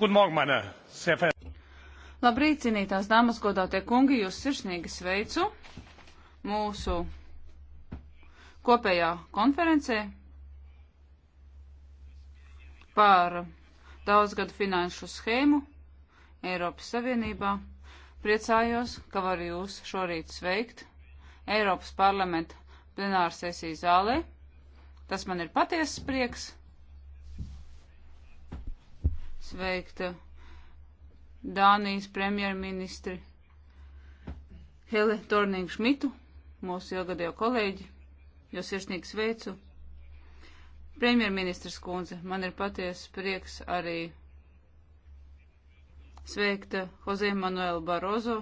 Guten Morgen, meine sehr verehrten. Labrīt, cienītās dāmas, godātie kungi, jūs sirsnīgi sveicu mūsu kopējā konferencē par daudzgadu finanšu schēmu Eiropas Savienībā. Priecājos, ka varu jūs šorīt sveikt Eiropas parlamenta plenāra sesijas zālē. Tas man ir patiesas prieks sveikt eh, Dānijas premjerministri Hele Torningu Šmitu, mūsu ilgadējo kolēģi, jo sirsnīgi sveicu. Premjerministrs kundze, man ir patiesa prieks arī sveikt eh, Jose Manuelu Barozo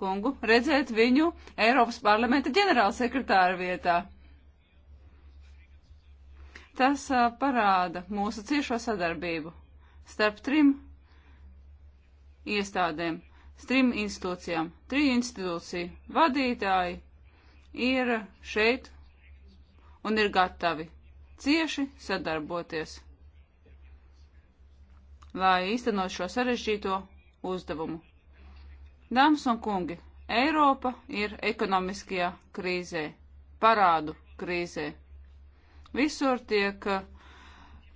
kungu, redzēt viņu Eiropas parlamenta ģenerālsekretāra vietā. Tas uh, parāda mūsu ciešo sadarbību starp trim iestādēm, trim institūcijām. Triju institūciju vadītāji ir šeit un ir gatavi cieši sadarboties, lai īstenot šo sarežģīto uzdevumu. Dāmas un kungi, Eiropa ir ekonomiskajā krīzē, parādu krīzē. Visur tiek eh,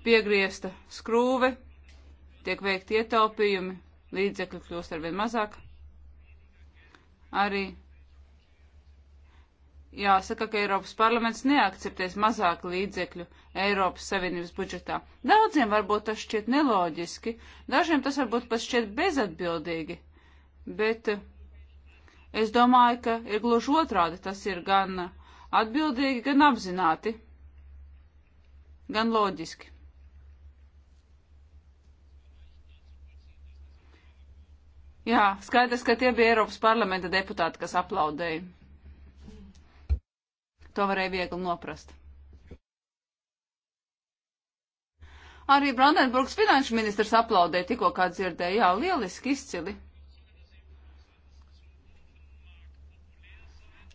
piegriezta skrūve, tiek veikti ietaupījumi, līdzekļu kļūst arvien mazāk. Arī jāsaka, ka Eiropas parlaments neakceptēs mazāk līdzekļu Eiropas Savienības budžetā. Daudziem varbūt tas šķiet neloģiski, dažiem tas varbūt pat šķiet bezatbildīgi, bet eh, es domāju, ka ir gluži otrādi, tas ir gan atbildīgi, gan apzināti gan loģiski. Jā, skaidrs, ka tie bija Eiropas parlamenta deputāti, kas aplaudēja. To varēja viegli noprast. Arī Brandenburgas finanšu ministrs aplaudēja tikko, kā dzirdēja. Jā, lieliski, izcili.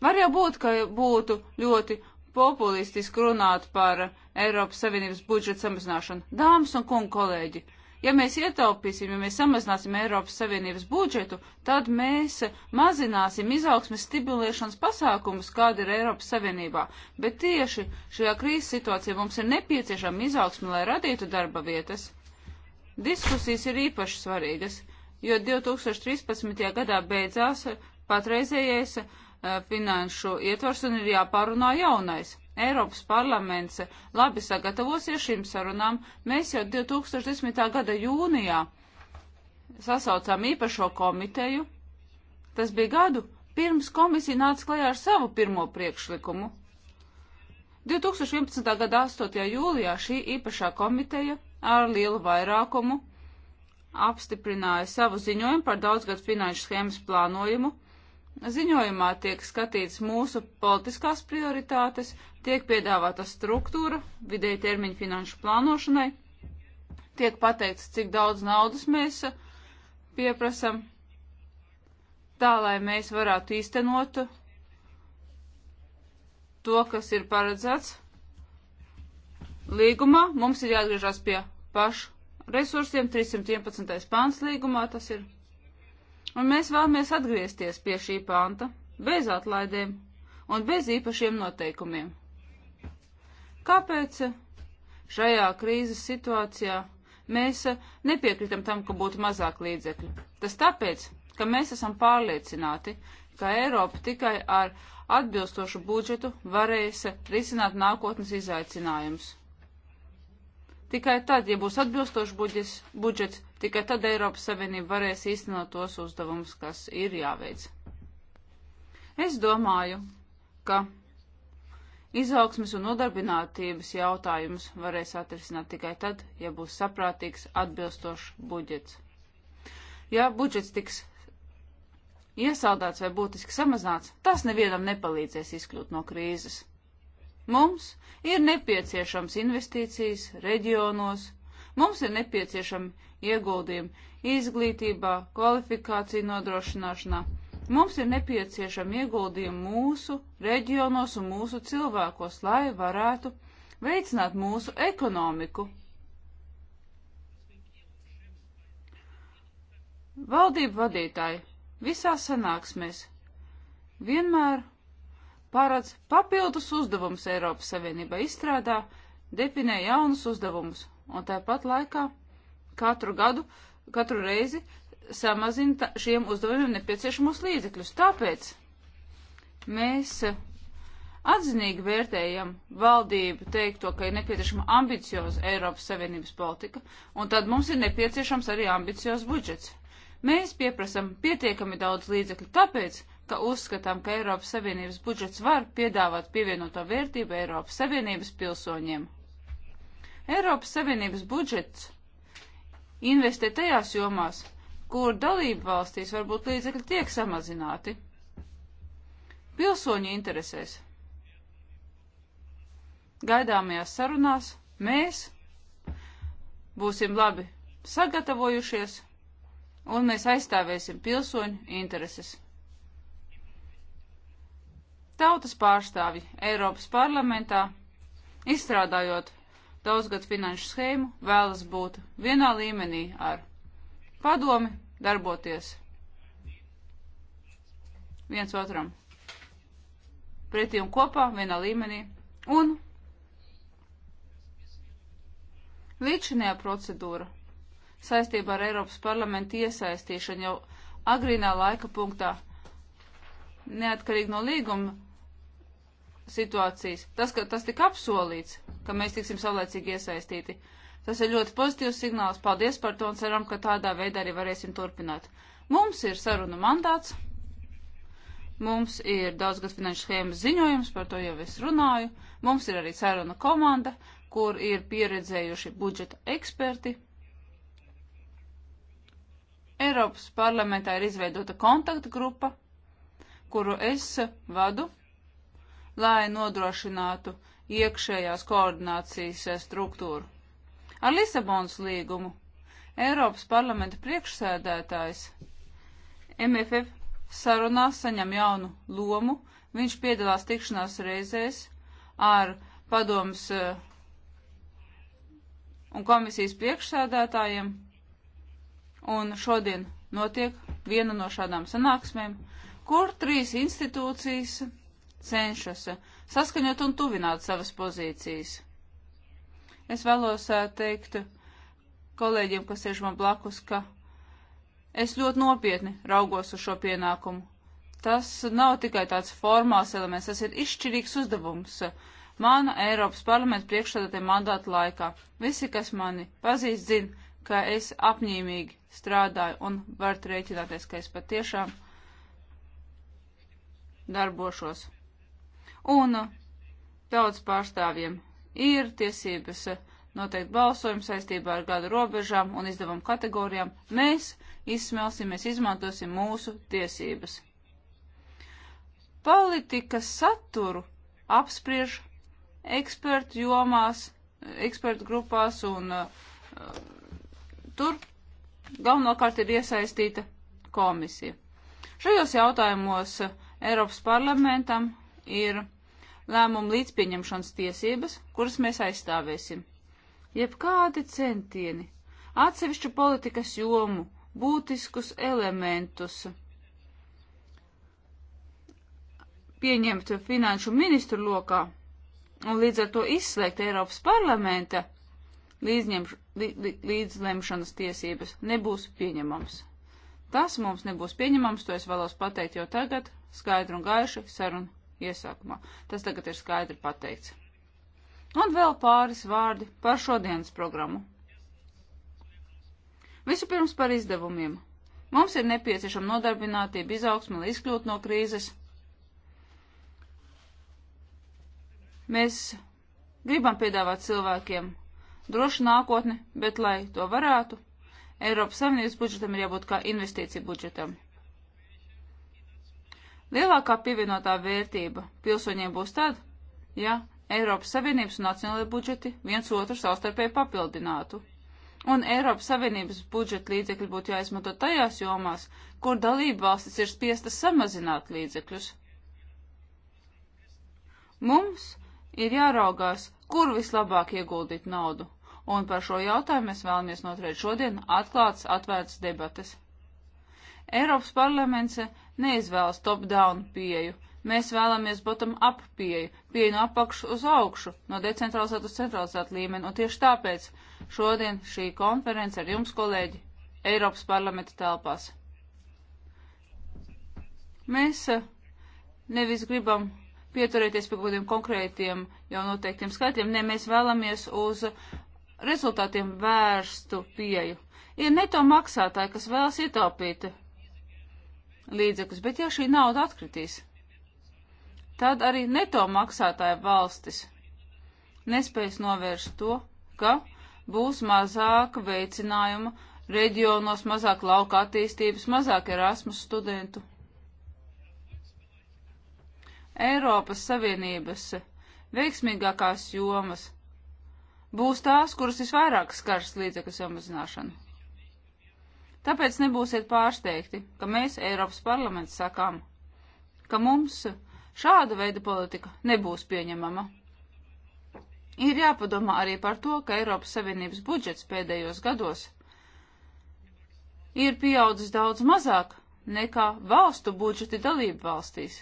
Var jau būt, ka būtu ļoti populistiski runāt par uh, Eiropas Savienības budžeta samazināšanu. Dāmas un kungi kolēģi, ja mēs ietaupīsim, ja mēs samazināsim Eiropas Savienības budžetu, tad mēs mazināsim izaugsmes stimulēšanas pasākumus, kāda ir Eiropas Savienībā. Bet tieši šajā krīzes situācijā mums ir nepieciešama izaugsme, lai radītu darba vietas. Diskusijas ir īpaši svarīgas, jo 2013. gadā beidzās patreizējais Eh, finanšu ietvars un ir jāpārunā jaunais. Eiropas parlaments labi sagatavosies šīm sarunām. Mēs jau 2010. gada jūnijā sasaucām īpašo komiteju. Tas bija gadu pirms komisija nāca klajā ar savu pirmo priekšlikumu. 2011. gada 8. jūlijā šī īpašā komiteja ar lielu vairākumu apstiprināja savu ziņojumu par daudzgadu finanšu schēmas plānojumu Ziņojumā tiek skatīts mūsu politiskās prioritātes, tiek piedāvāta struktūra vidēji termiņu finanšu plānošanai, tiek pateikts, cik daudz naudas mēs uh, pieprasam, tā lai mēs varētu īstenot uh, to, kas ir paredzēts līgumā. Mums ir jāatgriežas pie pašu resursiem, 311. pāns līgumā tas ir Un mēs vēlamies atgriezties pie šī panta bez atlaidēm un bez īpašiem noteikumiem. Kāpēc šajā krīzes situācijā mēs nepiekritam tam, ka būtu mazāk līdzekļu? Tas tāpēc, ka mēs esam pārliecināti, ka Eiropa tikai ar atbilstošu budžetu varēs risināt nākotnes izaicinājumus. Tikai tad, ja būs atbilstošs budžets, budžets, tikai tad Eiropas Savienība varēs īstenot tos uzdevumus, kas ir jāveic. Es domāju, ka izaugsmes un nodarbinātības jautājumus varēs atrisināt tikai tad, ja būs saprātīgs atbilstošs budžets. Ja budžets tiks iesaldēts vai būtiski samazināts, tas nevienam nepalīdzēs izkļūt no krīzes. Mums ir nepieciešams investīcijas reģionos, mums ir nepieciešami ieguldījumi izglītībā, kvalifikāciju nodrošināšanā. Mums ir nepieciešami ieguldījumi mūsu reģionos un mūsu cilvēkos, lai varētu veicināt mūsu ekonomiku. Valdību vadītāji visās sanāksmēs vienmēr pārāds papildus uzdevumus Eiropas Savienībai, izstrādā, definē jaunus uzdevumus un tāpat laikā katru gadu, katru reizi samazina šiem uzdevumiem nepieciešamos līdzekļus. Tāpēc mēs atzinīgi vērtējam valdību teikto, ka ir nepieciešama ambicioza Eiropas Savienības politika, un tad mums ir nepieciešams arī ambiciozs budžets. Mēs pieprasam pietiekami daudz līdzekļu tāpēc, ka uzskatām, ka Eiropas Savienības budžets var piedāvāt pievienoto vērtību Eiropas Savienības pilsoņiem. Eiropas Savienības budžets investē tajās jomās, kur dalību valstīs varbūt līdzekļi tiek samazināti. Pilsoņu interesēs. Gaidāmajās sarunās mēs būsim labi sagatavojušies un mēs aizstāvēsim pilsoņu intereses tautas pārstāvi Eiropas parlamentā, izstrādājot daudzgad finanšu schēmu, vēlas būt vienā līmenī ar padomi darboties viens otram pretī un kopā vienā līmenī. Un līdšanajā procedūra saistībā ar Eiropas parlamentu iesaistīšanu jau agrīnā laika punktā neatkarīgi no līguma situācijas. Tas, ka tas tika apsolīts, ka mēs tiksim savlaicīgi iesaistīti, tas ir ļoti pozitīvs signāls. Paldies par to un ceram, ka tādā veidā arī varēsim turpināt. Mums ir sarunu mandāts, mums ir daudzgad finanšu schēmas ziņojums, par to jau es runāju, mums ir arī saruna komanda, kur ir pieredzējuši budžeta eksperti. Eiropas parlamentā ir izveidota kontakta grupa, kuru es vadu, lai nodrošinātu iekšējās koordinācijas eh, struktūru. Ar Lisabonas līgumu Eiropas parlamenta priekšsēdētājs MFF sarunās saņem jaunu lomu, viņš piedalās tikšanās reizēs ar padomus eh, un komisijas priekšsēdētājiem, un šodien notiek viena no šādām sanāksmēm, kur trīs institūcijas cenšas saskaņot un tuvināt savas pozīcijas. Es vēlos teikt kolēģiem, kas sēž man blakus, ka es ļoti nopietni raugos uz šo pienākumu. Tas nav tikai tāds formāls elements, tas ir izšķirīgs uzdevums. Mana Eiropas parlamenta priekšsēdētāja mandāta laikā visi, kas mani pazīst, zina, ka es apņēmīgi strādāju un varat rēķināties, ka es patiešām darbošos. Un daudz pārstāvjiem ir tiesības noteikt balsojumu saistībā ar gada robežām un izdevumu kategorijām. Mēs izsmelsimies, izmantosim mūsu tiesības. Politikas saturu apspriež ekspertu jomās, ekspertu grupās un uh, tur galvenokārt ir iesaistīta komisija. Šajos jautājumos uh, Eiropas parlamentam ir lēmumu līdzpieņemšanas tiesības, kuras mēs aizstāvēsim. Jebkādi centieni atsevišķu politikas jomu, būtiskus elementus pieņemt finanšu ministru lokā un līdz ar to izslēgt Eiropas parlamenta līdzlemšanas tiesības nebūs pieņemams. Tas mums nebūs pieņemams, to es vēlos pateikt jau tagad, skaidri un gaiši sarunu iesākumā. Tas tagad ir skaidri pateikts. Un vēl pāris vārdi par šodienas programmu. Vispirms par izdevumiem. Mums ir nepieciešama nodarbinātība, izaugsme, lai izkļūtu no krīzes. Mēs gribam piedāvāt cilvēkiem drošu nākotni, bet, lai to varētu, Eiropas Savienības budžetam ir jābūt kā investīcija budžetam. Lielākā pievienotā vērtība pilsoņiem būs tad, ja Eiropas Savienības un nacionālajie budžeti viens otru savstarpēji papildinātu. Un Eiropas Savienības budžeta līdzekļi būtu jāizmanto tajās jomās, kur dalība valstis ir spiestas samazināt līdzekļus. Mums ir jāraugās, kur vislabāk ieguldīt naudu un par šo jautājumu mēs vēlamies noturēt šodien atklāts, atvērts debates. Eiropas parlaments neizvēlas top-down pieju. Mēs vēlamies bottom-up pieju, pieju no apakšu uz augšu, no decentralizētu uz centralizētu līmeni, un tieši tāpēc šodien šī konference ar jums, kolēģi, Eiropas parlamenta telpās. Mēs eh, nevis gribam pieturēties pie kaut kādiem konkrētiem jau noteiktiem skaitļiem, ne, mēs vēlamies uz rezultātiem vērstu pieju. Ir neto maksātāji, kas vēlas ietaupīt līdzekļus, bet ja šī nauda atkritīs, tad arī neto maksātāja valstis nespēs novērst to, ka būs mazāk veicinājuma reģionos, mazāk lauka attīstības, mazāk Erasmus studentu. Eiropas Savienības veiksmīgākās jomas būs tās, kuras visvairāk skars līdzekļu samazināšanu. Tāpēc nebūsiet pārsteigti, ka mēs Eiropas parlaments sakām, ka mums šāda veida politika nebūs pieņemama. Ir jāpadomā arī par to, ka Eiropas Savienības budžets pēdējos gados ir pieaudzis daudz mazāk nekā valstu budžeti dalību valstīs.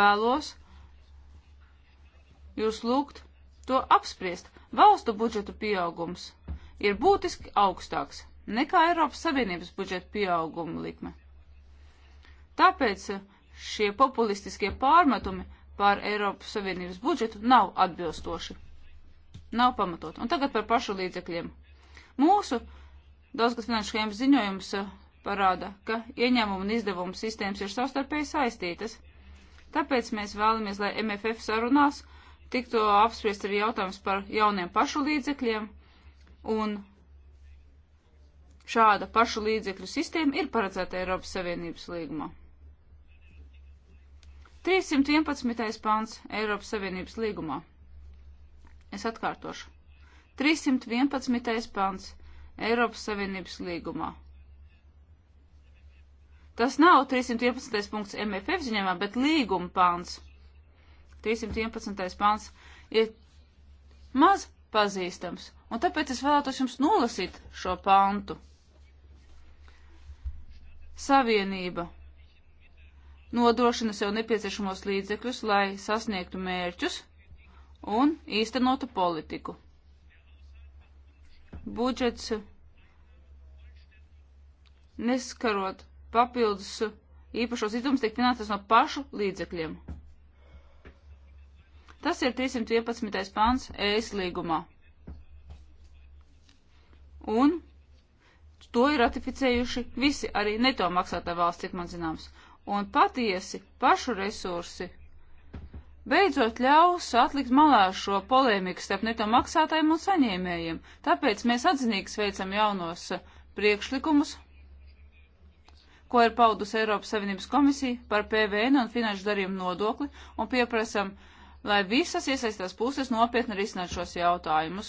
Vēlos jūs lūgt to apspriest. Valstu budžetu pieaugums ir būtiski augstāks nekā Eiropas Savienības budžeta pieauguma likme. Tāpēc šie populistiskie pārmetumi pār Eiropas Savienības budžetu nav atbilstoši. Nav pamatot. Un tagad par pašu līdzekļiem. Mūsu daudzgas finanšu schēmas ziņojums eh, parāda, ka ieņēmumu un izdevumu sistēmas ir savstarpēji saistītas. Tāpēc mēs vēlamies, lai MFF sarunās tiktu apspriest arī jautājums par jauniem pašu līdzekļiem, un šāda pašu līdzekļu sistēma ir paredzēta Eiropas Savienības līgumā. 311. pāns Eiropas Savienības līgumā. Es atkārtošu. 311. pāns Eiropas Savienības līgumā. Tas nav 311. punkts MFF ziņā, bet līguma pāns. 311. pāns ir maz pazīstams, un tāpēc es vēlētos jums nolasīt šo pantu. Savienība nodrošina sev nepieciešamos līdzekļus, lai sasniegtu mērķus un īstenotu politiku. Budžets neskarot papildus īpašos izdevumus tiek finansēts no pašu līdzekļiem. Tas ir 311. pāns ES līgumā. Un to ir ratificējuši visi, arī neto maksātā valsts, cik man zināms. Un patiesi pašu resursi beidzot ļaus atlikt malā šo polēmiku starp neto maksātājiem un saņēmējiem. Tāpēc mēs atzinīgi sveicam jaunos uh, priekšlikumus, ko ir paudus Eiropas Savienības komisija par PVN un finanšu darījumu nodokli un pieprasam uh, lai visas iesaistās puses nopietni risinātu šos jautājumus.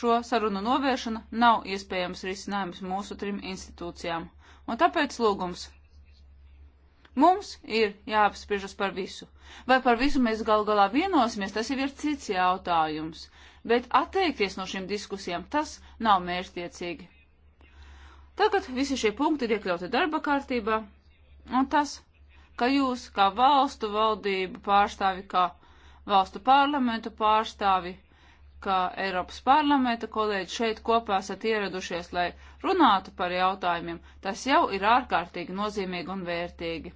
Šo sarunu novēršana nav iespējams risinājums mūsu trim institūcijām, un tāpēc lūgums. Mums ir jāapspriežas par visu. Vai par visu mēs gal galā vienosimies, tas jau ir cits jautājums, bet atteikties no šīm diskusijām tas nav mērķtiecīgi. Tagad visi šie punkti ir iekļauti darba kārtībā, un tas ka jūs kā valstu valdību pārstāvi, kā valstu parlamentu pārstāvi, kā Eiropas parlamenta kolēģi šeit kopā esat ieradušies, lai runātu par jautājumiem. Tas jau ir ārkārtīgi nozīmīgi un vērtīgi.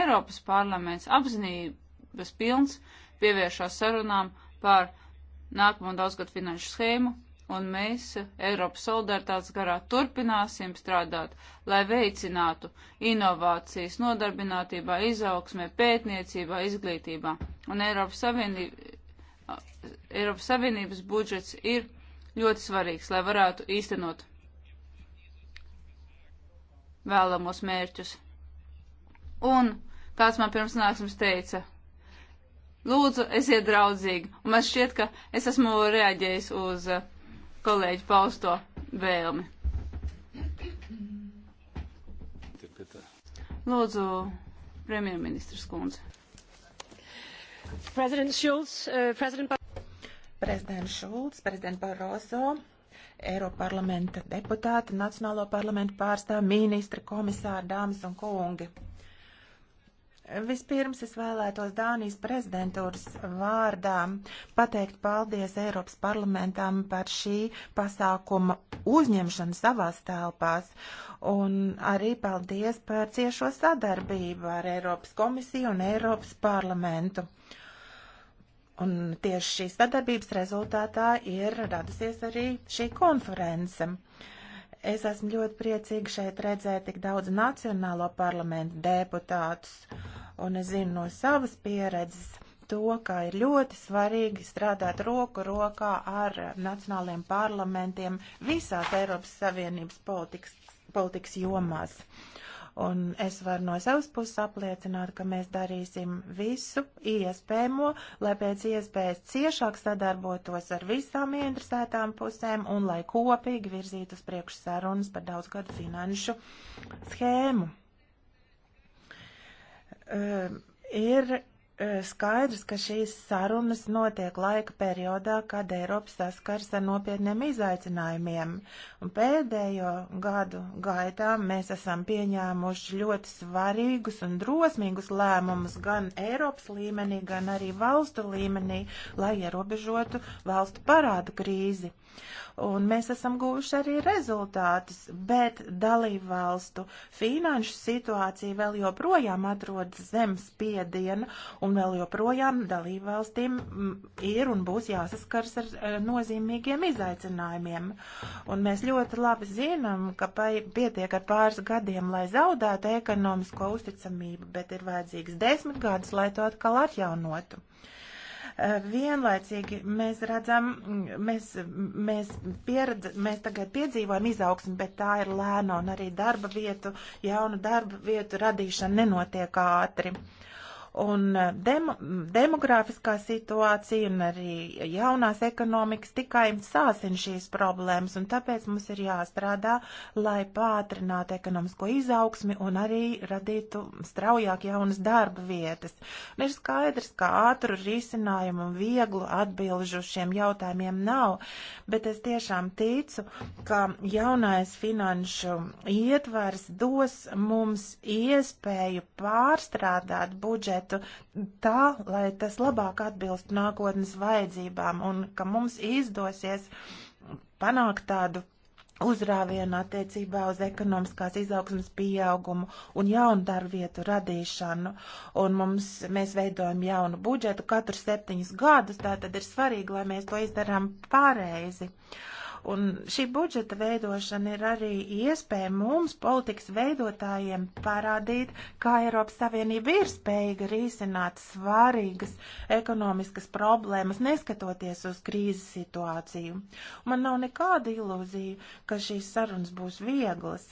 Eiropas parlaments apzinības pilns pievēršās sarunām par nākamo daudzgadu finanšu schēmu un mēs Eiropas solidaritātes garā turpināsim strādāt, lai veicinātu inovācijas nodarbinātībā, izaugsmē, pētniecībā, izglītībā. Un Eiropas, Savienība, Eiropas Savienības budžets ir ļoti svarīgs, lai varētu īstenot vēlamos mērķus. Un kāds man pirms nāksmes teica, lūdzu, esiet draudzīgi. Un man šķiet, ka es esmu reaģējis uz uh, kolēģi pausto vēlmi. Lūdzu, premjerministrs kundze. Prezidents Šulcs, prezident... Uh, prezidents Šulcs, prezidents Barroso, Eiroparlamenta deputāti, Nacionālo parlamentu pārstāv, ministri, komisāri, dāmas un kungi. Vispirms es vēlētos Dānijas prezidentūras vārdā pateikt paldies Eiropas parlamentam par šī pasākuma uzņemšanu savās telpās un arī paldies par ciešo sadarbību ar Eiropas komisiju un Eiropas parlamentu. Un tieši šīs sadarbības rezultātā ir radusies arī šī konference. Es esmu ļoti priecīga šeit redzēt tik daudz nacionālo parlamentu deputātus Un es zinu no savas pieredzes to, ka ir ļoti svarīgi strādāt roku rokā ar nacionāliem parlamentiem visās Eiropas Savienības politikas, politikas jomās. Un es varu no savas puses apliecināt, ka mēs darīsim visu iespējamo, lai pēc iespējas ciešāk sadarbotos ar visām ieinteresētām pusēm un lai kopīgi virzītu uz priekšu sarunas par daudzgadu finanšu schēmu. Ehm, ir eh, skaidrs, ka šīs sarunas notiek laika periodā, kad Eiropa saskars ar nopietniem izaicinājumiem. Un pēdējo gadu gaitā mēs esam pieņēmuši ļoti svarīgus un drosmīgus lēmumus gan Eiropas līmenī, gan arī valstu līmenī, lai ierobežotu valstu parādu krīzi. Un mēs esam guvuši arī rezultātus, bet dalībvalstu finanšu situācija vēl joprojām atrodas zem spiediena, un vēl joprojām dalībvalstīm mm, ir un būs jāsaskars ar eh, nozīmīgiem izaicinājumiem. Un mēs ļoti labi zinām, ka pietiek ar pāris gadiem, lai zaudētu ekonomisko uzticamību, bet ir vajadzīgs desmit gadus, lai to atkal atjaunotu. Vienlaicīgi mēs redzam, mēs, mēs, pieredz, mēs tagad piedzīvojam izaugsmi, bet tā ir lēna un arī darba vietu, jaunu darba vietu radīšana nenotiek ātri. Uh, Un eh, dem, demografiskā situācija un arī jaunās ekonomikas tikai sāsina šīs problēmas, un tāpēc mums ir jāstrādā, lai pātrinātu ekonomisko izaugsmi un arī radītu straujāk jaunas darba vietas. Un ir skaidrs, ka ātru risinājumu un vieglu atbilžu šiem jautājumiem nav, bet es tiešām ticu, ka jaunais finanšu ietvars dos mums iespēju pārstrādāt budžetu lietu tā, lai tas labāk atbilst nākotnes vajadzībām un ka mums izdosies panākt tādu uzrāvienu attiecībā uz ekonomiskās izaugsmas pieaugumu un jaunu darbvietu radīšanu. Un mums, mēs veidojam jaunu budžetu katru septiņus gadus, tā tad ir svarīgi, lai mēs to izdarām pareizi. Uh, Un šī budžeta veidošana ir arī iespēja mums, politikas veidotājiem, parādīt, kā Eiropas Savienība ir spējīga risināt svarīgas ekonomiskas problēmas, neskatoties uz krīzes situāciju. Man nav nekāda ilūzija, ka šīs sarunas būs vieglas.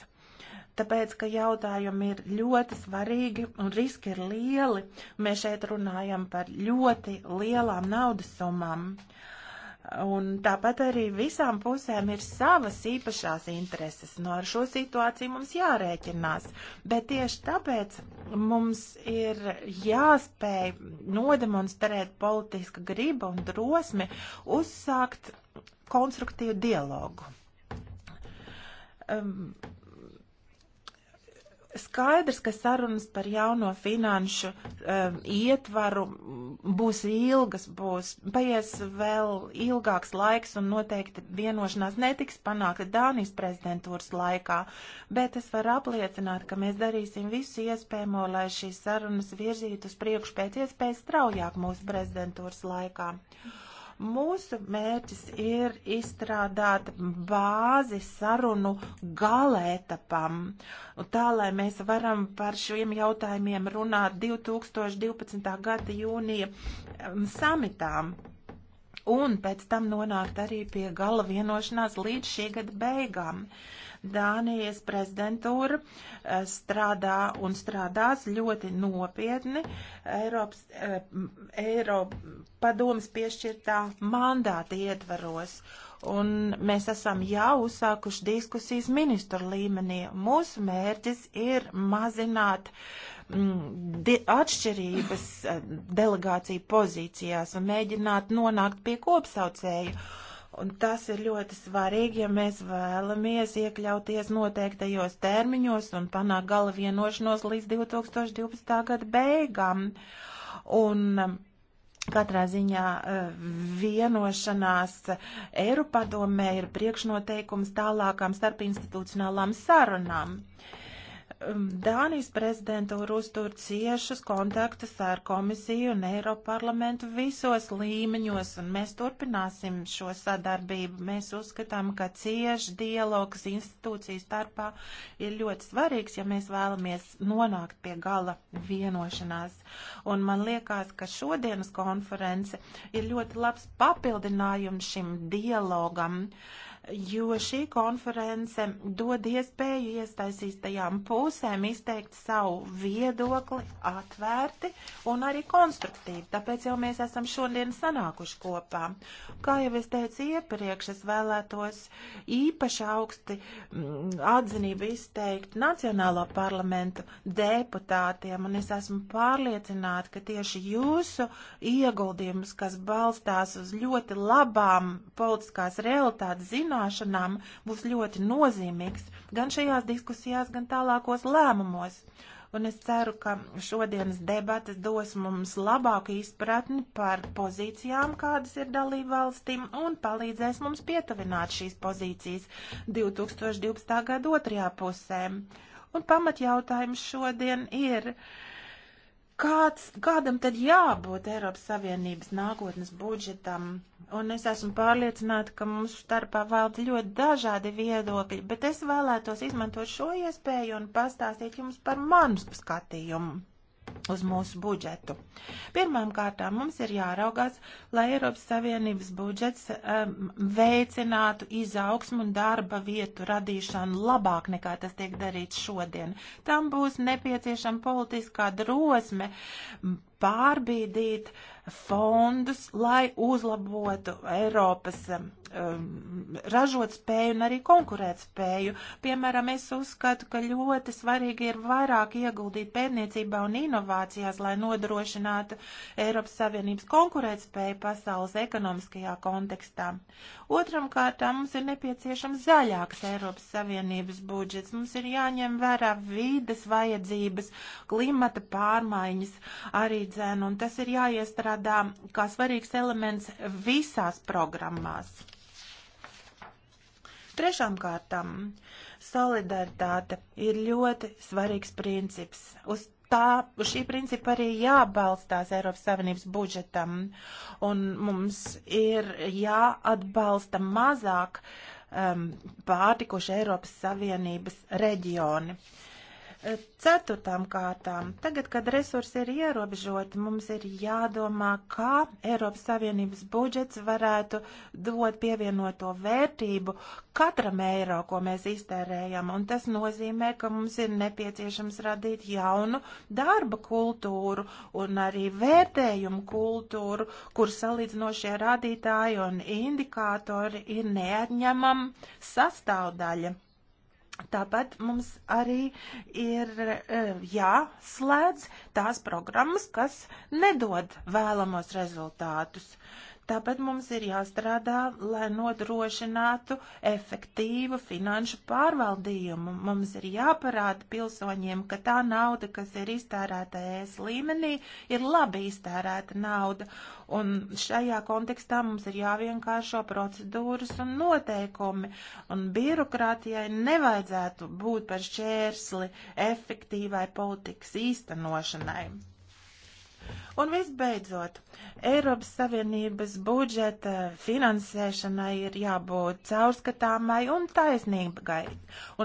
Tāpēc, ka jautājumi ir ļoti svarīgi un riski ir lieli, mēs šeit runājam par ļoti lielām naudas summām. Uh, Un tāpat arī visām pusēm ir savas īpašās intereses. No nu, ar šo situāciju mums jārēķinās. Bet tieši tāpēc mums ir jāspēj nodemonstrēt politiska griba un drosmi uzsākt konstruktīvu dialogu. Um, Skaidrs, ka sarunas par jauno finanšu um, ietvaru būs ilgas, būs paies vēl ilgāks laiks un noteikti vienošanās netiks panākta Dānijas prezidentūras laikā, bet es varu apliecināt, ka mēs darīsim visu iespējamo, lai šīs sarunas virzītu uz priekšu pēc iespējas straujāk mūsu prezidentūras laikā. Uh, Mūsu mērķis ir izstrādāt bāzi sarunu galētapam, tā lai mēs varam par šiem jautājumiem runāt 2012. gada jūnija um, samitām. Un pēc tam nonākt arī pie gala vienošanās līdz šī gada beigām. Uh, Dānijas prezidentūra eh, strādā un strādās ļoti nopietni Eiropas, eh, Eiropa padomas piešķirtā mandāta ietvaros. Un mēs esam jau uzsākuši diskusijas ministru līmenī. Mūsu mērķis ir mazināt uh, atšķirības eh, delegāciju pozīcijās un mēģināt nonākt pie kopsaucēja. Un tas ir ļoti svarīgi, ja mēs vēlamies iekļauties noteiktajos termiņos un panākt gala vienošanos līdz 2012. gada beigām. Un um, katrā ziņā uh, vienošanās Eiropadomē ir priekšnoteikums tālākām starpinstitucionālām sarunām. Uh, Um, Dānijas prezidentūra uztur ciešas kontaktas ar komisiju un Eiroparlamentu visos līmeņos, un mēs turpināsim šo sadarbību. Mēs uzskatām, ka cieši dialogs institūciju starpā ir ļoti svarīgs, ja mēs vēlamies nonākt pie gala vienošanās. Un man liekas, ka šodienas konference ir ļoti labs papildinājums šim dialogam. Uh, jo šī konference dod iespēju iesaistītajām pusēm izteikt savu viedokli atvērti un arī konstruktīvi. Tāpēc jau mēs esam šodien sanākuši kopā. Kā jau es teicu iepriekš, es vēlētos īpaši augsti mm, atzinību izteikt Nacionālo parlamentu deputātiem, un es esmu pārliecināta, ka tieši jūsu ieguldījums, kas balstās uz ļoti labām politiskās realitātes zināšanām, zināšanām būs ļoti nozīmīgs gan šajās diskusijās, gan tālākos lēmumos. Un es ceru, ka šodienas debatas dos mums labāku izpratni par pozīcijām, kādas ir dalību valstīm, un palīdzēs mums pietuvināt šīs pozīcijas 2012. gada otrajā pusē. Un pamatjautājums šodien ir. Uh, kāds, kādam tad jābūt Eiropas Savienības nākotnes budžetam? Un es esmu pārliecināta, ka mums starpā valda ļoti dažādi viedokļi, bet es vēlētos izmantot šo iespēju un pastāstīt jums par manu skatījumu uz mūsu budžetu. Pirmām kārtām mums ir jāraugās, lai Eiropas Savienības budžets um, veicinātu izaugsmu un darba vietu radīšanu labāk nekā tas tiek darīts šodien. Tam būs nepieciešama politiskā drosme pārbīdīt uh, fondus, lai uzlabotu Eiropas um, ražot spēju un arī konkurēt spēju. Piemēram, es uzskatu, ka ļoti svarīgi ir vairāk ieguldīt pērniecībā un inovācijās, lai nodrošinātu Eiropas Savienības konkurēt spēju pasaules ekonomiskajā kontekstā. Otram kārtām mums ir nepieciešams zaļāks Eiropas Savienības budžets. Mums ir jāņem vērā vīdes vajadzības, klimata pārmaiņas arī dzēn, un tas ir jāiestrādā jāizstrādā kā svarīgs elements visās programmās. Trešām kārtām solidaritāte ir ļoti svarīgs princips. Uz tā, uz šī principa arī jābalstās Eiropas Savienības budžetam, un mums ir jāatbalsta mazāk um, pārtikuši Eiropas Savienības reģioni. Uh, Ceturtām kārtām, tagad, kad resursi ir ierobežoti, mums ir jādomā, kā Eiropas Savienības budžets varētu dot pievienoto vērtību katram eiro, ko mēs iztērējam, un tas nozīmē, ka mums ir nepieciešams radīt jaunu darba kultūru un arī vērtējumu kultūru, kur salīdzinošie rādītāji un indikātori ir neatņemam sastāvdaļa. Tāpat mums arī ir e, jāslēdz tās programmas, kas nedod vēlamos rezultātus. Uh, Tāpat mums ir jāstrādā, lai nodrošinātu efektīvu finanšu pārvaldījumu. Mums ir jāparāda pilsoņiem, ka tā nauda, kas ir iztērēta ES līmenī, ir labi iztērēta nauda. Un šajā kontekstā mums ir jāvienkāršo procedūras un noteikumi. Un birokrātijai nevajadzētu būt par šķērsli efektīvai politikas īstenošanai. Un visbeidzot, Eiropas Savienības budžeta finansēšanai ir jābūt caurskatāmai un taisnīgai.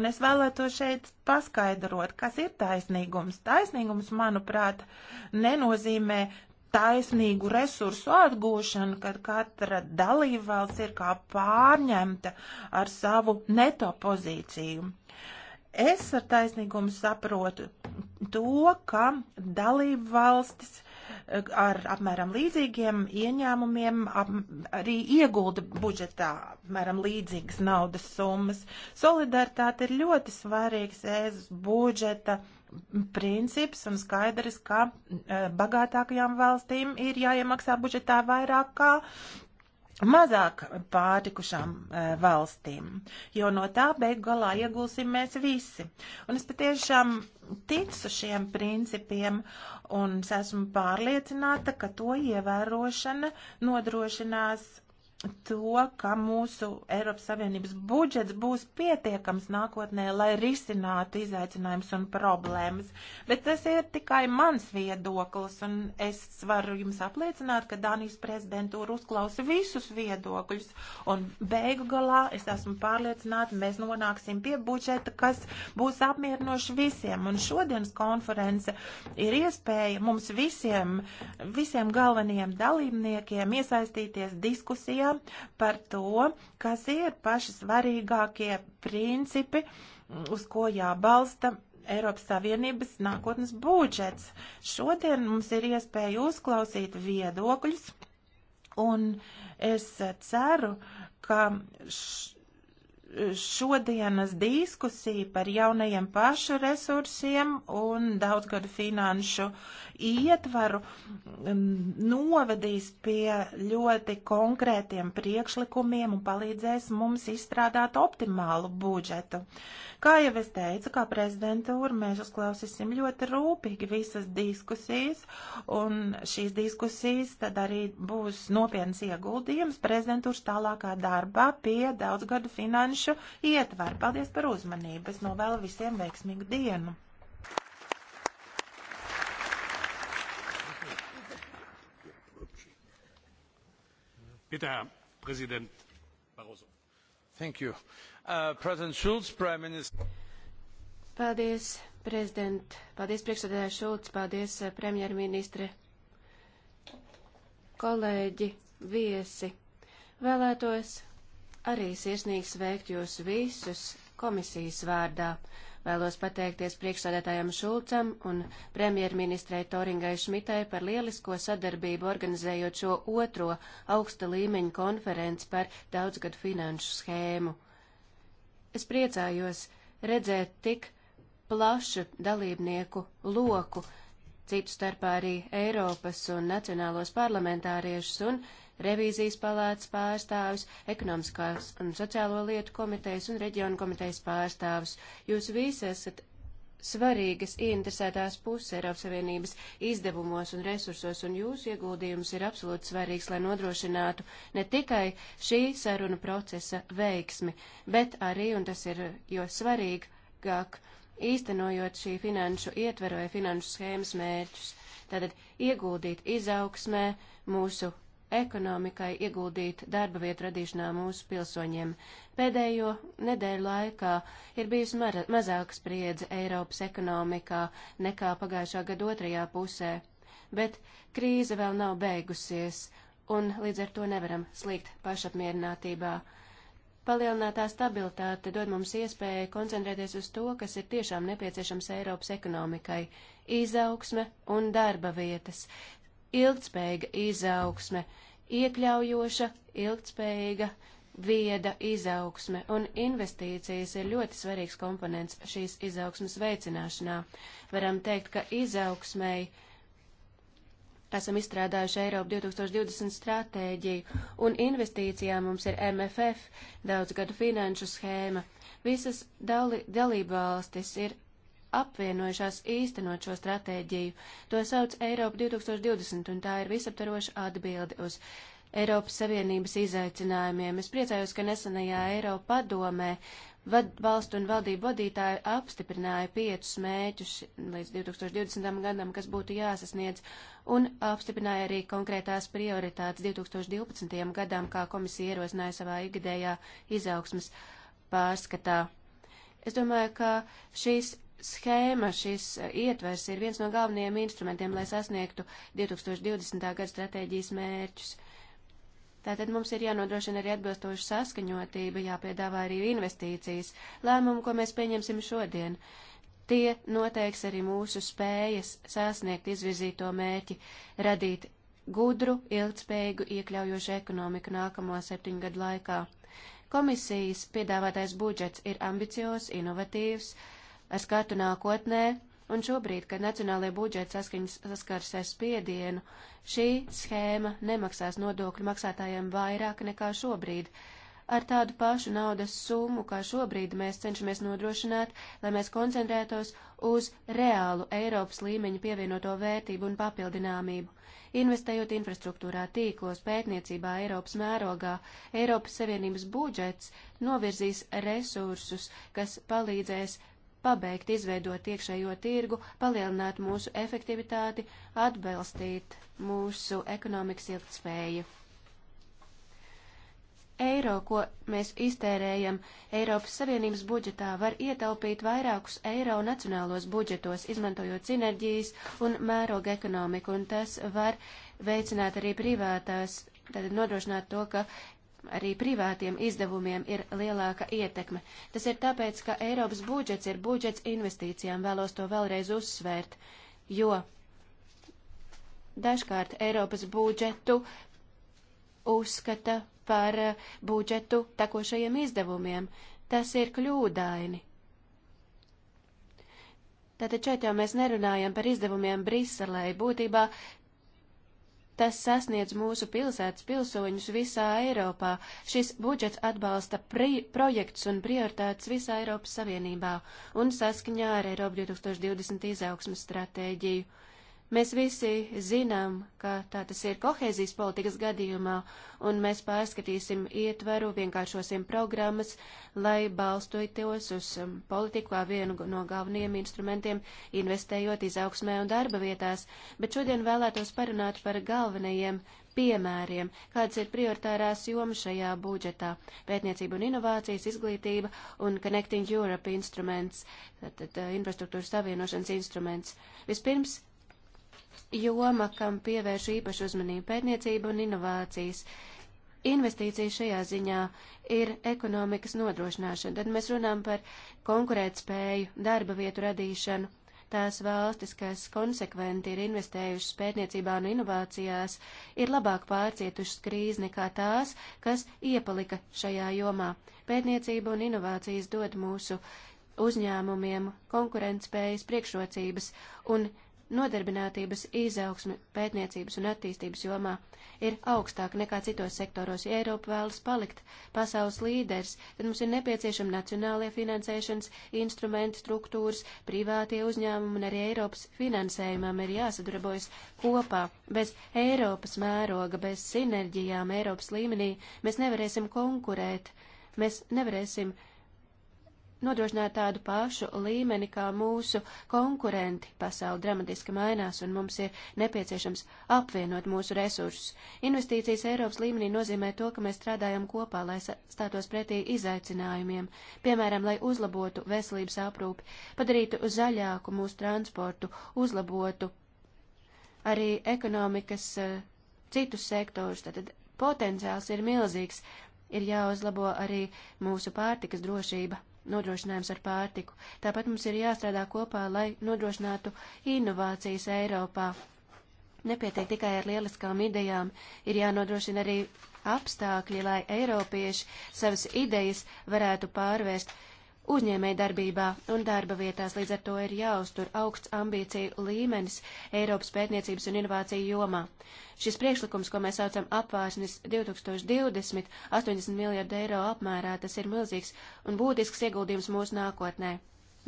Un es vēlēto šeit paskaidrot, kas ir taisnīgums. Taisnīgums, manuprāt, nenozīmē taisnīgu resursu atgūšanu, kad katra dalībvalsts ir kā pārņemta ar savu neto pozīciju. Es ar taisnīgumu saprotu to, ka dalību valstis ar apmēram līdzīgiem ieņēmumiem ap, arī iegulda budžetā apmēram līdzīgas naudas summas. Solidaritāte ir ļoti svarīgs ēzes budžeta princips un skaidrs, ka eh, bagātākajām valstīm ir jāiemaksā budžetā vairāk kā mazāk pārtikušām eh, valstīm, jo no tā beigu galā iegūsim mēs visi. Un es patiešām ticu šiem principiem un es esmu pārliecināta, ka to ievērošana nodrošinās to, ka mūsu Eiropas Savienības budžets būs pietiekams nākotnē, lai risinātu izaicinājumus un problēmas. Bet tas ir tikai mans viedoklis, un es varu jums apliecināt, ka Dānijas prezidentūra uzklausa visus viedokļus, un beigu galā es esmu pārliecināta, mēs nonāksim pie budžeta, kas būs apmierinoši visiem. Un šodienas konference ir iespēja mums visiem, visiem galvenajiem dalībniekiem iesaistīties diskusijā par to, kas ir paši svarīgākie principi, uz ko jābalsta Eiropas Savienības nākotnes budžets. Šodien mums ir iespēja uzklausīt viedokļus, un es ceru, ka šodienas diskusija par jaunajiem pašu resursiem un daudzgadu finanšu ietvaru mm, novedīs pie ļoti konkrētiem priekšlikumiem un palīdzēs mums izstrādāt optimālu budžetu. Kā jau es teicu, kā prezidentūra, mēs uzklausīsim ļoti rūpīgi visas diskusijas, un šīs diskusijas tad arī būs nopietnas ieguldījums prezidentūras tālākā darbā pie daudzgadu finanšu ietvaru. Paldies par uzmanību! Es novēlu visiem veiksmīgu dienu! Bitte, Herr Präsident Barroso. Thank you. Uh, President Schulz, Prime Minister. Paldies, prezident. Paldies, priekšsēdētāj Šulc. Paldies, uh, premjerministre. Kolēģi, viesi. Vēlētos arī sirsnīgi sveikt jūs visus komisijas vārdā. Vēlos pateikties priekšsādātājam Šulcam un premjerministrei Toringai Šmitai par lielisko sadarbību organizējot šo otro augsta līmeņa konferenci par daudzgadu finanšu schēmu. Es priecājos redzēt tik plašu dalībnieku loku, citu starpā arī Eiropas un nacionālos parlamentāriešus un revīzijas palātas pārstāvis, ekonomiskās un sociālo lietu komitejas un reģionu komitejas pārstāvis. Jūs visi esat svarīgas ieinteresētās puses Eiropas Savienības izdevumos un resursos, un jūsu ieguldījums ir absolūti svarīgs, lai nodrošinātu ne tikai šī saruna procesa veiksmi, bet arī, un tas ir jo svarīgāk, īstenojot šī finanšu ietveroja finanšu schēmas mērķus. Tātad ieguldīt izaugsmē mūsu ekonomikai ieguldīt darba vietu radīšanā mūsu pilsoņiem. Pēdējo nedēļu laikā ir bijusi mazāka spriedze Eiropas ekonomikā nekā pagājušā gada otrajā pusē, bet krīze vēl nav beigusies, un līdz ar to nevaram slīgt pašapmierinātībā. Palielinātā stabilitāte dod mums iespēju koncentrēties uz to, kas ir tiešām nepieciešams Eiropas ekonomikai - izaugsme un darba vietas, ilgtspējīga izaugsme, iekļaujoša, ilgtspējīga, vieda izaugsme un investīcijas ir ļoti svarīgs komponents šīs izaugsmes veicināšanā. Varam teikt, ka izaugsmēji esam izstrādājuši Eiropu 2020 stratēģiju un investīcijām mums ir MFF, daudzgadu finanšu schēma. Visas dalībvalstis ir apvienojušās īstenot šo stratēģiju. To sauc Eiropa 2020, un tā ir visaptaroša atbildi uz Eiropas Savienības izaicinājumiem. Es priecājos, ka nesenajā Eiropa padomē vad, valstu un valdību vadītāji apstiprināja piecus mēķus līdz 2020. gadam, kas būtu jāsasniedz, un apstiprināja arī konkrētās prioritātes 2012. gadam, kā komisija ierosināja savā ikgadējā izaugsmas pārskatā. Es domāju, ka šīs schēma, šis eh, ietvers ir viens no galvenajiem instrumentiem, lai sasniegtu 2020. gada stratēģijas mērķus. Tātad mums ir jānodrošina arī atbilstoša saskaņotība, jāpiedāvā arī investīcijas. Lēmumu, ko mēs pieņemsim šodien, tie noteiks arī mūsu spējas sasniegt izvirzīto mērķi, radīt gudru, ilgtspējīgu, iekļaujošu ekonomiku nākamo septiņu gadu laikā. Komisijas piedāvātais budžets ir ambiciozs, inovatīvs, ar skatu nākotnē, un šobrīd, kad nacionālajie budžeti saskaņas saskars ar spiedienu, šī schēma nemaksās nodokļu maksātājiem vairāk nekā šobrīd. Ar tādu pašu naudas summu, kā šobrīd mēs cenšamies nodrošināt, lai mēs koncentrētos uz reālu Eiropas līmeņa pievienoto vērtību un papildināmību. Investējot infrastruktūrā, tīklos, pētniecībā, Eiropas mērogā, Eiropas Savienības budžets novirzīs resursus, kas palīdzēs pabeigt izveidot iekšējo tirgu, palielināt mūsu efektivitāti, atbalstīt mūsu ekonomikas ilgtspēju. Eiro, ko mēs iztērējam Eiropas Savienības budžetā, var ietaupīt vairākus eiro nacionālos budžetos, izmantojot sinerģijas un mēroga ekonomiku, un tas var veicināt arī privātās, tad nodrošināt to, ka arī privātiem izdevumiem ir lielāka ietekme. Tas ir tāpēc, ka Eiropas budžets ir budžets investīcijām, vēlos to vēlreiz uzsvērt, jo dažkārt Eiropas budžetu uzskata par budžetu tekošajiem izdevumiem. Tas ir kļūdaini. Tātad šeit jau mēs nerunājam par izdevumiem Briselē. Būtībā Tas sasniedz mūsu pilsētas pilsoņus visā Eiropā. Šis budžets atbalsta pri, projekts un prioritātes visā Eiropas Savienībā un saskaņā ar Eiropu 2020 izaugsmas stratēģiju. Mēs visi zinām, ka tā tas ir kohēzijas politikas gadījumā, un mēs pārskatīsim ietveru, vienkāršosim programmas, lai balstoties uz um, politiku kā vienu no galvenajiem instrumentiem, investējot izaugsmē un darba vietās. Bet šodien vēlētos parunāt par galvenajiem piemēriem, kādas ir prioritārās jomas šajā budžetā - pētniecība un inovācijas, izglītība un Connecting Europe instruments, tātad uh, infrastruktūras savienošanas instruments. Vispirms joma, kam pievērš īpašu uzmanību pētniecību un inovācijas. Investīcija šajā ziņā ir ekonomikas nodrošināšana. Tad mēs runājam par konkurētspēju, darba vietu radīšanu. Tās valstis, kas konsekventi ir investējušas pētniecībā un inovācijās, ir labāk pārcietušas krīzi nekā tās, kas iepalika šajā jomā. Pētniecība un inovācijas dod mūsu uzņēmumiem konkurentspējas priekšrocības un nodarbinātības izaugsme pētniecības un attīstības jomā ir augstāka nekā citos sektoros. Ja Eiropa vēlas palikt pasaules līderis, tad mums ir nepieciešama nacionālie finansēšanas instrumenti, struktūras, privātie uzņēmumi un arī Eiropas finansējumam ir jāsadarbojas kopā. Bez Eiropas mēroga, bez sinerģijām Eiropas līmenī mēs nevarēsim konkurēt, mēs nevarēsim konkurēt nodrošināt tādu pašu līmeni kā mūsu konkurenti. Pasauli dramatiski mainās un mums ir nepieciešams apvienot mūsu resursus. Investīcijas Eiropas līmenī nozīmē to, ka mēs strādājam kopā, lai stātos pretī izaicinājumiem, piemēram, lai uzlabotu veselības aprūpi, padarītu zaļāku mūsu transportu, uzlabotu arī ekonomikas eh, citus sektorus. Tātad potenciāls ir milzīgs. Ir jāuzlabo arī mūsu pārtikas drošība nodrošinājums ar pārtiku. Tāpat mums ir jāstrādā kopā, lai nodrošinātu inovācijas Eiropā. Nepietiek tikai ar lieliskām idejām, ir jānodrošina arī apstākļi, lai eiropieši savas idejas varētu pārvērst uzņēmēja darbībā un darba vietās, līdz ar to ir jāuztur augsts ambīciju līmenis Eiropas pētniecības un inovāciju jomā. Šis priekšlikums, ko mēs saucam apvārsnes 2020, 80 miljārdu eiro apmērā, tas ir milzīgs un būtisks ieguldījums mūsu nākotnē.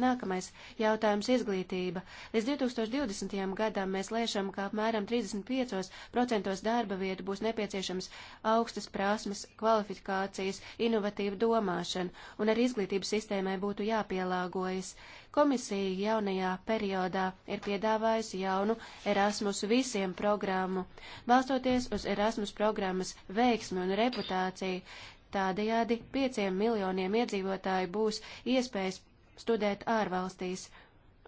Nākamais jautājums - izglītība. Līdz 2020. gadam mēs lēšam, ka apmēram 35% darba vietu būs nepieciešams augstas prasmes, kvalifikācijas, inovatīva domāšana, un arī izglītības sistēmai būtu jāpielāgojas. Komisija jaunajā periodā ir piedāvājusi jaunu Erasmus visiem programmu. Balstoties uz Erasmus programmas veiksmi un reputāciju, tādējādi 5 miljoniem iedzīvotāju būs iespējas studēt ārvalstīs,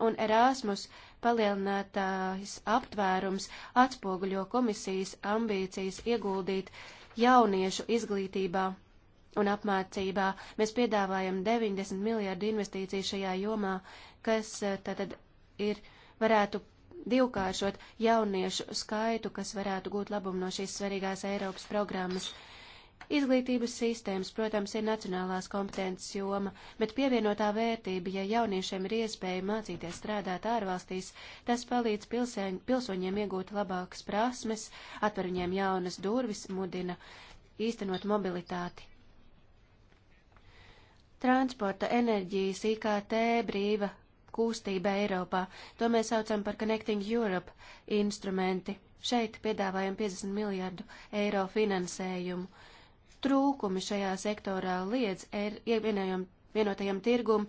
un Erasmus palielinātājs aptvērums atspoguļo komisijas ambīcijas ieguldīt jauniešu izglītībā un apmācībā. Mēs piedāvājam 90 miljārdu investīciju šajā jomā, kas eh, tātad ir, varētu divkāršot jauniešu skaitu, kas varētu gūt labumu no šīs svarīgās Eiropas programmas. Izglītības sistēmas, protams, ir nacionālās kompetences joma, bet pievienotā vērtība, ja jauniešiem ir iespēja mācīties strādāt ārvalstīs, tas palīdz pilsēņ, pilsoņiem iegūt labākas prasmes, atver viņiem jaunas durvis, mudina īstenot mobilitāti. Transporta, enerģijas, IKT, brīva kustība Eiropā, to mēs saucam par Connecting Europe instrumenti. Šeit piedāvājam 50 miljardu eiro finansējumu trūkumi šajā sektorā liedz er, vienotajam tirgum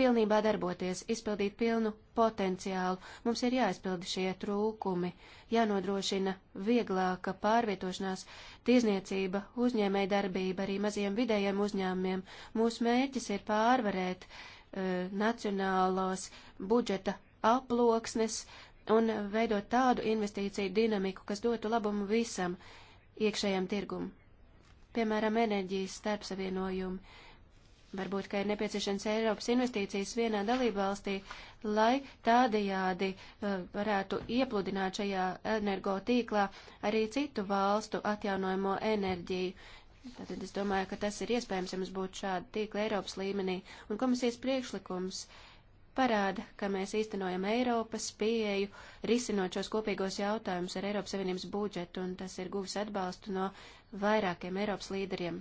pilnībā darboties, izpildīt pilnu potenciālu. Mums ir jāizpilda šie trūkumi, jānodrošina vieglāka pārvietošanās, tirzniecība, uzņēmēja darbība arī maziem vidējiem uzņēmumiem. Mūsu mērķis ir pārvarēt uh, nacionālos budžeta aploksnes un veidot tādu investīciju dinamiku, kas dotu labumu visam iekšējam tirgumam piemēram, enerģijas starpsavienojumi. Varbūt, ka ir nepieciešams Eiropas investīcijas vienā dalībvalstī, lai tādajādi eh, varētu iepludināt šajā energotīklā arī citu valstu atjaunojamo enerģiju. Tātad es domāju, ka tas ir iespējams, ja mums būtu šāda tīkla Eiropas līmenī. Un komisijas priekšlikums uh, parāda, ka mēs īstenojam Eiropas pieeju, risinot šos kopīgos jautājumus ar Eiropas Savienības budžetu, un tas ir guvis atbalstu no vairākiem Eiropas līderiem.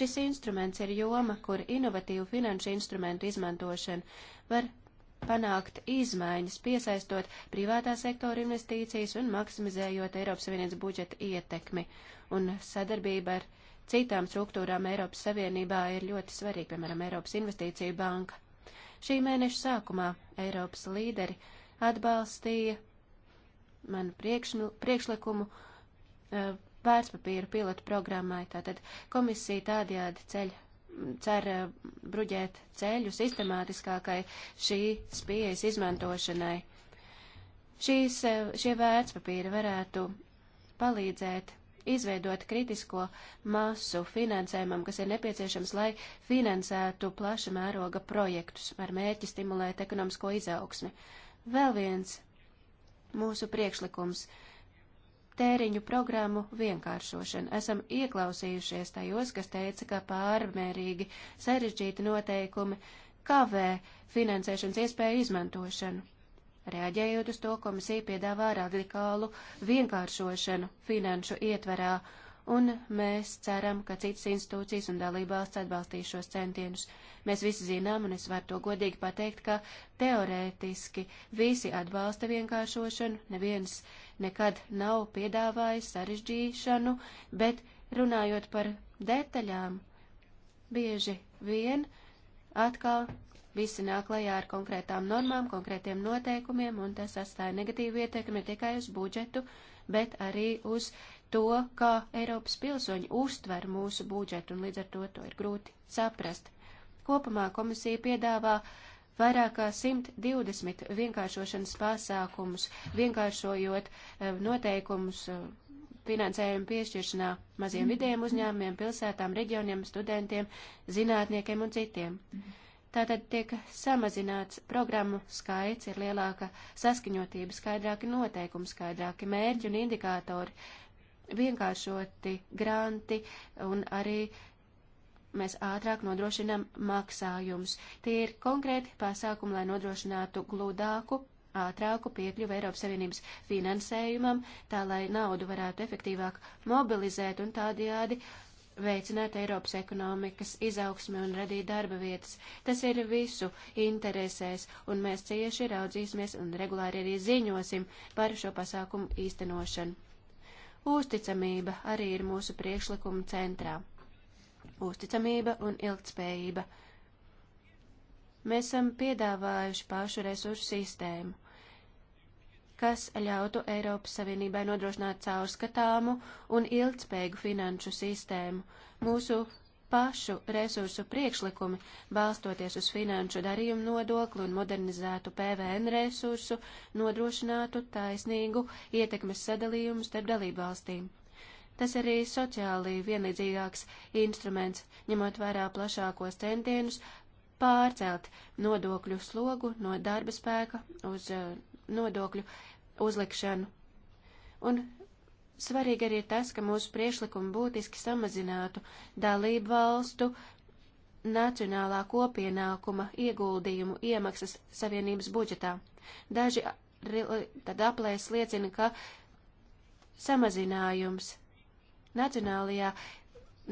Šis instruments ir joma, kur inovatīvu finanšu instrumentu izmantošana var panākt izmaiņas, piesaistot privātā sektora investīcijas un maksimizējot Eiropas Savienības budžeta ietekmi un sadarbību ar citām struktūrām Eiropas Savienībā ir ļoti svarīgi, piemēram, Eiropas Investīcija banka. Šī mēneša sākumā Eiropas līderi atbalstīja manu priekšnu, priekšlikumu uh, vērtspapīru pilotu programmai. Tātad komisija tādajādi ceļ, cer uh, bruģēt ceļu sistemātiskākai šīs pieejas izmantošanai. Šīs, uh, šie vērtspapīri varētu palīdzēt izveidot kritisko masu finansējumam, kas ir nepieciešams, lai finansētu plaša mēroga projektus ar mērķi stimulēt ekonomisko izaugsmi. Vēl viens mūsu priekšlikums - tēriņu programmu vienkāršošana. Esam ieklausījušies tajos, kas teica, ka pārmērīgi sarežģīti noteikumi kavē finansēšanas iespēju izmantošanu. Reaģējot uz to, komisija piedāvā radikālu vienkāršošanu finanšu ietverā, un mēs ceram, ka citas institūcijas un dalībvalsts atbalstīs šos centienus. Mēs visi zinām, un es varu to godīgi pateikt, ka teorētiski visi atbalsta vienkāršošanu, neviens nekad nav piedāvājis sarežģīšanu, bet runājot par detaļām, bieži vien atkal visi nāk lejā ar konkrētām normām, konkrētiem noteikumiem, un tas atstāja negatīvu ietekmi ne tikai uz budžetu, bet arī uz to, kā Eiropas pilsoņi uztver mūsu budžetu, un līdz ar to to ir grūti saprast. Kopumā komisija piedāvā vairāk kā 120 vienkāršošanas pasākumus, vienkāršojot eh, noteikumus eh, finansējumu piešķiršanā maziem vidējiem uzņēmumiem, pilsētām, reģioniem, studentiem, zinātniekiem un citiem. Mm -hmm. Tātad tiek samazināts programmu skaits, ir lielāka saskaņotība, skaidrāki noteikumi, skaidrāki mērķi un indikātori, vienkāršoti granti un arī mēs ātrāk nodrošinām maksājumus. Tie ir konkrēti pasākumi, lai nodrošinātu gludāku, ātrāku piekļuvu Eiropas Savienības finansējumam, tā lai naudu varētu efektīvāk mobilizēt un tādajādi uh, veicināt Eiropas ekonomikas izaugsmi un radīt darba vietas. Tas ir visu interesēs, un mēs cieši raudzīsimies un regulāri arī ziņosim par šo pasākumu īstenošanu. Uzticamība arī ir mūsu priekšlikuma centrā. Uzticamība un ilgtspējība. Mēs esam piedāvājuši pašu resursu sistēmu kas ļautu Eiropas Savienībai nodrošināt caurskatāmu un ilgspējīgu finanšu sistēmu. Mūsu pašu resursu priekšlikumi, balstoties uz finanšu darījumu nodokli un modernizētu PVN resursu, nodrošinātu taisnīgu ietekmes sadalījumu starp dalībvalstīm. Tas arī sociāli vienlīdzīgāks instruments, ņemot vērā plašākos centienus pārcelt nodokļu slogu no darba spēka uz eh, nodokļu uzlikšanu. Un svarīgi arī ir tas, ka mūsu priešlikumi būtiski samazinātu dalību valstu nacionālā kopienākuma ieguldījumu iemaksas savienības budžetā. Daži tad aplēs liecina, ka samazinājums nacionālajā,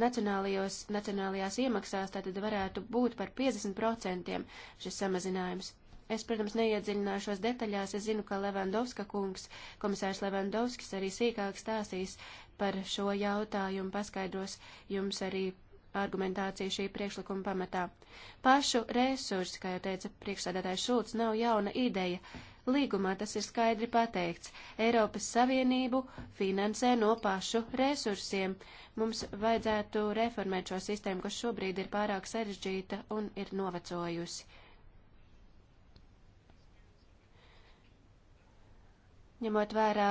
nacionālajos, nacionālajās iemaksās tātad varētu būt par 50% šis samazinājums. Es, protams, neiedziļināšos detaļās. Es zinu, ka Levandovska kungs, komisārs Levandovskis arī sīkāk stāstīs par šo jautājumu, paskaidros jums arī argumentāciju šī priekšlikuma pamatā. Pašu resursi, kā jau teica priekšsādātājs Šulcs, nav jauna ideja. Līgumā tas ir skaidri pateikts. Eiropas Savienību finansē no pašu resursiem. Mums vajadzētu reformēt šo sistēmu, kas šobrīd ir pārāk sarežģīta un ir novecojusi. ņemot vērā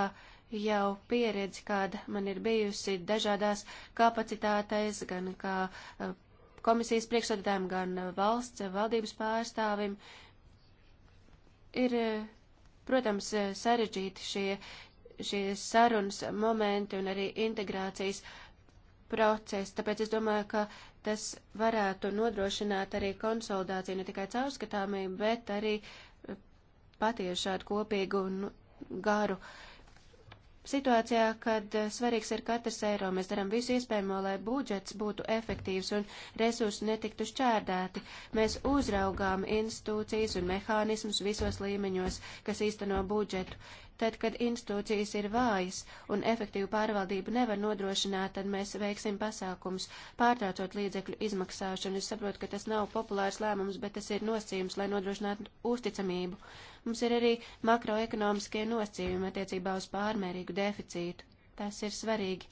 jau pieredzi, kāda man ir bijusi dažādās kapacitātēs, gan kā komisijas priekšsādātājiem, gan valsts valdības pārstāvim, ir, protams, sarežģīti šie, šie sarunas momenti un arī integrācijas procesi. Tāpēc es domāju, ka tas varētu nodrošināt arī konsolidāciju ne tikai caurskatāmību, bet arī patiešu šādu kopīgu un garu. Situācijā, kad eh, svarīgs ir katrs eiro, mēs darām visu iespējamo, lai budžets būtu efektīvs un resursi netiktu šķērdēti. Mēs uzraugām institūcijas un mehānismus visos līmeņos, kas īsteno budžetu. Tad, kad institūcijas ir vājas un efektīvu pārvaldību nevar nodrošināt, tad mēs veiksim pasākums, pārtraucot līdzekļu izmaksāšanu. Es saprotu, ka tas nav populārs lēmums, bet tas ir nosacījums, lai nodrošinātu uzticamību. Mums ir arī makroekonomiskie nosacījumi attiecībā uz pārmērīgu deficītu. Tas ir svarīgi,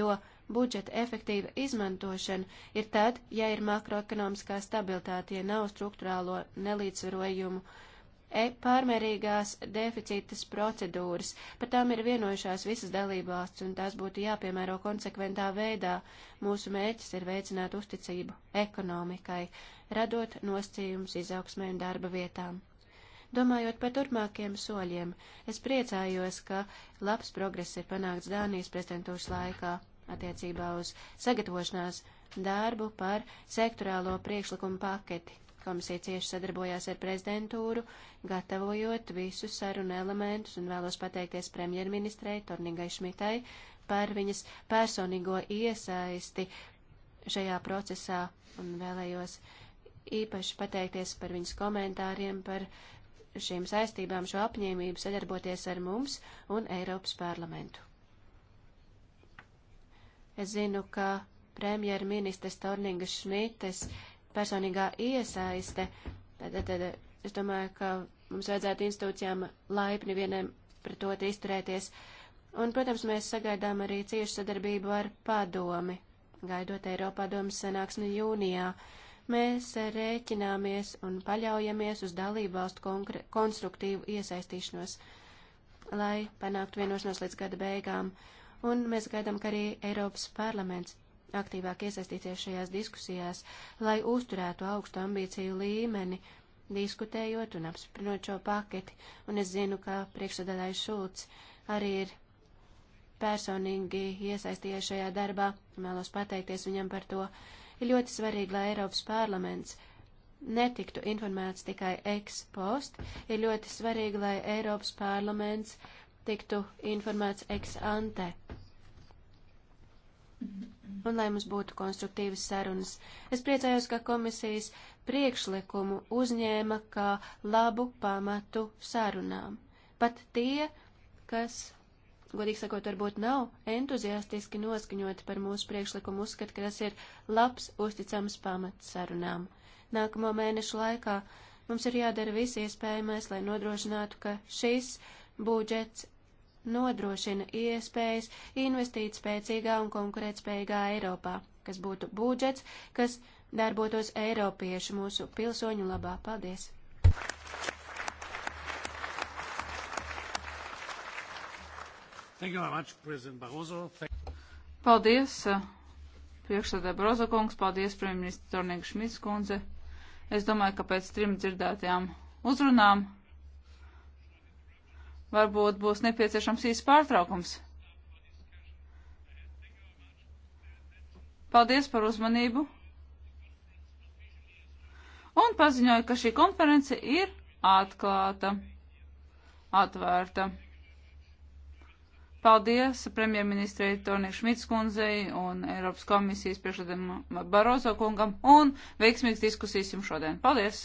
jo budžeta efektīva izmantošana ir tad, ja ir makroekonomiskā stabilitāte, ja nav struktūrālo nelīdzsvarojumu. Uh, e pārmērīgās deficītas procedūras. Par tām ir vienojušās visas dalībvalsts, un tās būtu jāpiemēro konsekventā veidā. Mūsu mērķis ir veicināt uzticību ekonomikai, radot nosacījumus izaugsmē un darba vietām. Domājot par turpmākiem soļiem, es priecājos, ka labs progress ir panākts Dānijas prezidentūras laikā attiecībā uz sagatavošanās darbu par sektorālo priekšlikumu paketi Komisija cieši sadarbojās ar prezidentūru, gatavojot visus sarunu elementus un vēlos pateikties premjerministrei Tornigai Šmitai par viņas personīgo iesaisti šajā procesā un vēlējos īpaši pateikties par viņas komentāriem par šīm saistībām šo apņēmību sadarboties ar mums un Eiropas parlamentu. Es zinu, ka premjerministres Torninga Šmites uh, personīgā iesaiste, tad, tad, tad es domāju, ka mums vajadzētu institūcijām laipni vienam pret to izturēties. Un, protams, mēs sagaidām arī ciešu sadarbību ar padomi, gaidot Eiropā domas sanāksmi jūnijā. Mēs rēķināmies un paļaujamies uz dalību valstu konstruktīvu iesaistīšanos, lai panāktu vienošanos līdz gada beigām. Un mēs gaidām, ka arī Eiropas parlaments aktīvāk iesaistīties šajās diskusijās, lai uzturētu augstu ambīciju līmeni, diskutējot un apsprinot šo paketi. Un es zinu, ka priekšsēdētājs Šulcs arī ir personīgi iesaistījies šajā darbā. Mēlos pateikties viņam par to. Ir ļoti svarīgi, lai Eiropas parlaments netiktu informēts tikai ex post. Ir ļoti svarīgi, lai Eiropas parlaments tiktu informēts ex ante un lai mums būtu konstruktīvas sarunas. Es priecājos, ka komisijas priekšlikumu uzņēma kā labu pamatu sarunām. Pat tie, kas, godīgi sakot, varbūt nav entuziastiski noskaņoti par mūsu priekšlikumu, uzskat, ka tas ir labs, uzticams pamats sarunām. Nākamo mēnešu laikā mums ir jādara viss iespējamais, lai nodrošinātu, ka šis budžets nodrošina iespējas investīt spēcīgā un konkurētspējīgā Eiropā, kas būtu budžets, kas darbotos Eiropiešu mūsu pilsoņu labā. Paldies! Much, paldies, eh, priekšsēdē Barozo kungs, paldies, premjerministra Tornieku Šmits kundze. Es domāju, ka pēc trim dzirdētajām uzrunām Varbūt būs nepieciešams īsts pārtraukums. Paldies par uzmanību. Un paziņoju, ka šī konference ir atklāta, atvērta. Paldies premjerministrei Tornieku Šmitskundzei un Eiropas komisijas priekšsēdēm Barozo kungam un veiksmīgas diskusijas jums šodien. Paldies!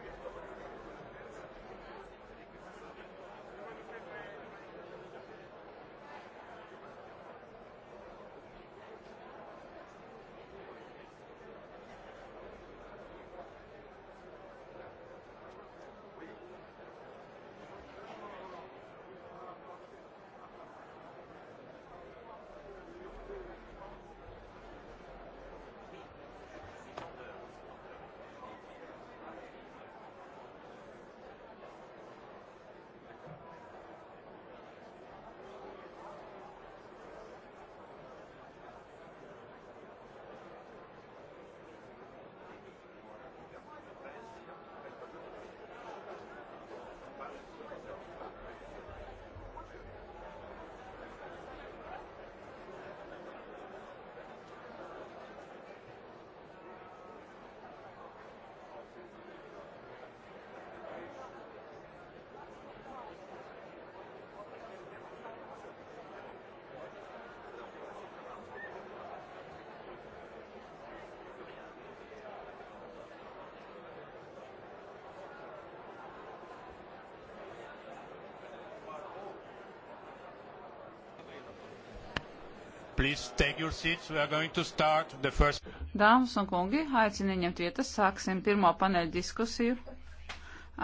Please take your seats. We are going to start the first. Dāmas un kungi, aicinu ņemt vietas. Sāksim pirmo paneļu diskusiju.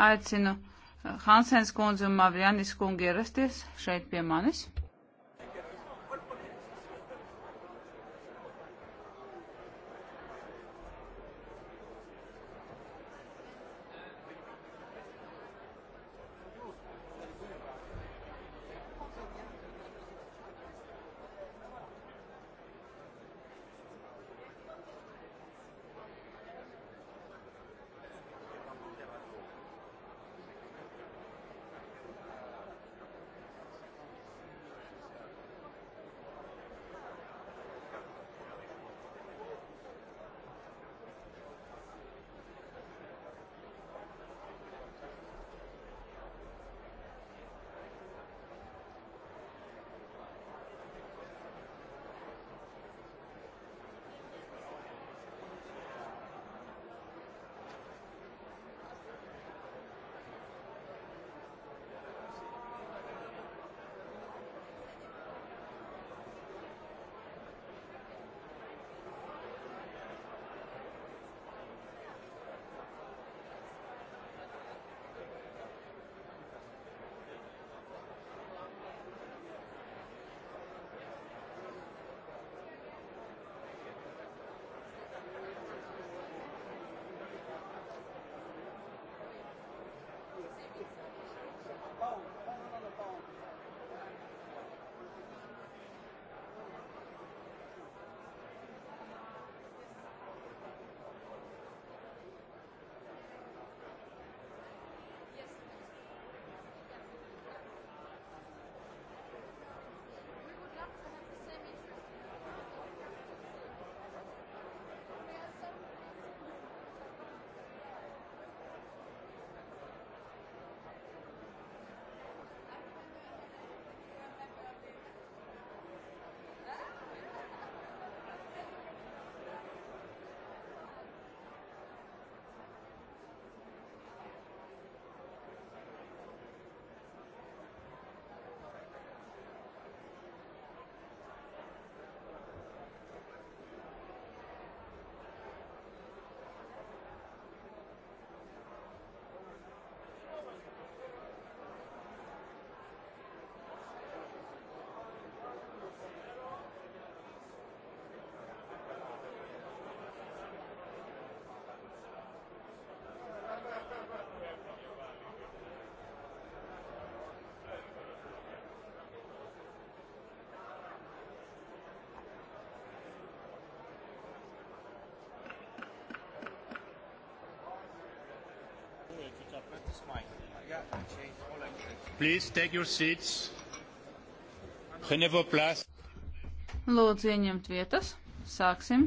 Aicinu eh, Hansens kundzi un Mavrianis kungi ierasties šeit pie manis. Please take your seats. Lūdzu, ieņemt vietas. Sāksim.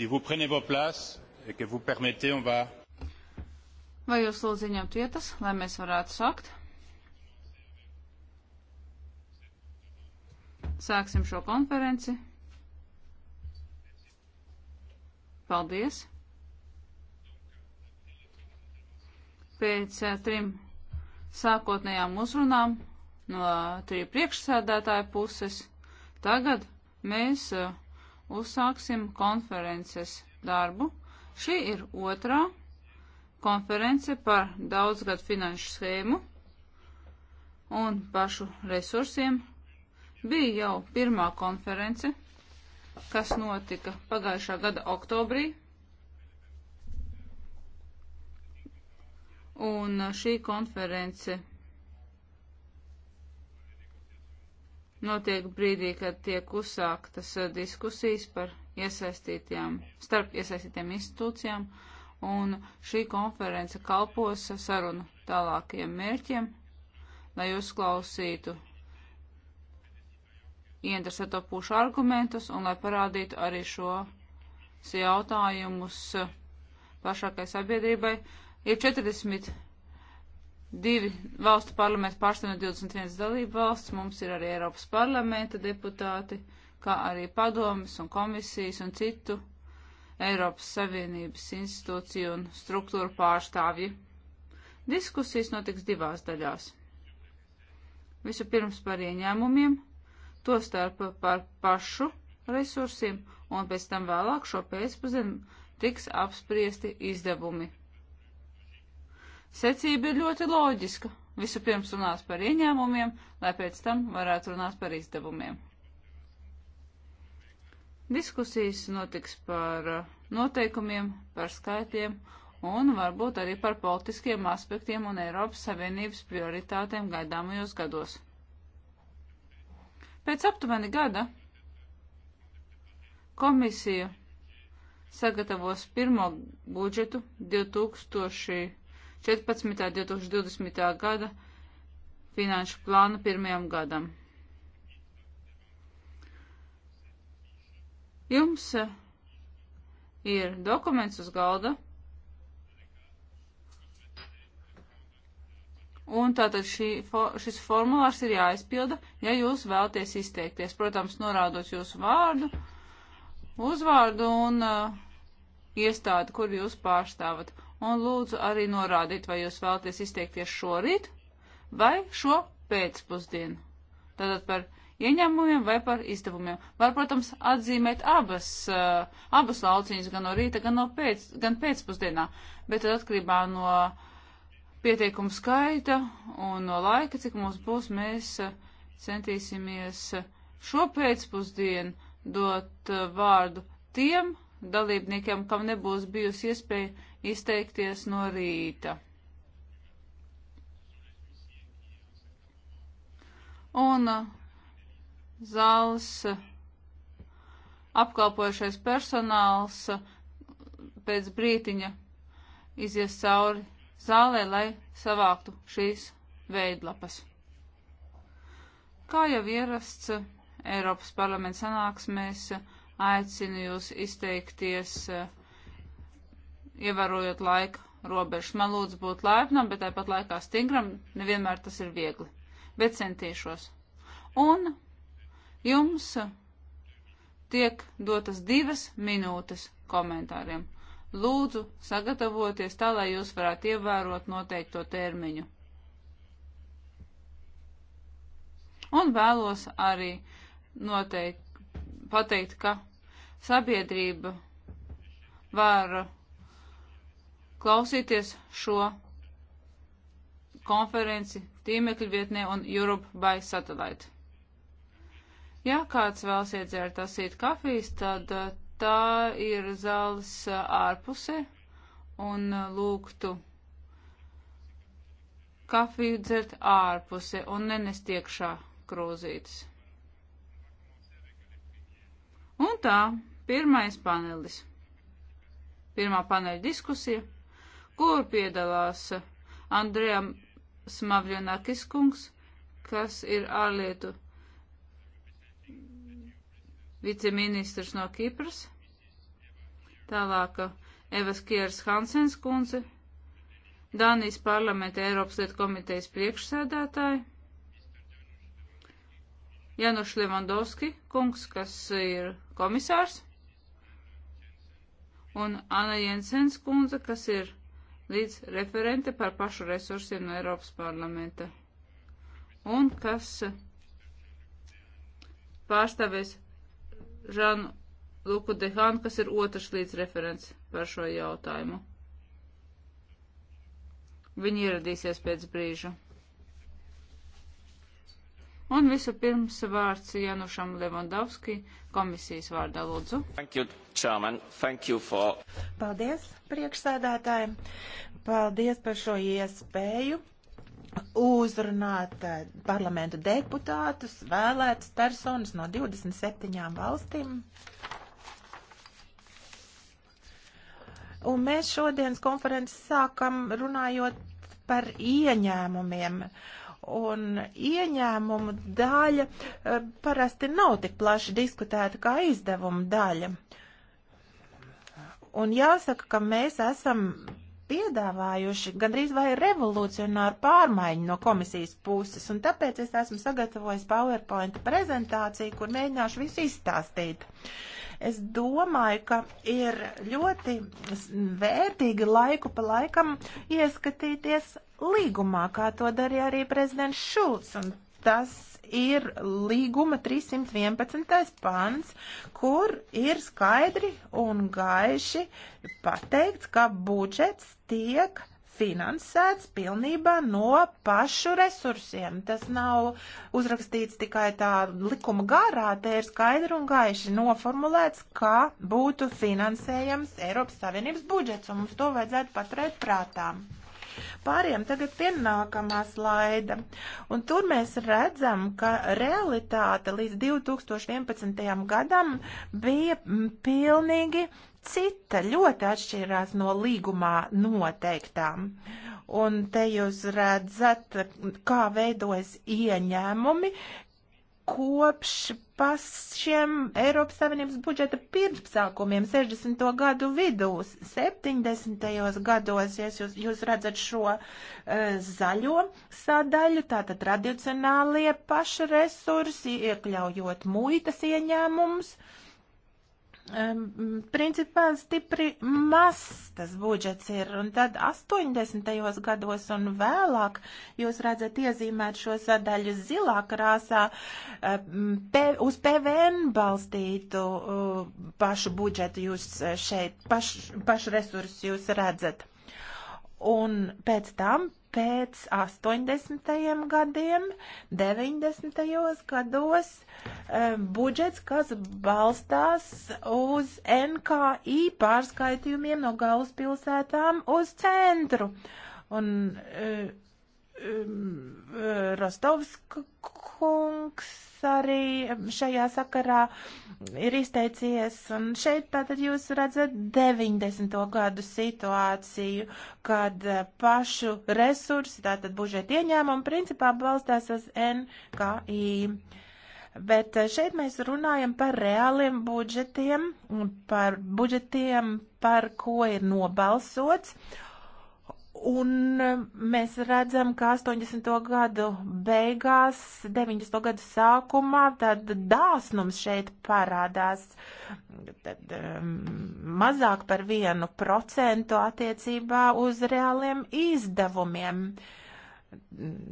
Si vous prenez vos places et que vous permettez, on va. Vai jūs lūdzu ņemt vietas, lai mēs varētu sākt? Sāksim šo konferenci. Paldies! Pēc eh, trim sākotnējām uzrunām no eh, triju priekšsēdētāju puses tagad mēs uh, uzsāksim konferences darbu. Šī ir otrā konference par daudzgad finanšu schēmu un pašu resursiem. Bija jau pirmā konference, kas notika pagājušā gada oktobrī. Un šī konference notiek brīdī, kad tiek uzsāktas eh, diskusijas par iesaistītajām, starp iesaistītajām institūcijām, un šī konference kalpos sarunu tālākajiem mērķiem, lai uzklausītu ieinteresēto pušu argumentus un lai parādītu arī šos jautājumus plašākai sabiedrībai. Ir 40 divi valstu parlamentu pārstāvji no 21 dalību valsts, mums ir arī Eiropas parlamenta deputāti, kā arī padomas un komisijas un citu Eiropas Savienības institūciju un struktūru pārstāvji. Diskusijas notiks divās daļās. Vispirms par ieņēmumiem, tostarp par pašu resursiem, un pēc tam vēlāk šo pēcpazienu tiks apspriesti izdevumi Secība ir ļoti loģiska. Vispirms runās par ieņēmumiem, lai pēc tam varētu runāt par izdevumiem. Diskusijas notiks par uh, noteikumiem, par skaitļiem un varbūt arī par politiskiem aspektiem un Eiropas Savienības prioritātēm gaidāmajos gados. Pēc aptuveni gada komisija sagatavos pirmo budžetu 2000. 14. 2020. gada finanšu plānu pirmajam gadam. Jums eh, ir dokuments uz galda. Un tātad šī, šis formulārs ir jāizpilda, ja jūs vēlaties izteikties. Protams, norādot jūsu vārdu, uzvārdu un uh, iestādi, kur jūs pārstāvat un lūdzu arī norādīt, vai jūs vēlaties izteikties šorīt vai šo pēcpusdienu. Tātad par ieņēmumiem vai par izdevumiem. Var, protams, atzīmēt abas, uh, abas lauciņas, gan no rīta, gan, no pēc, gan pēcpusdienā, bet tad atkarībā no pieteikumu skaita un no laika, cik mums būs, mēs uh, centīsimies eh, šo pēcpusdienu dot uh, vārdu tiem dalībniekiem, kam nebūs bijusi iespēja izteikties no rīta. Un uh, zāles uh, apkalpojušais personāls uh, pēc brītiņa izies cauri zālē, lai savāktu šīs veidlapas. Kā jau ierasts, Eiropas parlamenta sanāksmēs aicinu jūs izteikties uh, ievērojot laika robežas. Man lūdzu būt laipnam, bet tāpat laikā stingram, nevienmēr tas ir viegli, bet centīšos. Un jums tiek dotas divas minūtes komentāriem. Lūdzu, sagatavoties tā, lai jūs varētu ievērot noteikto termiņu. Un vēlos arī noteikti pateikt, ka sabiedrība var klausīties šo konferenci tīmekļu vietnē un Europe by Satellite. Ja kāds vēlas iedzērt asīt kafijas, tad uh, tā ir zāles uh, ārpuse un uh, lūgtu kafiju dzert ārpuse un nenest iekšā krūzītes. Un tā, pirmais panelis. Pirmā paneļa diskusija kur piedalās Andrejam Smavļonakis kungs, kas ir ārlietu viceministrs no Kipras. Tālāk Evas Kiers Hansens kundze, Dānijas parlamenta Eiropas lietu komitejas priekšsēdētāji, Januš Levandovski kungs, kas ir komisārs, un Anna Jensens kundze, kas ir līdz referente par pašu resursiem no Eiropas parlamenta. Un kas pārstāvēs Žanu Luku Dehānu, kas ir otrs līdz referents par šo jautājumu. Viņi ieradīsies pēc brīža. Un visu pirms vārds Janušam Levandovski komisijas vārdā lūdzu. Thank you, Chairman. Thank you for... Paldies priekšsēdētājiem. Paldies par šo iespēju uzrunāt eh, parlamentu deputātus, vēlētas personas no 27 valstīm. Un mēs šodienas konferences sākam runājot par ieņēmumiem. Uh, un ieņēmumu daļa eh, parasti nav tik plaši diskutēta kā izdevumu daļa. Un jāsaka, ka mēs esam piedāvājuši gandrīz vai revolucionāru pārmaiņu no komisijas puses, un tāpēc es esmu sagatavojis PowerPoint prezentāciju, kur mēģināšu visu izstāstīt. Es domāju, ka ir ļoti vērtīgi laiku pa laikam ieskatīties līgumā, kā to darīja arī prezidents Šulcs, un tas ir līguma 311. pants, kur ir skaidri un gaiši pateikts, ka budžets tiek finansēts pilnībā no pašu resursiem. Tas nav uzrakstīts tikai tā likuma garā, te ir skaidri un gaiši noformulēts, kā būtu finansējams Eiropas Savienības budžets, un mums to vajadzētu paturēt prātām. Pāriem tagad pie nākamā slaida. Un tur mēs redzam, ka realitāte līdz 2011. gadam bija mm, pilnīgi cita, ļoti atšķirās no līgumā noteiktām. Un te jūs redzat, kā veidojas ieņēmumi, kopš pašiem Eiropas Savienības budžeta pirmsākumiem 60. gadu vidū, 70. gados, ja jūs, jūs redzat šo uh, zaļo sadaļu, tātad tradicionālie paša resursi, iekļaujot muitas ieņēmumus. Uh, principā stipri mazs tas budžets ir, un tad 80. gados un vēlāk jūs redzat iezīmēt šo sadaļu zilā krāsā uz PVN balstītu pašu budžetu jūs e, šeit, paš, pašu resursus jūs redzat. Un pēc tam pēc 80. gadiem, 90. gados eh, budžets, kas balstās uz NKI pārskaitījumiem no galvaspilsētām uz centru. Un, uh, Um, Rostovs kungs arī šajā sakarā ir izteicies, un šeit tātad jūs redzat 90. gadu situāciju, kad pašu resursi, tātad budžeta ieņēmumi, principā balstās uz NKI. Bet šeit mēs runājam par reāliem budžetiem, par budžetiem, par ko ir nobalsots, Un eh, mēs redzam, ka 80. gadu beigās, 90. gadu sākumā, tad dāsnums šeit parādās tad, um, mazāk par vienu procentu attiecībā uz reāliem izdevumiem. Uh,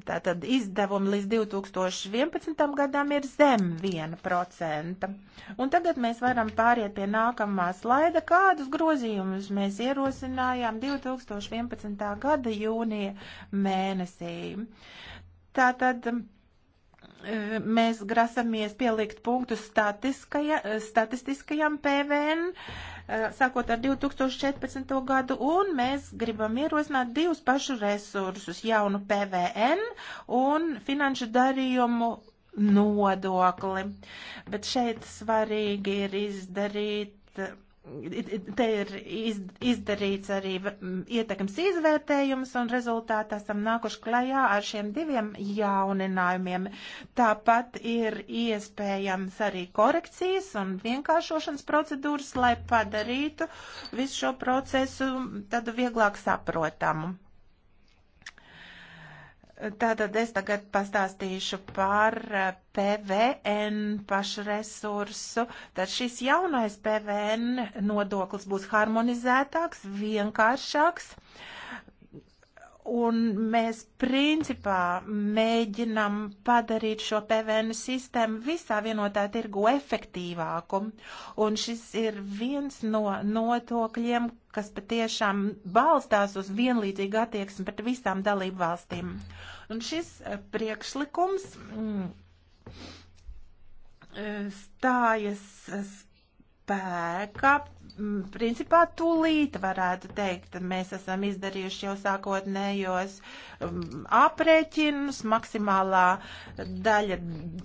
Tātad izdevumi līdz 2011. gadam ir zem 1%. Un tagad mēs varam pāriet pie nākamā slaida, kādus grozījumus mēs ierosinājām 2011. gada jūnija mēnesī. Tātad E, mēs grasamies pielikt punktu e, statistiskajam PVN, e, sākot ar 2014. gadu, un mēs gribam ierosināt divus pašu resursus - jaunu PVN un finanšu darījumu nodokli. Bet šeit svarīgi ir izdarīt Te ir izdarīts arī ietekmes izvērtējums, un rezultātā esam nākuši klajā ar šiem diviem jauninājumiem. Tāpat ir iespējams arī korekcijas un vienkāršošanas procedūras, lai padarītu visu šo procesu tādu vieglāk saprotamu. Tātad es tagad pastāstīšu par eh, PVN pašresursu. Tad šis jaunais PVN nodoklis būs harmonizētāks, vienkāršāks. Uh, Un mēs principā mēģinam padarīt šo PVN sistēmu visā vienotā tirgu efektīvāku. Un šis ir viens no notokļiem, kas patiešām balstās uz vienlīdzīgu attieksmi pret visām dalību valstīm. Un šis eh, priekšlikums. Mm, eh, stājas eh, spēkā, principā tūlīt varētu teikt, mēs esam izdarījuši jau sākotnējos aprēķinus, maksimālā daļa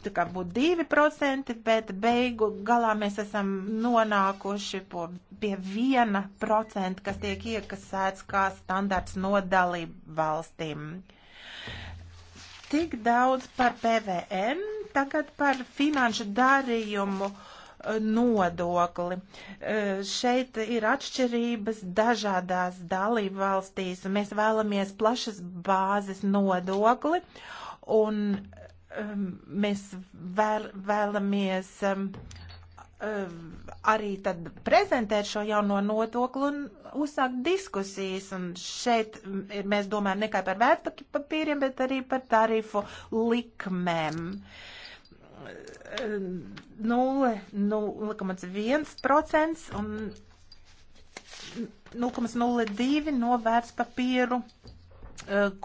tā kā būtu 2%, bet beigu galā mēs esam nonākuši po, pie 1%, kas tiek iekasēts kā standarts no dalību valstīm tik daudz par PVN, tagad par finanšu darījumu nodokli. E, šeit ir atšķirības dažādās dalību valstīs. Mēs vēlamies plašas bāzes nodokli un e, mēs vēl, vēlamies e, arī tad prezentēt šo jauno nodokli un uzsākt diskusijas. Un šeit mēs domājam ne tikai par vērtpapīriem, bet arī par tarifu likmēm. Uh, 0,1% un 0,02 no vērtspapīru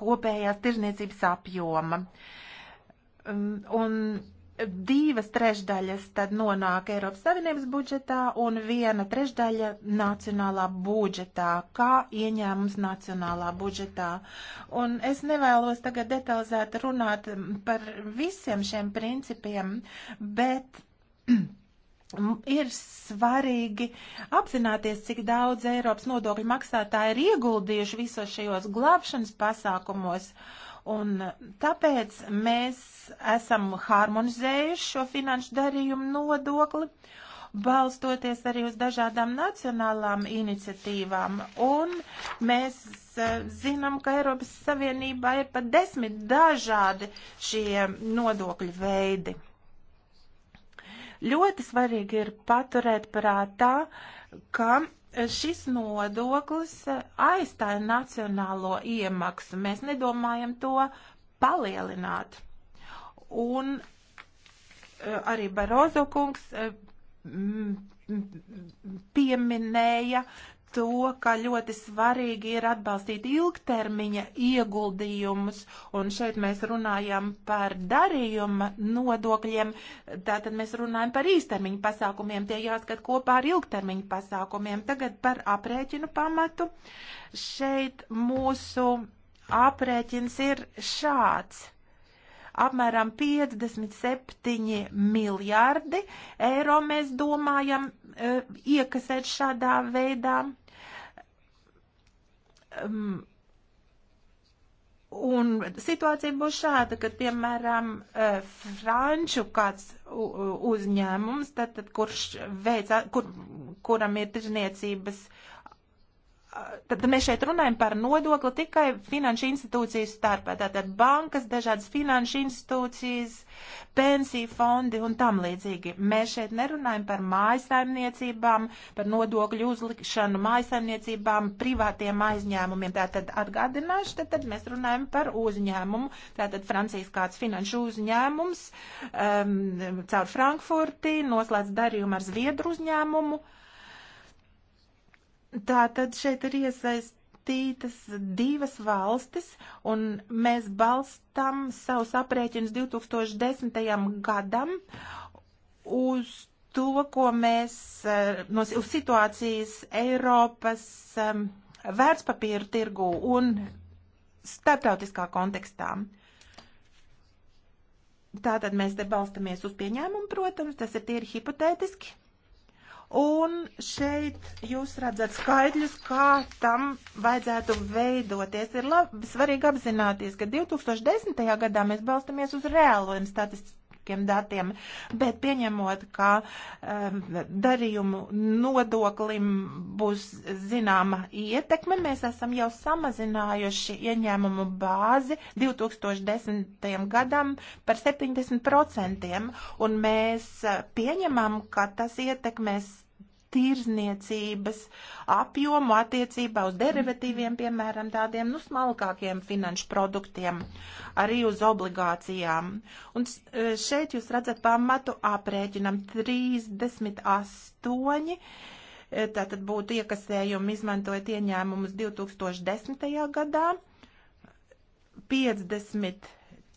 kopējās tirzniecības apjoma. Un divas trešdaļas tad nonāk Eiropas Savienības budžetā un viena trešdaļa nacionālā budžetā, kā ieņēmums nacionālā budžetā. Un es nevēlos tagad detalizēt runāt par visiem šiem principiem, bet ir svarīgi apzināties, cik daudz Eiropas nodokļu maksātāji ir ieguldījuši visos šajos glābšanas pasākumos. Uh, Un tāpēc mēs esam harmonizējuši šo finanšu darījumu nodokli, balstoties arī uz dažādām nacionālām iniciatīvām. Un mēs e, zinām, ka Eiropas Savienībā ir pat desmit dažādi šie nodokļu veidi. Ļoti svarīgi ir paturēt prātā, ka šis nodoklis aizstāja nacionālo iemaksu. Mēs nedomājam to palielināt. Un e, arī Barozo kungs e, pieminēja to, ka ļoti svarīgi ir atbalstīt ilgtermiņa ieguldījumus, un šeit mēs runājam par darījuma nodokļiem, tātad mēs runājam par īstermiņa pasākumiem, tie jāskat kopā ar ilgtermiņa pasākumiem. Tagad par aprēķinu pamatu. Šeit mūsu aprēķins ir šāds apmēram 57 miljārdi eiro mēs domājam e, iekasēt šādā veidā. Um, Un situācija būs šāda, ka, piemēram, e, franču kāds uzņēmums, tad, tad kurš veic, kur, kuram ir tirzniecības uh, tad mēs šeit runājam par nodokli tikai finanšu institūciju starpā. Tātad bankas, dažādas finanšu institūcijas, pensiju fondi un tam līdzīgi. Mēs šeit nerunājam par mājasaimniecībām, par nodokļu uzlikšanu mājasaimniecībām, privātiem aizņēmumiem. Tātad atgādināšu, tad, tad mēs runājam par uzņēmumu. Tātad Francijas kāds finanšu uzņēmums um, caur Frankfurti noslēdz darījumu ar Zviedru uzņēmumu. Uh, Tā tad šeit ir iesaistītas divas valstis, un mēs balstam savus aprēķinus 2010. gadam uz to, ko mēs eh, no situācijas Eiropas ehm, vērtspapīru tirgu un starptautiskā kontekstā. Tātad mēs te balstamies uz pieņēmumu, protams, tas ir tīri hipotētiski Un šeit jūs redzat skaidļus, kā tam vajadzētu veidoties. Ir labi, svarīgi apzināties, ka 2010. gadā mēs balstamies uz reāliem statistikas specifiskiem datiem, bet pieņemot, ka um, darījumu nodoklim būs zināma ietekme, mēs esam jau samazinājuši ieņēmumu bāzi 2010. gadam par 70%, un mēs eh, pieņemam, ka tas ietekmēs tirzniecības apjomu attiecībā uz derivatīviem, piemēram, tādiem nu, smalkākiem finanšu produktiem, arī uz obligācijām. Un e, šeit jūs redzat pamatu aprēķinam 38. E, tātad būtu iekasējumi izmantojot ieņēmumus 2010. gadā, 50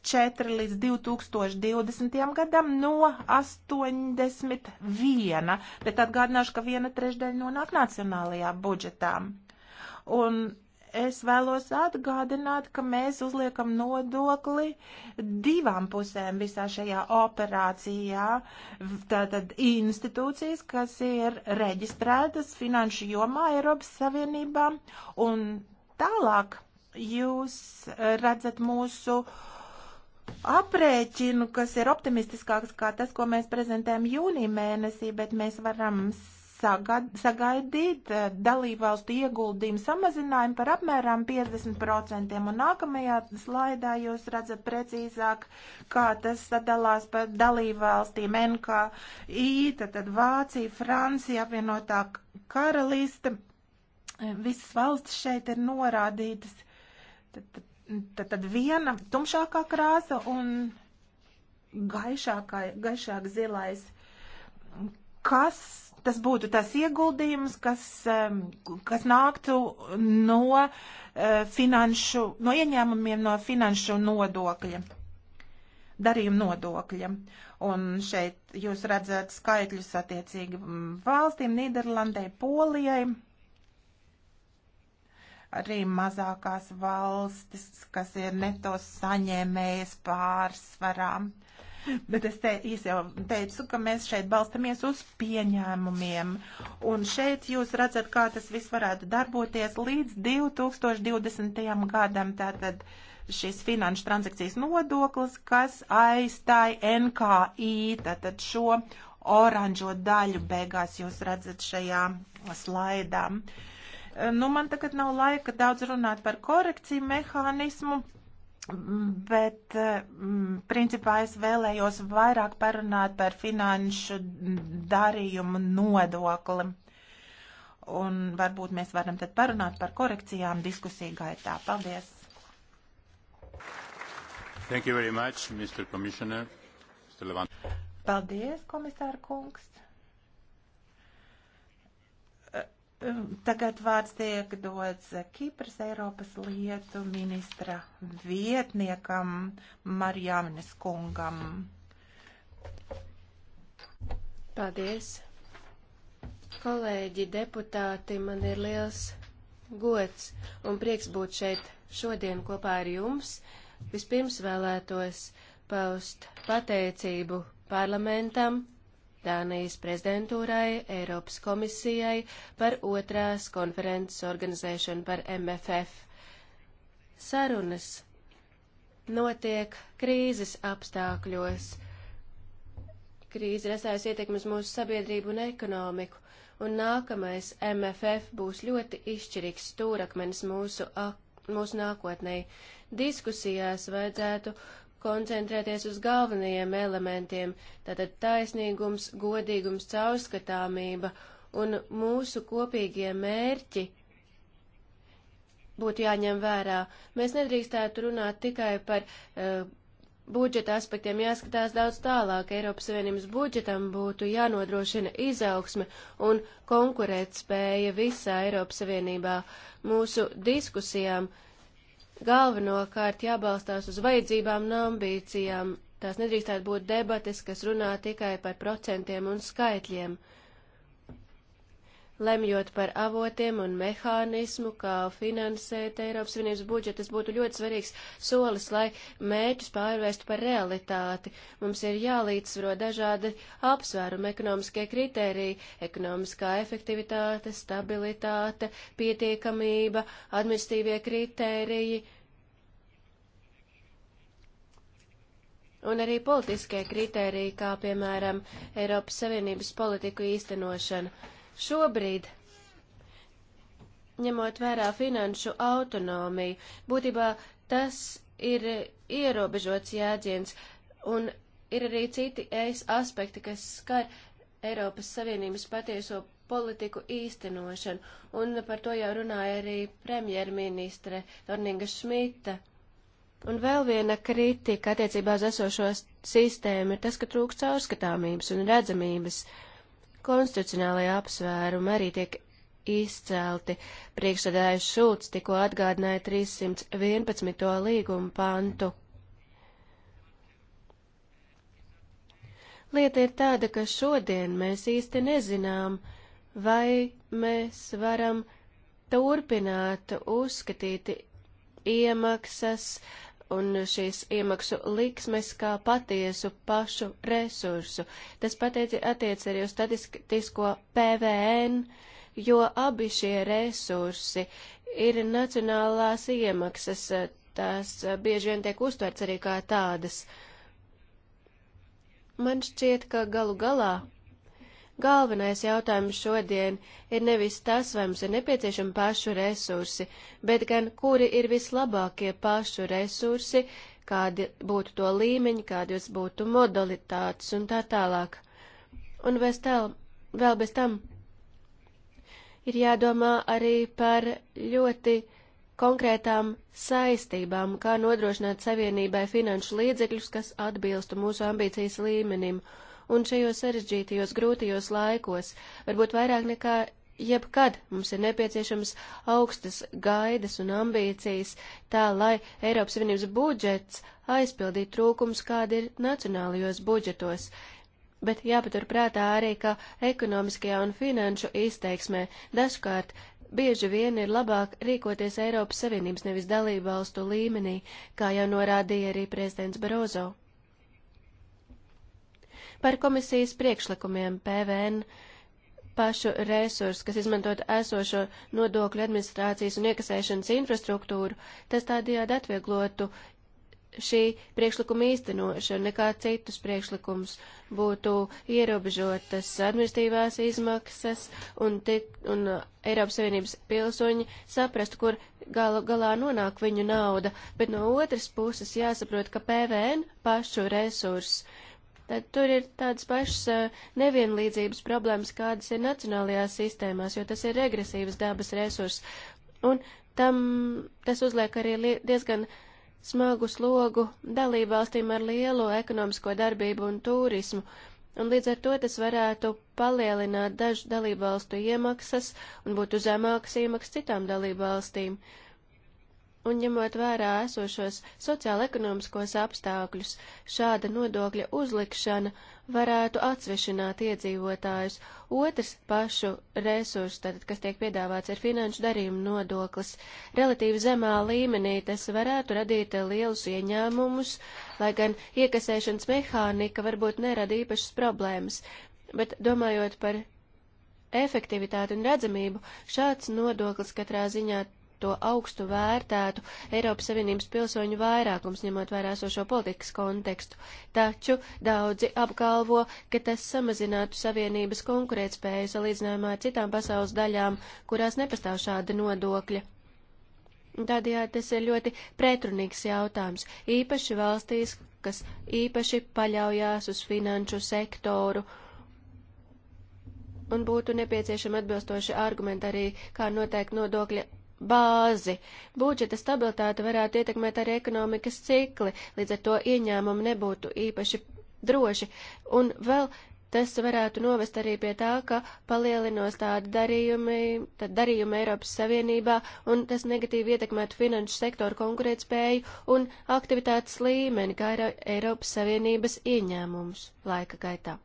4 līdz 2020. gadam no 81, bet atgādināšu, ka viena trešdaļa nonāk nacionālajā budžetā. Un es vēlos atgādināt, ka mēs uzliekam nodokli divām pusēm visā šajā operācijā. Tātad institūcijas, kas ir reģistrētas finanšu jomā Eiropas Savienībā, un tālāk jūs redzat mūsu uh, aprēķinu, kas ir optimistiskāks kā tas, ko mēs prezentējam jūnija mēnesī, bet mēs varam sagad, sagaidīt eh, dalībvalstu ieguldījumu samazinājumu par apmēram 50%. Un nākamajā slaidā jūs redzat precīzāk, kā tas sadalās pa dalībvalstīm NKI, tad Vācija, Francija, apvienotā karalista. Eh, visas valstis šeit ir norādītas. Tad, tad, Tad, tad viena tumšākā krāsa un gaišākā, gaišāk zilais. Kas tas būtu tas ieguldījums, kas, kas nāktu no eh, finanšu, no ieņēmumiem no finanšu nodokļa, darījuma nodokļa. Un šeit jūs redzat skaitļus attiecīgi valstīm, Nīderlandai, Polijai arī mazākās valstis, kas ir neto saņēmējas pārsvarām. Bet es te es jau teicu, ka mēs šeit balstamies uz pieņēmumiem. Un šeit jūs redzat, kā tas viss varētu darboties līdz 2020. gadam. Tātad šis finanšu transakcijas nodoklis, kas aizstāja NKI, tātad šo oranžo daļu beigās jūs redzat šajā slaidā. Uh, Nu, man tagad nav laika daudz runāt par korekciju mehānismu. Bet, mm, principā, es vēlējos vairāk parunāt par finanšu darījumu nodokli. Un varbūt mēs varam tad parunāt par korekcijām diskusiju gaitā. Paldies! Thank you very much, Mr. Commissioner. Mr. Paldies, komisāra kungs! Tagad vārds tiek dots Kipras Eiropas lietu ministra vietniekam Marjāmines kungam. Paldies! Kolēģi, deputāti, man ir liels gods un prieks būt šeit šodien kopā ar jums. Vispirms vēlētos paust pateicību parlamentam Dānijas prezidentūrai, Eiropas komisijai par otrās konferences organizēšanu par MFF. Sarunas notiek krīzes apstākļos. Krīze ir atstājusi ietekmi uz mūsu sabiedrību un ekonomiku, un nākamais MFF būs ļoti izšķirīgs stūrakmenis mūsu, mūsu nākotnē. Diskusijās vajadzētu koncentrēties uz galvenajiem elementiem - tātad taisnīgums, godīgums, caurskatāmība un mūsu kopīgie mērķi būtu jāņem vērā. Mēs nedrīkstētu runāt tikai par uh, budžeta aspektiem, jāskatās daudz tālāk. Eiropas Savienības budžetam būtu jānodrošina izaugsme un konkurētspēja visā Eiropas Savienībā. Mūsu diskusijām uh, galvenokārt jābalstās uz vajadzībām un ambīcijām. Tās nedrīkstētu būt debates, kas runā tikai par procentiem un skaitļiem. Uh, lemjot par avotiem un mehānismu, kā finansēt Eiropas Savienības budžetu, tas būtu ļoti svarīgs solis, lai mērķus pārvērstu par realitāti. Mums ir jālīdzsvaro dažādi apsvērumi, ekonomiskie kritēriji, ekonomiskā efektivitāte, stabilitāte, pietiekamība, administīvie kritēriji. un arī politiskie kritēriji, kā piemēram Eiropas Savienības politiku īstenošana. Šobrīd, ņemot vērā finanšu autonomiju, būtībā tas ir ierobežots jēdziens, un ir arī citi ES aspekti, kas skar Eiropas Savienības patieso politiku īstenošanu, un par to jau runāja arī premjerministre Torninga Šmita. Un vēl viena kritika attiecībā uz esošo sistēmu ir tas, ka trūkst caurskatāmības un redzamības. Uh, Konstitucionālajā apsvērumā arī tiek izcelti. Priekšsēdājs Šulcs tikko atgādināja 311. līguma pantu. Lieta ir tāda, ka šodien mēs īsti nezinām, vai mēs varam turpināt uzskatīt iemaksas un šīs iemaksu liksmes kā patiesu pašu resursu. Tas patieci attiec arī uz statistisko PVN, jo abi šie resursi ir nacionālās iemaksas, tās bieži vien tiek uztverts arī kā tādas. Man šķiet, ka galu galā Galvenais jautājums šodien ir nevis tas, vai mums ir nepieciešami pašu resursi, bet gan kuri ir vislabākie pašu resursi, kādi būtu to līmeņi, kādas būtu modalitātes un tā tālāk. Un bez tā, vēl bez tam ir jādomā arī par ļoti konkrētām saistībām, kā nodrošināt savienībai finanšu līdzekļus, kas atbilstu mūsu ambīcijas līmenim. Uh, un šajos sarežģītajos, grūtajos laikos, varbūt vairāk nekā jebkad mums ir nepieciešams augstas gaidas un ambīcijas tā, lai Eiropas Savienības budžets aizpildītu trūkums, kādi ir nacionālajos budžetos. Bet jāpaturprātā arī, ka ekonomiskajā un finanšu izteiksmē dažkārt bieži vien ir labāk rīkoties Eiropas Savienības nevis dalību valstu līmenī, kā jau norādīja arī prezidents Barozo. Par komisijas priekšlikumiem PVN pašu resursu, kas izmantot esošo nodokļu administrācijas un iekasēšanas infrastruktūru, tas tādējādi atvieglotu šī priekšlikuma īstenošana nekā citus priekšlikums būtu ierobežotas administratīvās izmaksas un, tik, un uh, Eiropas Savienības pilsoņi saprast, kur gal, galā nonāk viņu nauda, bet no otras puses jāsaprot, ka PVN pašu resursu tad tur ir tādas pašas nevienlīdzības problēmas, kādas ir nacionālajās sistēmās, jo tas ir regresīvas dabas resurss. Un tam tas uzliek arī diezgan smagu slogu dalībvalstīm ar lielu ekonomisko darbību un turismu. Un līdz ar to tas varētu palielināt dažu dalībvalstu iemaksas un būtu zemākas iemaksas citām dalībvalstīm. valstīm. Un ņemot vērā esošos sociāla-ekonomiskos apstākļus, šāda nodokļa uzlikšana varētu atsvešināt iedzīvotājus. Otrs pašu resursu, tātad, kas tiek piedāvāts, ir finanšu darījuma nodoklis. Relatīvi zemā līmenī tas varētu radīt lielus ieņēmumus, lai gan iekasēšanas mehānika varbūt nerada īpašas problēmas. Bet domājot par efektivitāti un redzamību, šāds nodoklis katrā ziņā to augstu vērtētu Eiropas Savienības pilsoņu vairākums, ņemot vērā sošo politikas kontekstu. Taču daudzi apgalvo, ka tas samazinātu Savienības konkurētspēju salīdzinājumā ar citām pasaules daļām, kurās nepastāv šāda nodokļa. Tādējādi tas ir ļoti pretrunīgs jautājums, īpaši valstīs, kas īpaši paļaujās uz finanšu sektoru un būtu nepieciešama atbilstoša argumenta arī, kā noteikt nodokļa bāzi. Budžeta stabilitāte varētu ietekmēt arī ekonomikas cikli, līdz ar to ieņēmumi nebūtu īpaši droši. Un vēl tas varētu novest arī pie tā, ka palielinos tādi darījumi, tad darījumi Eiropas Savienībā, un tas negatīvi ietekmētu finanšu sektoru konkurētspēju un aktivitātes līmeni, kā arī Eiropas Savienības ieņēmumus laika gaitā.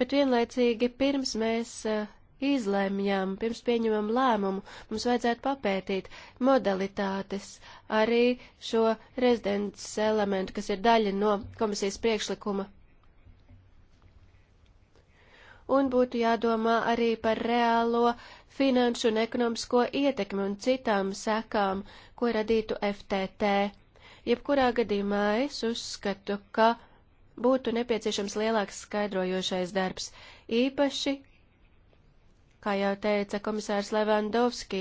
Bet vienlaicīgi pirms mēs uh, izlemjam, pirms pieņemam lēmumu, mums vajadzētu papētīt modalitātes, arī šo rezidents elementu, kas ir daļa no komisijas priekšlikuma un būtu jādomā arī par reālo finanšu un ekonomisko ietekmi un citām sekām, ko radītu FTT. Jebkurā gadījumā es uzskatu, ka būtu nepieciešams lielāks skaidrojošais darbs, īpaši kā jau teica komisārs Levandovski,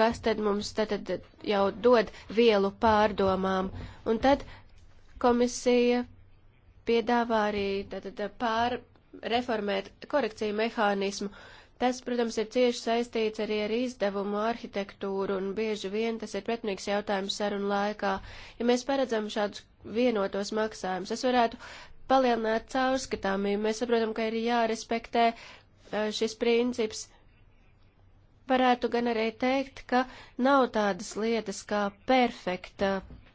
kas tad mums tad, tad jau dod vielu pārdomām. Un tad komisija piedāvā arī tad, tad pār reformēt korekciju mehānismu. Tas, protams, ir cieši saistīts arī ar izdevumu arhitektūru, un bieži vien tas ir pretrunīgs jautājums sarunu laikā. Ja mēs paredzam šādus vienotos maksājumus, tas varētu palielināt caurskatāmību. Mēs saprotam, ka ir jārespektē šis princips. Varētu gan arī teikt, ka nav tādas lietas kā perfekta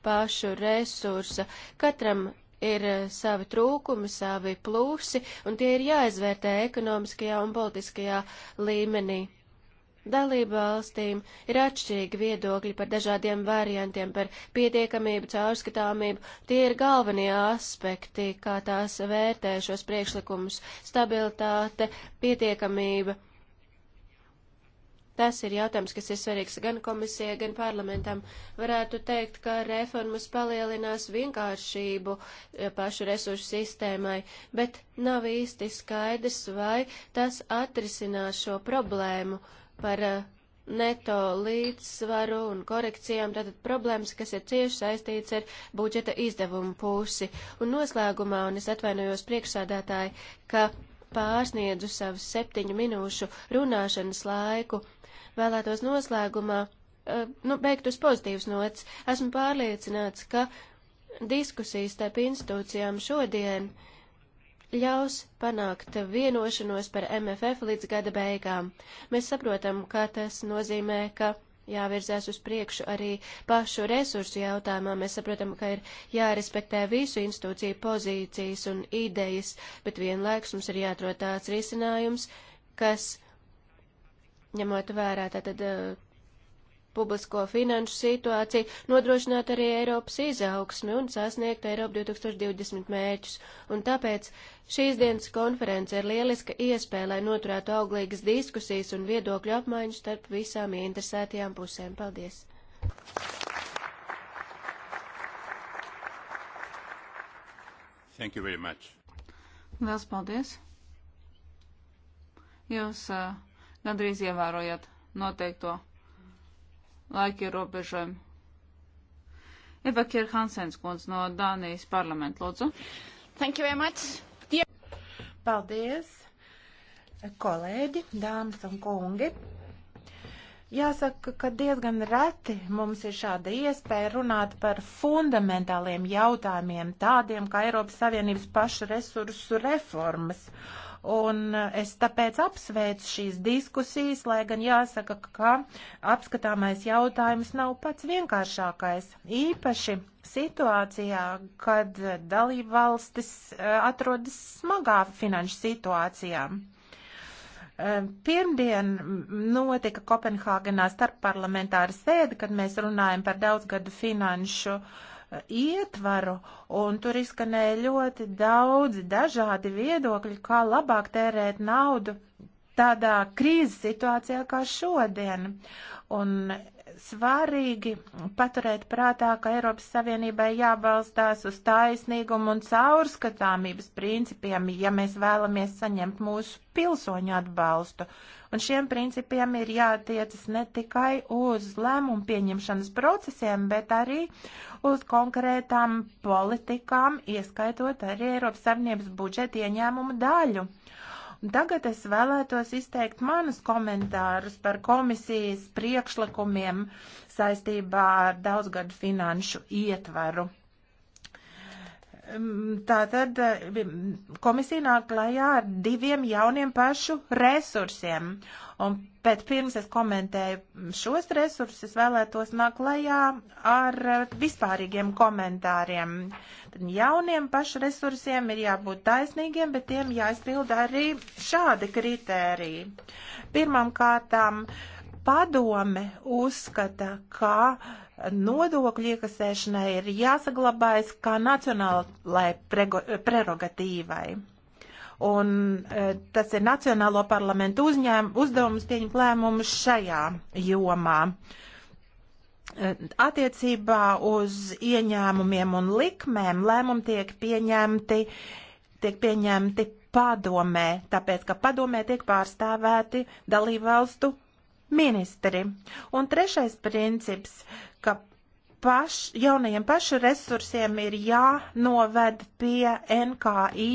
pašu resursa. Katram ir savi trūkumi, savi plusi, un tie ir jāizvērtē ekonomiskajā un politiskajā līmenī. Dalību valstīm ir atšķirīgi viedokļi par dažādiem variantiem, par pietiekamību, caurskatāmību. Tie ir galvenie aspekti, kā tās vērtē šos priekšlikumus - stabilitāte, pietiekamība. Tas ir jautājums, kas ir svarīgs gan komisijai, gan parlamentam. Varētu teikt, ka reformas palielinās vienkāršību eh, pašu resursu sistēmai, bet nav īsti skaidrs, vai tas atrisinās šo problēmu par eh, neto līdzsvaru un korekcijām, tātad problēmas, kas ir cieši saistīts ar budžeta izdevumu pusi. Un noslēgumā, un es atvainojos priekšsādātāji, ka pārsniedzu savu septiņu minūšu runāšanas laiku, vēlētos noslēgumā, eh, nu, beigt uz pozitīvas nots. Esmu pārliecināts, ka diskusijas starp institūcijām šodien uh, ļaus panākt vienošanos par MFF līdz gada beigām. Mēs saprotam, ka tas nozīmē, ka jāvirzās uz priekšu arī pašu resursu jautājumā. Mēs saprotam, ka ir jārespektē visu institūciju pozīcijas un idejas, bet vienlaiks mums ir jāatrod tāds risinājums, kas ņemot vērā tātad publisko finanšu situāciju, nodrošināt arī Eiropas izaugsmi un sasniegt Eiropu 2020 mērķus. Un tāpēc šīs dienas konference ir lieliska iespēja, lai noturētu auglīgas diskusijas un viedokļu apmaiņu starp visām ieinteresētajām pusēm. Paldies! Thank you very much. Liels paldies! Jūs uh, gandrīz ievērojat noteikto laika ierobežojumu. Eva Kirhansens kundze no Dānijas parlamenta, lūdzu. Thank you very much. Die Paldies, kolēģi, dāmas un kungi. Jāsaka, ka diezgan reti mums ir šāda iespēja runāt par fundamentāliem jautājumiem, tādiem kā Eiropas Savienības paša resursu reformas un es tāpēc apsveicu šīs diskusijas, lai gan jāsaka, ka apskatāmais jautājums nav pats vienkāršākais. Īpaši situācijā, kad dalībvalstis e, atrodas smagā finanšu situācijā. E, pirmdien notika Kopenhāgenā starpparlamentāra sēde, kad mēs runājam par daudzgadu finanšu uh, ietvaru, un tur izskanēja ļoti daudzi dažādi viedokļi, kā labāk tērēt naudu tādā krīzes situācijā kā šodien. Un svarīgi paturēt prātā, ka Eiropas Savienībai jābalstās uz taisnīgumu un caurskatāmības principiem, ja mēs vēlamies saņemt mūsu pilsoņu atbalstu. Un šiem principiem ir jātiecas ne tikai uz lēmumu pieņemšanas procesiem, bet arī uz konkrētām politikām, ieskaitot arī Eiropas Savienības budžeta ieņēmumu daļu. Tagad es vēlētos izteikt manus komentārus par komisijas priekšlikumiem saistībā ar daudzgadu finanšu ietvaru. Tātad komisija nāk klajā ar diviem jauniem pašu resursiem. Un pēc pirms es komentēju šos resursus, vēlētos nāk klajā ar vispārīgiem komentāriem. Tad jauniem pašu resursiem ir jābūt taisnīgiem, bet tiem jāizpilda arī šādi kritēriji. Pirmām kārtām padome uzskata, ka nodokļu iekasēšanai ir jāsaglabājas kā nacionālai prerogatīvai. Un e, tas ir Nacionālo parlamentu uzņēm, uzdevums pieņemt lēmumus šajā jomā. E, attiecībā uz ieņēmumiem un likmēm lēmumi tiek pieņemti, tiek pieņemti padomē, tāpēc, ka padomē tiek pārstāvēti dalībvalstu ministri. Un trešais princips paš, jaunajiem pašu resursiem ir jānoved pie NKI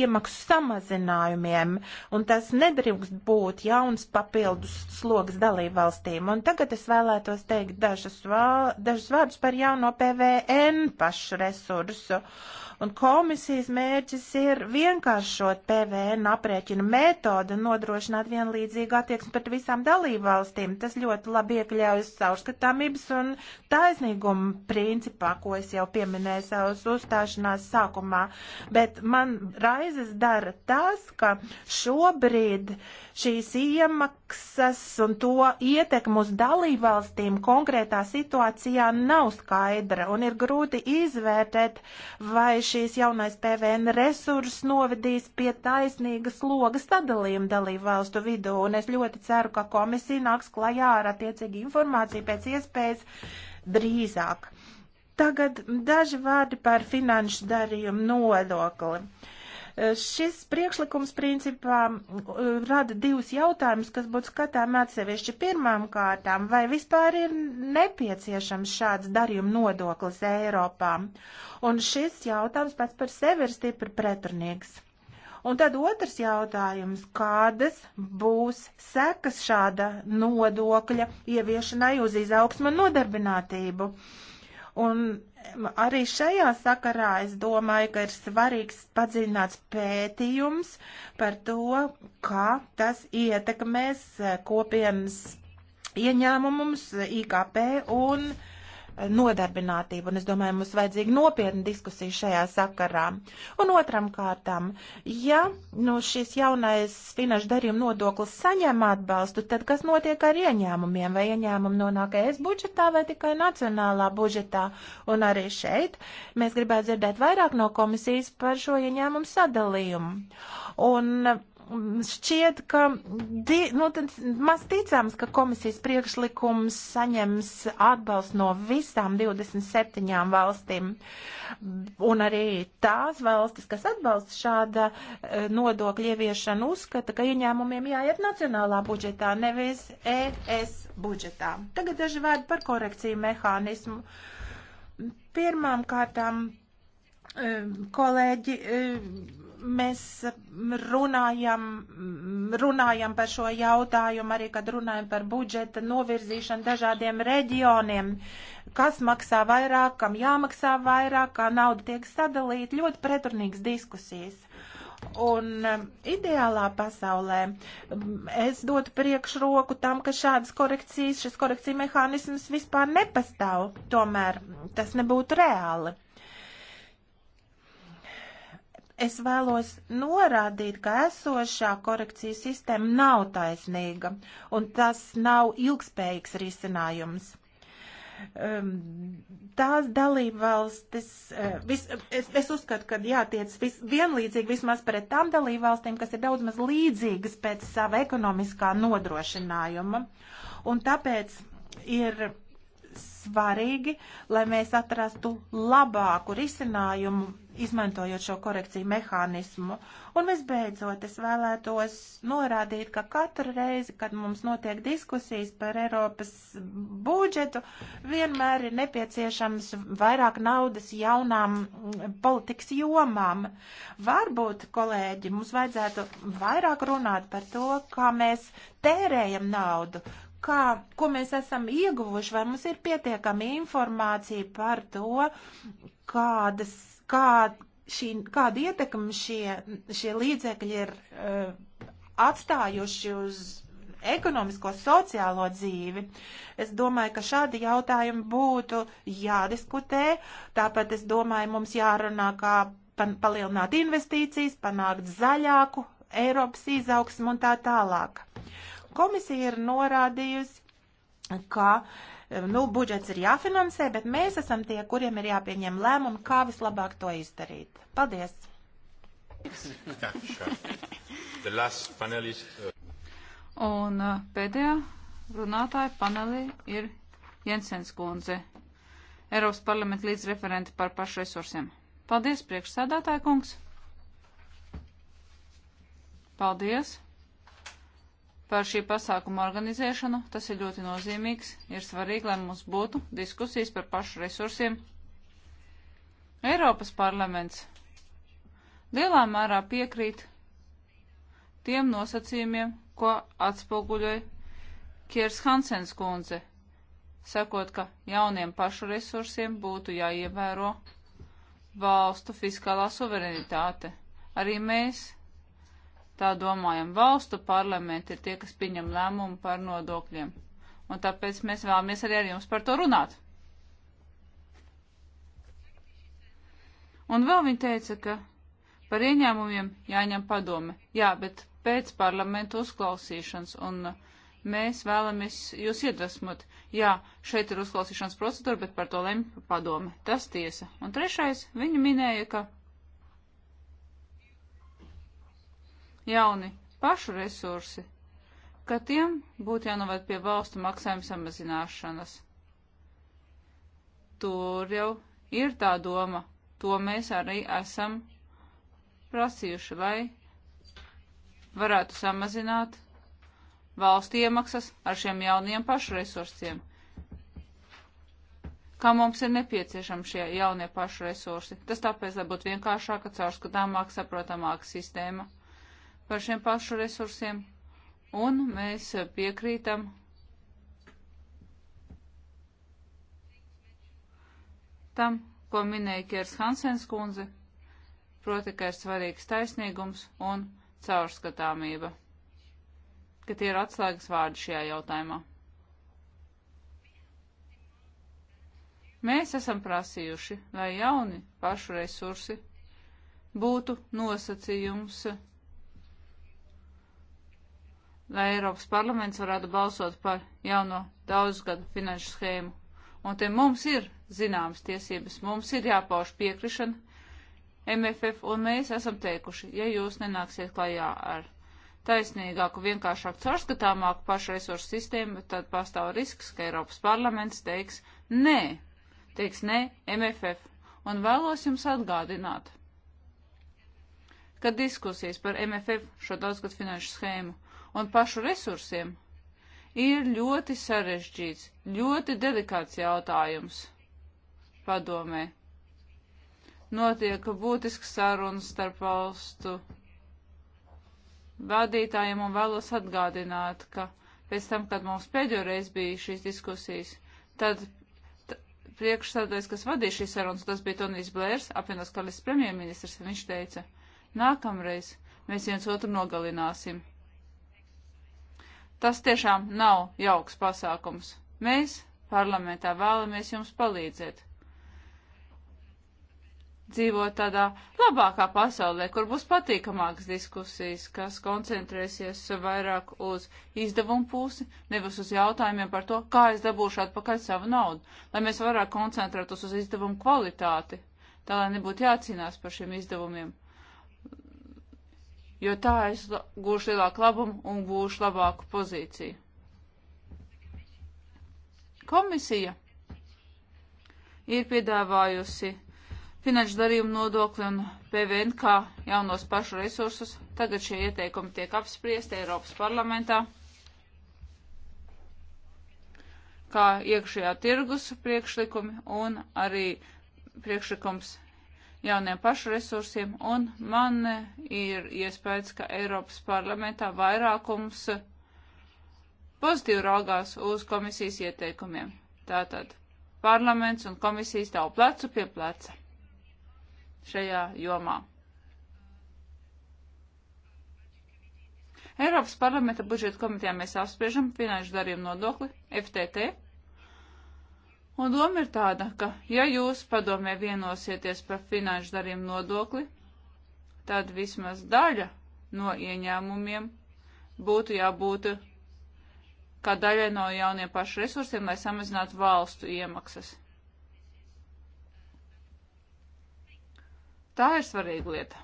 iemaksu samazinājumiem, un tas nedrīkst būt jauns papildus sloks dalībvalstīm. Un tagad es vēlētos teikt dažus, vā, dažus vārdus par jauno PVN pašu resursu. Uh, Un komisijas mērķis ir vienkāršot PVN aprēķinu metodu un nodrošināt vienlīdzīgu attieksmi pret visām dalībvalstīm. Tas ļoti labi iekļaujas caurskatāmības un taisnīguma principā, ko es jau pieminēju savas uzstāšanās sākumā. Bet man raizes dara tas, ka šobrīd šīs iemaktas maksas un to ietekmu uz dalībvalstīm konkrētā situācijā nav skaidra un ir grūti izvērtēt, vai šīs jaunais PVN resurs novedīs pie taisnīgas logas sadalījuma dalībvalstu vidū. Un es ļoti ceru, ka komisija nāks klajā ar attiecīgu informāciju pēc iespējas drīzāk. Tagad daži vārdi par finanšu darījumu nodokli. Uh, Šis priekšlikums principā uh, rada divus jautājumus, kas būtu skatām atsevišķi. Pirmām kārtām, vai vispār ir nepieciešams šāds darījuma nodoklis Eiropā? Un šis jautājums pats par sevi ir stipri pretrunīgs. Un tad otrs jautājums, kādas būs sekas šāda nodokļa ieviešanai uz izaugsmu un nodarbinātību? Uh, Un arī šajā sakarā es domāju, ka ir svarīgs padziļināts pētījums par to, kā tas ietekmēs kopienas ieņēmumus, IKP un uh, nodarbinātību, un es domāju, mums vajadzīga nopietna diskusija šajā sakarā. Un otram kārtām, ja nu, šis jaunais finanšu darījuma nodoklis saņem atbalstu, tad kas notiek ar ieņēmumiem? Vai ieņēmumi nonāk ES budžetā vai tikai nacionālā budžetā? Un arī šeit mēs gribētu dzirdēt vairāk no komisijas par šo ieņēmumu sadalījumu. Un šķiet, ka di, nu, maz ticams, ka komisijas priekšlikums saņems atbalstu no visām 27 valstīm. Un arī tās valstis, kas atbalsta šāda eh, nodokļa ieviešanu, uzskata, ka ieņēmumiem jāiet nacionālā budžetā, nevis ES budžetā. Tagad daži vārdi par korekciju mehānismu. Pirmām kārtām eh, kolēģi eh, Mēs mm, runājam, mm, runājam par šo jautājumu arī, kad runājam par budžeta novirzīšanu dažādiem reģioniem, kas maksā vairāk, kam jāmaksā vairāk, kā nauda tiek sadalīta. Ļoti pretrunīgas diskusijas. Un mm, ideālā pasaulē es dotu priekšroku tam, ka šādas korekcijas, šis korekcija mehānisms vispār nepastāv. Tomēr tas nebūtu reāli Es vēlos norādīt, ka esošā korekcijas sistēma nav taisnīga, un tas nav ilgspējīgs risinājums. Um, tās dalībvalstis, eh, vis, es, es uzskatu, ka jātiec vis, vienlīdzīgi vismaz pret tām dalībvalstīm, kas ir daudz maz līdzīgas pēc sava ekonomiskā nodrošinājuma. Un tāpēc ir svarīgi, lai mēs atrastu labāku risinājumu izmantojot šo korekciju mehānismu. Un visbeidzot, es vēlētos norādīt, ka katru reizi, kad mums notiek diskusijas par Eiropas budžetu, vienmēr ir nepieciešams vairāk naudas jaunām politikas jomām. Varbūt, kolēģi, mums vajadzētu vairāk runāt par to, kā mēs tērējam naudu, kā, ko mēs esam ieguvuši, vai mums ir pietiekami informācija par to, kādas kā šī, kāda ietekme šie, šie līdzekļi ir uh, atstājuši uz ekonomisko, sociālo dzīvi. Es domāju, ka šādi jautājumi būtu jādiskutē, tāpat es domāju, mums jārunā, kā pan, palielināt investīcijas, panākt zaļāku Eiropas izaugsmu un tā tālāk. Komisija ir norādījusi, ka uh, nu, budžets ir jāfinansē, bet mēs esam tie, kuriem ir jāpieņem lēmumi, kā vislabāk to izdarīt. Paldies! Uh, Un uh, pēdējā runātāja panelī ir Jensens Kunze, Eiropas parlamenta līdzreferente par pašresursiem. Paldies, priekšsēdētāja kungs! Paldies! par šī pasākuma organizēšanu. Tas ir ļoti nozīmīgs. Ir svarīgi, lai mums būtu diskusijas par pašu resursiem. Eiropas parlaments lielā mērā piekrīt tiem nosacījumiem, ko atspoguļoja Kiers Hansens kundze, sakot, ka jauniem pašu resursiem būtu jāievēro valstu fiskālā suverenitāte. Arī mēs tā domājam. Valstu parlamenti ir tie, kas pieņem lēmumu par nodokļiem. Un tāpēc mēs vēlamies arī ar jums par to runāt. Un vēl viņa teica, ka par ieņēmumiem jāņem padome. Jā, bet pēc parlamentu uzklausīšanas un mēs vēlamies jūs iedvesmot. Jā, šeit ir uzklausīšanas procedūra, bet par to lemj padome. Tas tiesa. Un trešais, viņa minēja, ka jauni pašu resursi, ka tiem būtu jānovērt pie valstu maksājuma samazināšanas. Tur jau ir tā doma, to mēs arī esam prasījuši, lai varētu samazināt valstu iemaksas ar šiem jauniem pašresursiem. Kā mums ir nepieciešami šie jaunie pašresursi? Tas tāpēc, lai būtu vienkāršāka, caurskatāmāka, saprotamāka sistēma par šiem pašu resursiem, un mēs piekrītam tam, ko minēja Kiers Hansens kundze, proti, ka ir svarīgs taisnīgums un caurskatāmība, ka tie ir atslēgas vārdi šajā jautājumā. Mēs esam prasījuši, lai jauni pašu resursi būtu nosacījums lai Eiropas parlaments varētu balsot par jauno daudzgadu finanšu schēmu. Un te mums ir zināmas tiesības, mums ir jāpauž piekrišana MFF, un mēs esam teikuši, ja jūs nenāksiet klajā ar taisnīgāku, vienkāršāku, caurskatāmāku pašresursu sistēmu, tad pastāv risks, ka Eiropas parlaments teiks nē, teiks nē MFF, un vēlos jums atgādināt, ka diskusijas par MFF šo daudzgad finanšu schēmu un pašu resursiem, ir ļoti sarežģīts, ļoti delikāts jautājums padomē. Notiek būtisks sarunas starp valstu vadītājiem un vēlos atgādināt, ka pēc tam, kad mums pēdējo reizi bija šīs diskusijas, tad priekšsēdājs, kas vadīja šīs sarunas, tas bija Tonijs Blērs, apvienos karalists premjerministrs, un viņš teica, nākamreiz mēs viens otru nogalināsim. Tas tiešām nav jauks pasākums. Mēs parlamentā vēlamies jums palīdzēt. Dzīvot tādā labākā pasaulē, kur būs patīkamākas diskusijas, kas koncentrēsies vairāk uz izdevumu pusi, nevis uz jautājumiem par to, kā es dabūšu atpakaļ savu naudu, lai mēs vairāk koncentrētos uz izdevumu kvalitāti, tā lai nebūtu jācīnās par šiem izdevumiem jo tā es gūšu lielāku labumu un gūšu labāku pozīciju. Komisija ir piedāvājusi finanšu darījumu nodokli un PVN kā jaunos pašu resursus. Tagad šie ieteikumi tiek apspriesti Eiropas parlamentā, kā iekšējā tirgus priekšlikumi un arī priekšlikums jauniem pašresursiem, un man ir iespējas, ka Eiropas parlamentā vairākums pozitīvi raugās uz komisijas ieteikumiem. Tātad parlaments un komisijas stāv plecu pie pleca šajā jomā. Eiropas parlamenta budžeta komitejā mēs apspriežam finanšu darījumu nodokli FTT Un doma ir tāda, ka ja jūs padomē vienosieties par finanšu darījumu nodokli, tad vismaz daļa no ieņēmumiem būtu jābūt kā daļai no jauniem pašu resursiem, lai samazinātu valstu iemaksas. Tā ir svarīga lieta.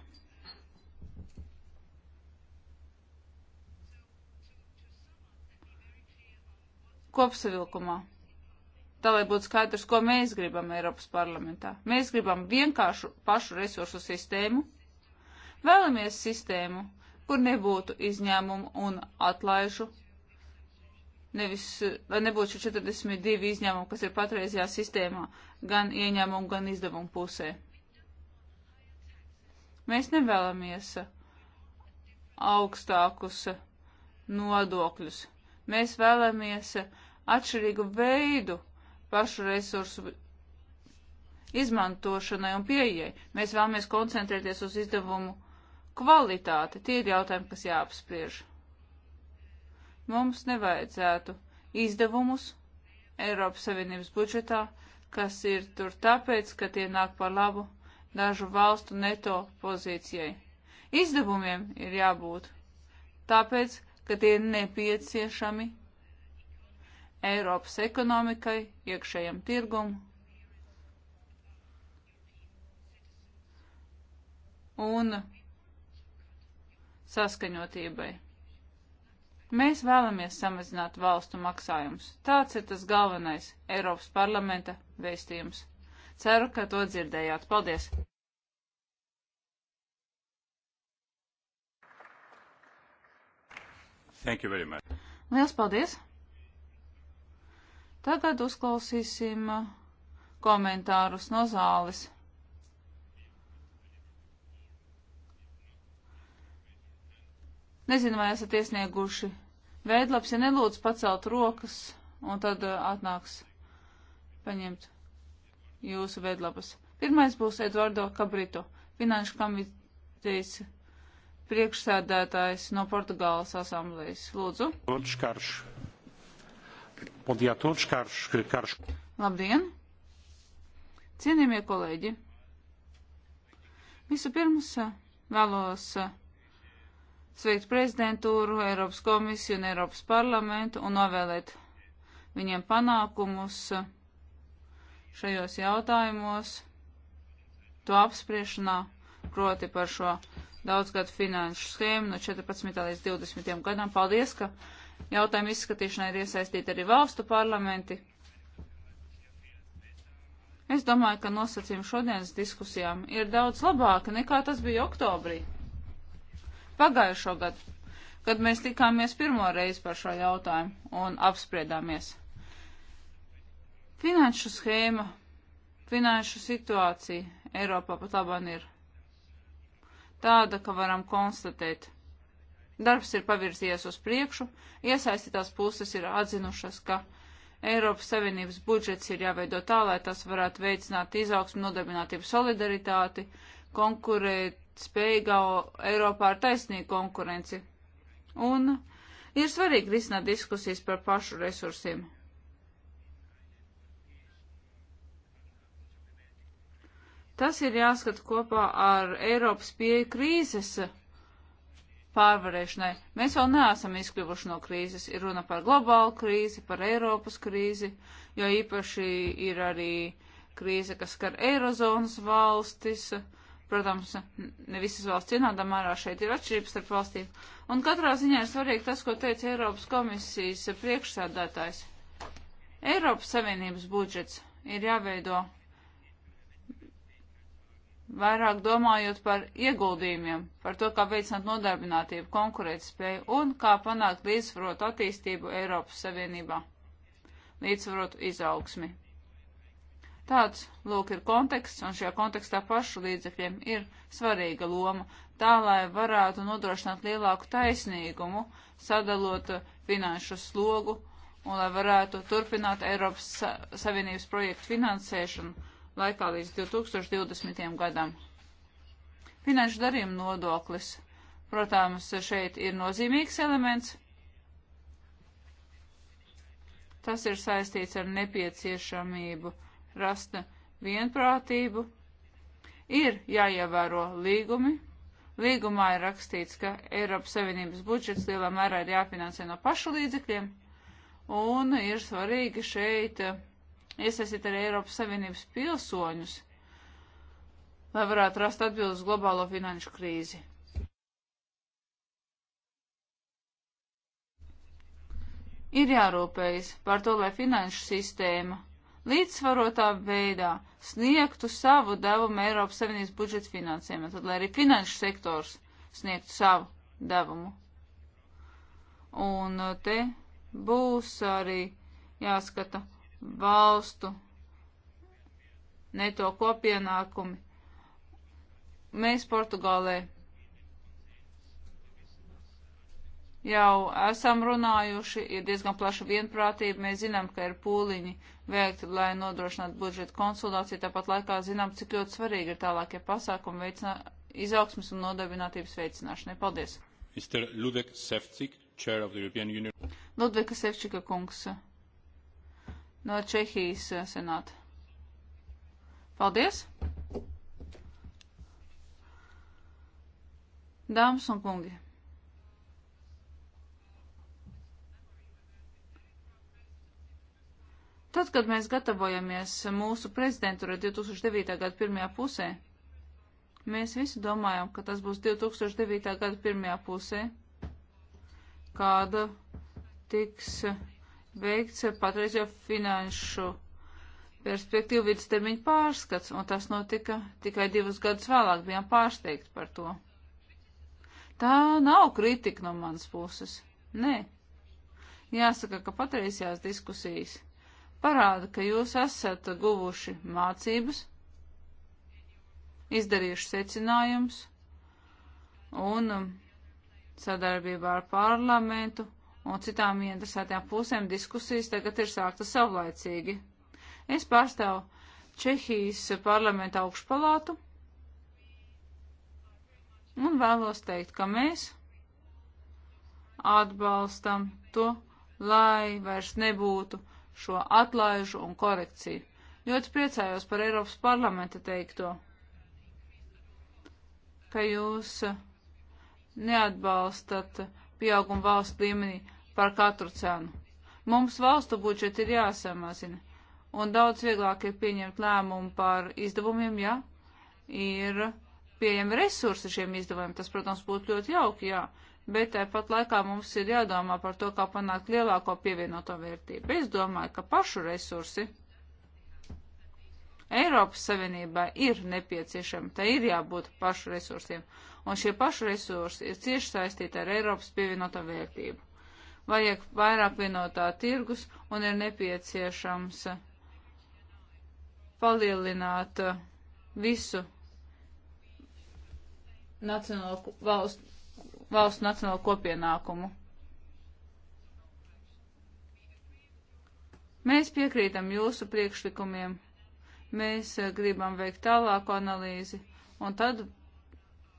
Kopsavilkumā tā lai būtu skaidrs, ko mēs gribam Eiropas parlamentā. Mēs gribam vienkāršu pašu resursu sistēmu, vēlamies sistēmu, kur nebūtu izņēmumu un atlaižu, nevis, lai nebūtu šie 42 izņēmumi, kas ir patreizajā sistēmā, gan ieņēmumu, gan izdevumu pusē. Mēs nevēlamies augstākus nodokļus. Mēs vēlamies atšķirīgu veidu pašu resursu izmantošanai un pieejai. Mēs vēlamies koncentrēties uz izdevumu kvalitāti. Tie ir jautājumi, kas jāapspriež. Mums nevajadzētu izdevumus Eiropas Savienības budžetā, kas ir tur tāpēc, ka tie nāk par labu dažu valstu neto pozīcijai. Izdevumiem ir jābūt tāpēc, ka tie ir nepieciešami Eiropas ekonomikai, iekšējam tirgumu un saskaņotībai. Mēs vēlamies samazināt valstu maksājumus. Tāds ir tas galvenais Eiropas parlamenta vēstījums. Ceru, ka to dzirdējāt. Paldies! Thank you very much. Liels paldies! Tagad uzklausīsim komentārus no zāles. Nezinu, vai esat iesnieguši veidlaps, ja nelūdz pacelt rokas, un tad eh, atnāks paņemt jūsu veidlapas. Pirmais būs Eduardo Cabrito, finanšu komitejas priekšsēdētājs no Portugāles asamblējas. Lūdzu. Lūdzu, karš. Podjātots karš, karš. Labdien! Cienījamie kolēģi! Vispirms eh, vēlos eh, sveikt prezidentūru, Eiropas komisiju un Eiropas parlamentu un novēlēt viņiem panākumus eh, šajos jautājumos, to apspriešanā, proti par šo daudzgadu finanšu schēmu no 14. līdz 20. gadam. Paldies, ka Jautājumu izskatīšanai ir iesaistīti arī valstu parlamenti. Es domāju, ka nosacījumi šodienas diskusijām ir daudz labāki nekā tas bija oktobrī. Pagājušo gadu, kad mēs tikāmies pirmo reizi par šo jautājumu un apspriedāmies. Finanšu schēma, finanšu situācija Eiropā pat labāk ir tāda, ka varam konstatēt, Darbs ir pavirzījies uz priekšu, iesaistītās puses ir atzinušas, ka Eiropas Savienības budžets ir jāveido tā, lai tas varētu veicināt izaugsmu, nodarbinātību, solidaritāti, konkurēt spējīgā Eiropā ar taisnīgu konkurenci. Un ir svarīgi risināt diskusijas par pašu resursiem. Tas ir jāskat kopā ar Eiropas pieeja krīzes pārvarēšanai. Mēs vēl neesam izkļuvuši no krīzes. Ir runa par globālu krīzi, par Eiropas krīzi, jo īpaši ir arī krīze, kas skar Eirozonas valstis. Protams, ne visas valsts vienādā mērā šeit ir atšķirības starp valstīm. Un katrā ziņā ir svarīgi tas, ko teica Eiropas komisijas priekšsādātājs. Eiropas Savienības budžets ir jāveido vairāk domājot par ieguldījumiem, par to, kā veicināt nodarbinātību, konkurētspēju un kā panākt līdzsvarotu attīstību Eiropas Savienībā, līdzsvarotu izaugsmi. Tāds, lūk, ir konteksts, un šajā kontekstā pašu līdzekļiem ir svarīga loma, tā, lai varētu nodrošināt lielāku taisnīgumu, sadalot finanšu slogu, un lai varētu turpināt Eiropas Savienības projektu finansēšanu laikā līdz 2020. gadam. Finanšu darījuma nodoklis, protams, šeit ir nozīmīgs elements. Tas ir saistīts ar nepieciešamību rasta vienprātību. Ir jāievēro līgumi. Līgumā ir rakstīts, ka Eiropas Savienības budžets lielā mērā ir jāfinansē no pašu līdzekļiem, un ir svarīgi šeit uh, iesaistīt arī Eiropas Savienības pilsoņus, lai varētu rast atbildes globālo finanšu krīzi. Ir jārūpējas par to, lai finanšu sistēma līdzsvarotā veidā sniegtu savu devumu Eiropas Savienības budžeta finansējumu, tad lai arī finanšu sektors sniegtu savu devumu. Un te būs arī jāskata valstu neto kopienākumi. Mēs Portugālē jau esam runājuši, ir diezgan plaša vienprātība, mēs zinām, ka ir pūliņi veikti, lai nodrošinātu budžeta konsultāciju, tāpat laikā zinām, cik ļoti svarīgi ir tālākie pasākumi veicinā, izaugsmas un nodarbinātības veicināšanai. Paldies! Mr. Ludek Sefcik, Chair of the European Union. Ludvika Sefčika kungs, no Čehijas eh, senāta. Paldies! Dāmas un kungi! Tad, kad mēs gatavojamies mūsu prezidentūrai 2009. gada pirmajā pusē, mēs visi domājam, ka tas būs 2009. gada pirmajā pusē, kāda tiks veikts patreizējo finanšu perspektīvu vidustermiņu pārskats, un tas notika tikai divus gadus vēlāk, bijām pārsteigti par to. Tā nav kritika no manas puses. Nē. Jāsaka, ka patreizējās diskusijas parāda, ka jūs esat guvuši mācības, izdarījuši secinājumus un sadarbībā ar parlamentu un citām interesētajām pusēm diskusijas tagad ir sāktas savlaicīgi. Es pārstāvu Čehijas parlamenta augšpalātu un vēlos teikt, ka mēs atbalstam to, lai vairs nebūtu šo atlaižu un korekciju. Ļoti priecājos par Eiropas parlamenta teikto, ka jūs neatbalstat uh, pieauguma valsts līmenī par katru cenu. Mums valstu budžeti ir jāsamazina, un daudz vieglāk ir pieņemt lēmumu par izdevumiem, ja ir pieejami resursi šiem izdevumiem. Tas, protams, būtu ļoti jauki, jā, bet tāpat laikā mums ir jādomā par to, kā panākt lielāko pievienoto vērtību. Es domāju, ka pašu resursi Eiropas Savienībā ir nepieciešami, tai ir jābūt pašu resursiem. Uh, un šie paši resursi ir cieši saistīti ar Eiropas pievienoto vērtību. Vajag vairāk vienotā tirgus un ir nepieciešams palielināt uh, visu nacionālo valstu, valstu nacionālo kopienākumu. Mēs piekrītam jūsu priekšlikumiem, mēs uh, gribam veikt tālāku analīzi, un tad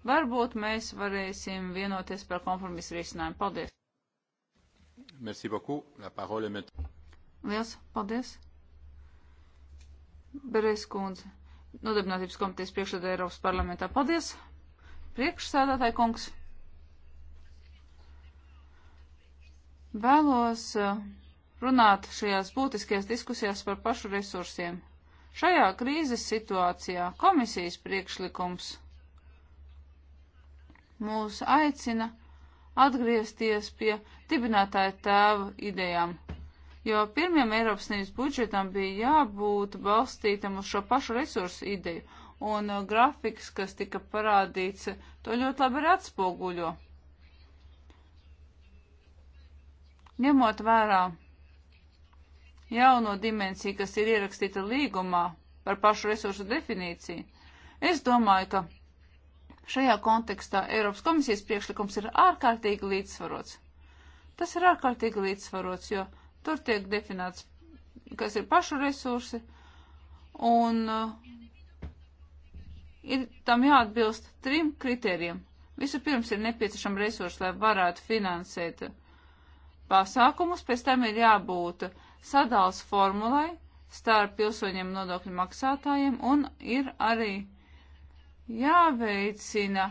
Varbūt mēs varēsim vienoties par kompromisu risinājumu. Paldies! Merci beaucoup. La parole est maintenant. Liels paldies! Beres kundze, nodarbinātības komitejas priekšsēdē Eiropas parlamentā. Paldies! Priekšsēdētāji kungs! Vēlos eh, runāt šajās būtiskajās diskusijās par pašu resursiem. Šajā krīzes situācijā komisijas priekšlikums mūs aicina atgriezties pie dibinātāja tēva idejām, jo pirmiem Eiropas Savienības budžetam bija jābūt balstītam uz šo pašu resursu ideju, un uh, grafiks, kas tika parādīts, to ļoti labi arī atspoguļo. Ņemot vērā jauno dimensiju, kas ir ierakstīta līgumā par pašu resursu definīciju, es domāju, ka Šajā kontekstā Eiropas komisijas priekšlikums ir ārkārtīgi līdzsvarots. Tas ir ārkārtīgi līdzsvarots, jo tur tiek definēts, kas ir pašu resursi, un uh, ir tam jāatbilst trim kritērijiem. Vispirms ir nepieciešama resursa, lai varētu finansēt pasākumus, pēc tam ir jābūt sadals formulai starp pilsoņiem nodokļu maksātājiem, un ir arī uh, jāveicina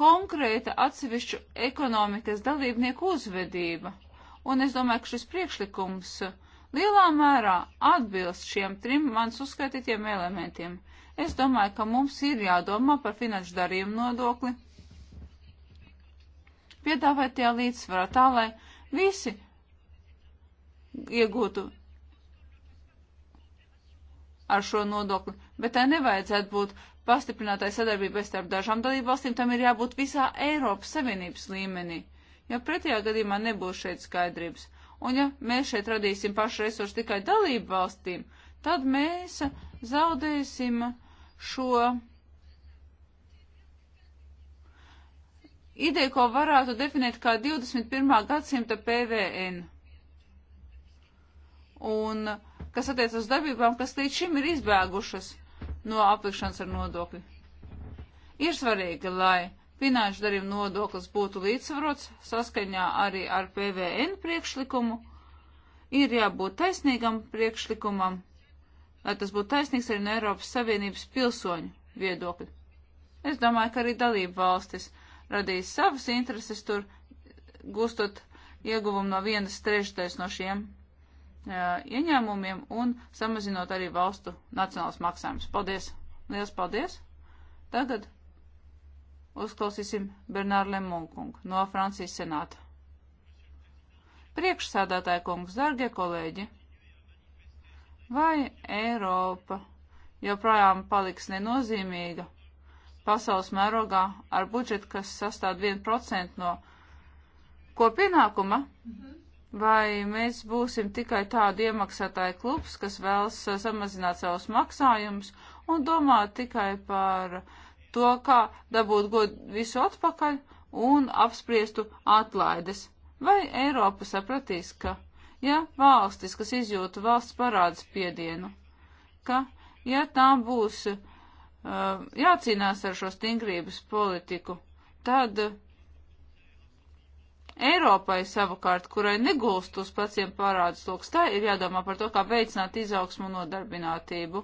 konkrēta atsevišķu ekonomikas dalībnieku uzvedība. Un es domāju, ka šis priekšlikums lielā mērā atbilst šiem trim mans uzskaitītiem elementiem. Es domāju, ka mums ir jādomā par finanšu darījumu nodokli, piedāvāt tajā līdzsvarā tā, lai visi iegūtu ar šo nodokli, bet tai nevajadzētu būt pastiprinātai sadarbībai starp dažām dalībvalstīm, tam ir jābūt visā Eiropas Savienības līmenī, jo pretējā gadījumā nebūs šeit skaidrības. Un ja mēs šeit radīsim pašu resursu tikai dalību valstīm, tad mēs zaudēsim šo ideju, ko varētu definēt kā 21. gadsimta PVN. Un kas attiec uz darbībām, kas līdz šim ir izbēgušas no aplikšanas ar nodokļu. Ir svarīgi, lai finanšu darījumu nodoklis būtu līdzsvarots saskaņā arī ar PVN priekšlikumu. Ir jābūt taisnīgam priekšlikumam, lai tas būtu taisnīgs arī no Eiropas Savienības pilsoņu viedokļa. Es domāju, ka arī dalību valstis radīs savas intereses tur, gūstot ieguvumu no vienas trešdaļas no šiem ieņēmumiem un samazinot arī valstu nacionālas maksājumus. Paldies! Liels paldies! Tagad uzklausīsim Bernāru Lemunkungu no Francijas senāta. Priekšsādātāja kungs, dargie kolēģi, vai Eiropa joprojām paliks nenozīmīga pasaules mērogā ar budžetu, kas sastāv 1% no kopienākuma? Mm -hmm Vai mēs būsim tikai tādu iemaksātāju klubs, kas vēlas uh, samazināt savus maksājumus un domā tikai par to, kā dabūt god visu atpakaļ un apspriestu atlaides? Vai Eiropa sapratīs, ka, ja valstis, kas izjūta valsts parādas piedienu, ka, ja tām būs uh, jācīnās ar šo stingrības politiku, tad uh, Eiropai savukārt, kurai negulst uz paciem parādus lūks, tā ir jādomā par to, kā veicināt izaugsmu un nodarbinātību.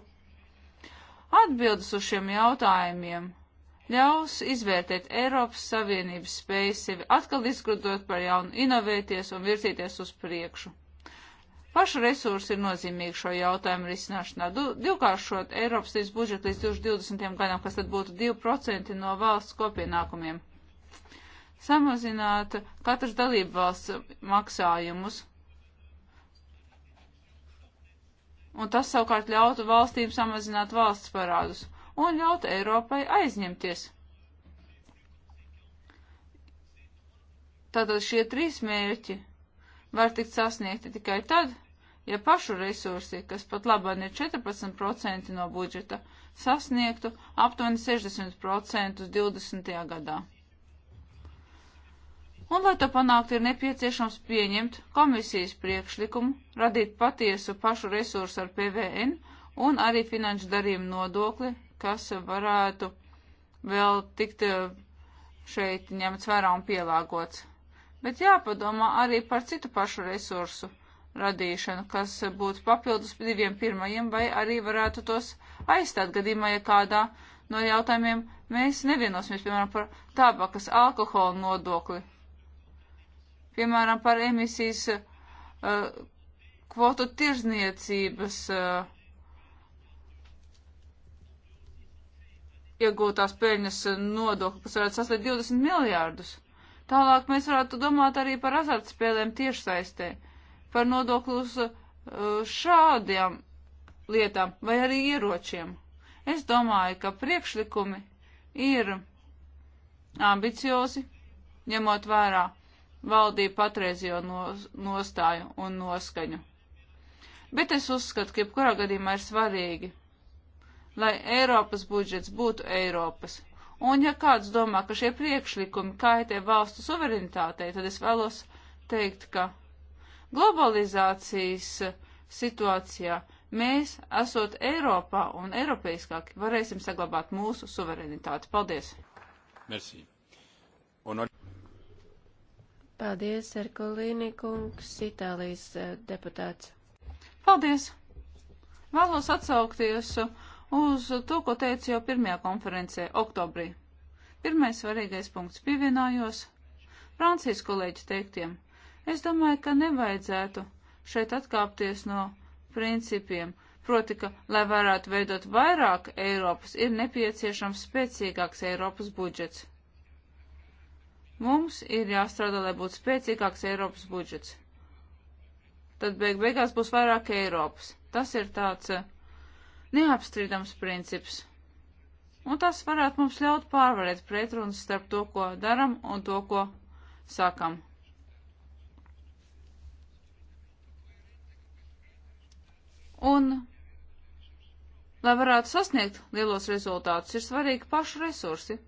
Atbildes uz šiem jautājumiem ļaus izvērtēt Eiropas Savienības spēju sevi atkal izgudrot par jaunu, inovēties un virzīties uz priekšu. Paši resursi ir nozīmīgi šo jautājumu risināšanā. Du, divkāršot Eiropas līdz budžetu līdz 2020. gadam, kas tad būtu 2% no valsts kopienākumiem samazināt katras dalību valsts maksājumus. Un tas savukārt ļautu valstīm samazināt valsts parādus un ļautu Eiropai aizņemties. Tātad šie trīs mērķi var tikt sasniegti tikai tad, ja pašu resursi, kas pat labāk ir 14% no budžeta, sasniegtu aptuveni 60% 20. gadā. Un, lai to panāktu, ir nepieciešams pieņemt komisijas priekšlikumu, radīt patiesu pašu resursu ar PVN un arī finanšu darījumu nodokli, kas varētu vēl tikt eh, šeit ņemts vērā un pielāgots. Bet jāpadomā arī par citu pašu resursu radīšanu, kas būtu papildus diviem pirmajiem, vai arī varētu tos aizstāt gadījumā, ja kādā no jautājumiem mēs nevienosimies, piemēram, par tabakas alkohola nodokli piemēram, par emisijas uh, kvotu tirzniecības uh, iegūtās peļņas nodokli, kas varētu sasniegt 20 miljārdus. Tālāk mēs varētu domāt arī par azartspēlēm tiešsaistē, par nodokli uz uh, šādiem lietām vai arī ieročiem. Es domāju, ka priekšlikumi ir ambiciozi, ņemot vērā valdību patreizējo nostāju un noskaņu. Bet es uzskatu, ka jebkurā gadījumā ir svarīgi, lai Eiropas budžets būtu Eiropas. Un ja kāds domā, ka šie priekšlikumi kaitē valstu suverenitātei, tad es vēlos teikt, ka globalizācijas situācijā mēs, esot Eiropā un Eiropeiskāki, varēsim saglabāt mūsu suverenitāti. Paldies! Merci. Honor... Paldies, Erkolīni kungs, Itālijas eh, deputāts. Paldies! Vēlos atsaukties uz to, ko teicu jau pirmajā konferencē, oktobrī. Pirmais svarīgais punkts pievienājos Francijas kolēģis teiktiem. Es domāju, ka nevajadzētu šeit atkāpties no principiem. Proti, ka, lai varētu veidot vairāk Eiropas, ir nepieciešams spēcīgāks Eiropas budžets. Mums ir jāstrādā, lai būtu spēcīgāks Eiropas budžets. Tad beig beigās būs vairāk Eiropas. Tas ir tāds eh, neapstrīdams princips. Un tas varētu mums ļaut pārvarēt pretrunas starp to, ko daram un to, ko sakam. Un, lai varētu sasniegt lielos rezultātus, ir svarīgi paši resursi.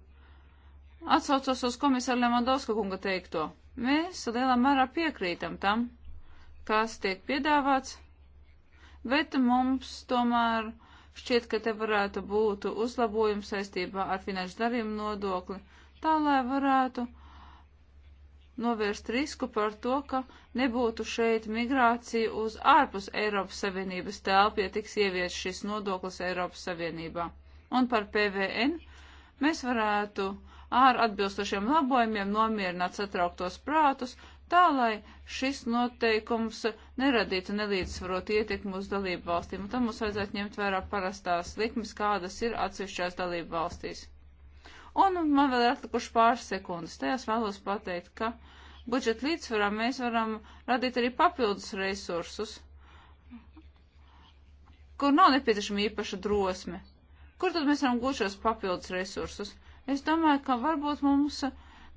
Atsaucos uz komisāru Lemandovska kunga teikto. Mēs lielā mērā piekrītam tam, kas tiek piedāvāts, bet mums tomēr šķiet, ka te varētu būt uzlabojums saistībā ar finanšu darījumu nodokli, tā lai varētu novērst risku par to, ka nebūtu šeit migrācija uz ārpus Eiropas Savienības telpu, ja tiks ievies šis nodoklis Eiropas Savienībā. Un par PVN mēs varētu uh, ar atbilstošiem labojumiem nomierināt satrauktos prātus, tā lai šis noteikums neradītu nelīdzsvarot ietekmu uz dalību valstīm. Un tam mums vajadzētu ņemt vērā parastās likmes, kādas ir atsevišķās dalību valstīs. Un man vēl ir atlikuši pāris sekundes. Tajās vēlos pateikt, ka budžeta līdzsvarā mēs varam radīt arī papildus resursus, kur nav nepieciešama īpaša drosme. Kur tad mēs varam gūt šos papildus resursus? Es domāju, ka varbūt mums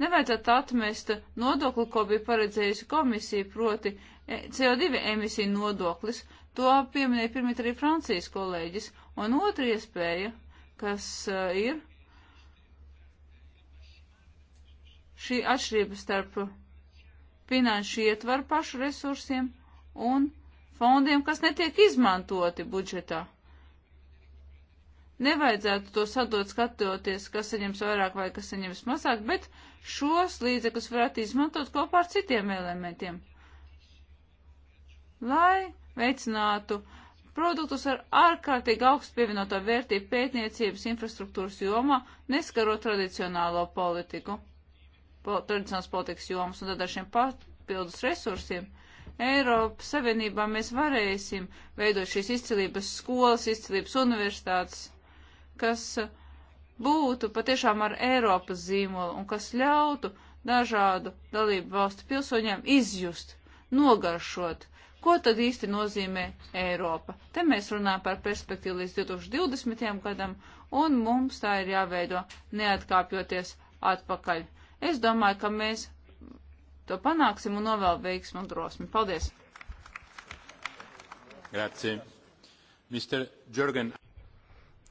nevajadzētu atmest nodokli, ko bija paredzējusi komisija, proti e, CO2 emisiju nodoklis. To pieminēja pirmīt arī Francijas kolēģis. Un otra iespēja, kas e, ir šī atšķirība starp finanšu ietvaru pašu resursiem un fondiem, kas netiek izmantoti budžetā. Nevajadzētu to sadot skatoties, kas saņems vairāk vai kas saņems mazāk, bet šos līdzekļus varētu izmantot kopā ar citiem elementiem, lai veicinātu produktus ar ārkārtīgi augstu pievienoto vērtību pētniecības infrastruktūras jomā, neskarot tradicionālo politiku, po, tradicionālas politikas jomas un tad ar šiem papildus resursiem. Eiropas Savienībā mēs varēsim veidot šīs izcilības skolas, izcilības universitātes, kas būtu patiešām ar Eiropas zīmolu un kas ļautu dažādu dalību valstu pilsoņiem izjust, nogaršot, ko tad īsti nozīmē Eiropa. Te mēs runājam par perspektīvu līdz 2020. gadam, un mums tā ir jāveido neatkāpjoties atpakaļ. Es domāju, ka mēs to panāksim un novēl veiksmu un drosmi. Paldies! Grazie. Mr. Jorgen.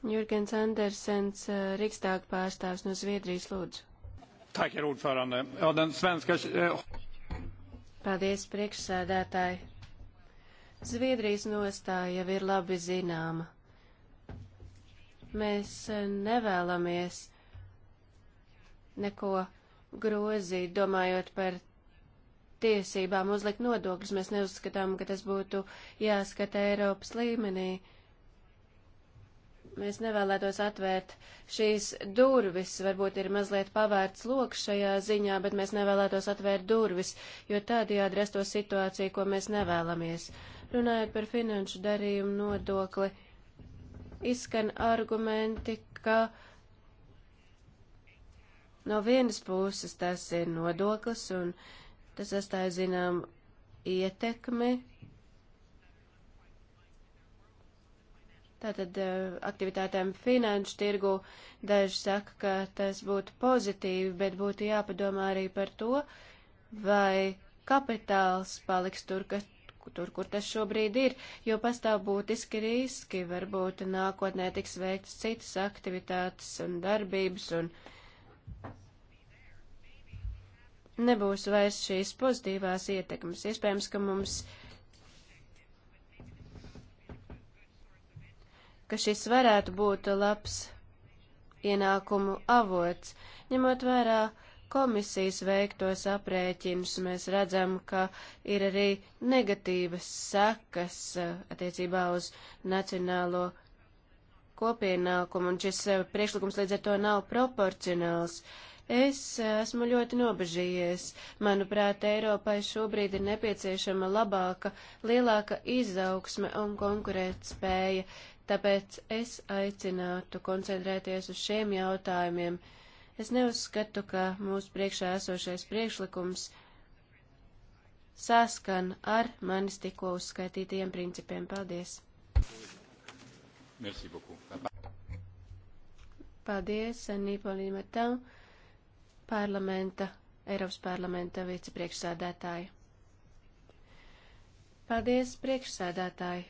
Jurgens Andersens, eh, Riksdag pārstāvs no Zviedrijas lūdzu. Tak, herr ordförande. Ja, den svenska... Eh, Paldies, priekšsēdētāji. Zviedrijas nostāja jau ir labi zināma. Mēs eh, nevēlamies neko grozīt, domājot par tiesībām uzlikt nodokļus. Mēs neuzskatām, ka tas būtu jāskata Eiropas līmenī. Uh, Mēs nevēlētos atvērt šīs durvis, varbūt ir mazliet pavērts loks šajā ziņā, bet mēs nevēlētos atvērt durvis, jo tādējādi rastos situācija, ko mēs nevēlamies. Runājot par finanšu darījumu nodokli, izskan argumenti, ka no vienas puses tas ir nodoklis un tas atstāja zinām ietekmi Tātad eh, aktivitātēm finanšu tirgu daži saka, ka tas būtu pozitīvi, bet būtu jāpadomā arī par to, vai kapitāls paliks tur, ka, tur, kur tas šobrīd ir, jo pastāv būtiski riski, varbūt nākotnē tiks veiktas citas aktivitātes un darbības un nebūs vairs šīs pozitīvās ietekmes. Iespējams, ka mums ka šis varētu būt labs ienākumu avots. Ņemot vērā komisijas veiktos aprēķinus, mēs redzam, ka ir arī negatīvas sekas eh, attiecībā uz nacionālo kopienākumu, un šis eh, priekšlikums līdz ar to nav proporcionāls. Es eh, esmu ļoti nobežījies. Manuprāt, Eiropai šobrīd ir nepieciešama labāka, lielāka izaugsme un konkurētspēja, Tāpēc es aicinātu koncentrēties uz šiem jautājumiem. Es neuzskatu, ka mūsu priekšā esošais priekšlikums saskan ar manis tikko uzskaitītajiem principiem. Paldies! Merci beaucoup. Paldies, Nīpolī Matau, parlamenta, Eiropas parlamenta vicepriekšsādātāji. Paldies, priekšsādātāji!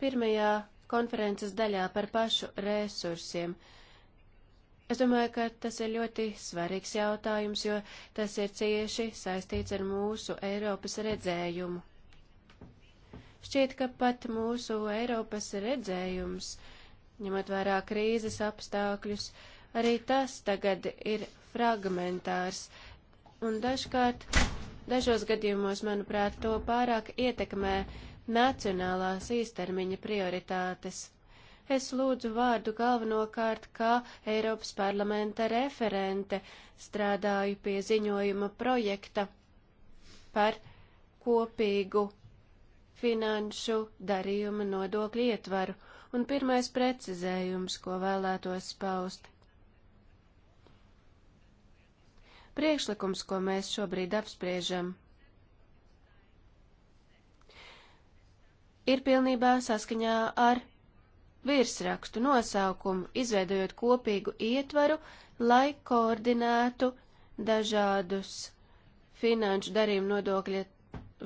Pirmajā konferences daļā par pašu resursiem. Es domāju, ka tas ir ļoti svarīgs jautājums, jo tas ir cieši saistīts ar mūsu Eiropas redzējumu. Šķiet, ka pat mūsu Eiropas redzējums, ņemot vērā krīzes apstākļus, arī tas tagad ir fragmentārs, un dažkārt, dažos gadījumos, manuprāt, to pārāk ietekmē nacionālās īstermiņa prioritātes. Es lūdzu vārdu galvenokārt kā Eiropas parlamenta referente, strādāju pie ziņojuma projekta par kopīgu finanšu darījuma nodokļu ietvaru un pirmais precizējums, ko vēlētos paust. Priekšlikums, ko mēs šobrīd apspriežam, ir pilnībā saskaņā ar virsrakstu nosaukumu, izveidojot kopīgu ietvaru, lai koordinētu dažādus finanšu darījumu nodokļa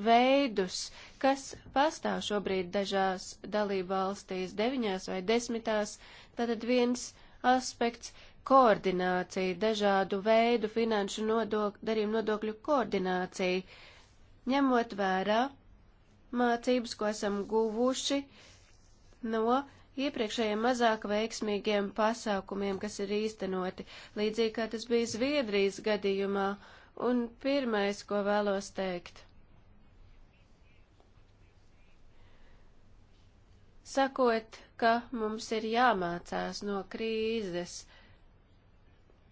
veidus, kas pastāv šobrīd dažās dalību valstīs, deviņās vai desmitās, tātad viens aspekts - koordinācija, dažādu veidu finanšu nodok, darījumu nodokļu koordinācija, ņemot vērā mācības, ko esam guvuši no iepriekšējiem mazāk veiksmīgiem pasākumiem, kas ir īstenoti, līdzīgi kā tas bija Zviedrijas gadījumā. Un pirmais, ko vēlos teikt. Sakot, ka mums ir jāmācās no krīzes,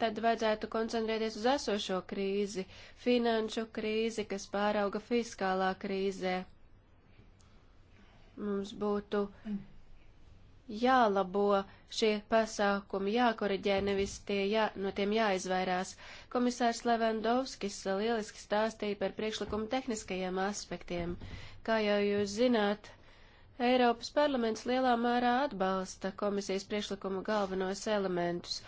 tad vajadzētu koncentrēties uz esošo krīzi, finanšu krīzi, kas pārauga fiskālā krīzē. Mums būtu mm. jālabo šie pasākumi, jākoriģē, nevis tie jā, no tiem jāizvairās. Komisārs Levandovskis lieliski stāstīja par priekšlikumu tehniskajiem aspektiem. Kā jau jūs zināt, Eiropas parlaments lielā mērā atbalsta komisijas priekšlikuma galvenos elementus,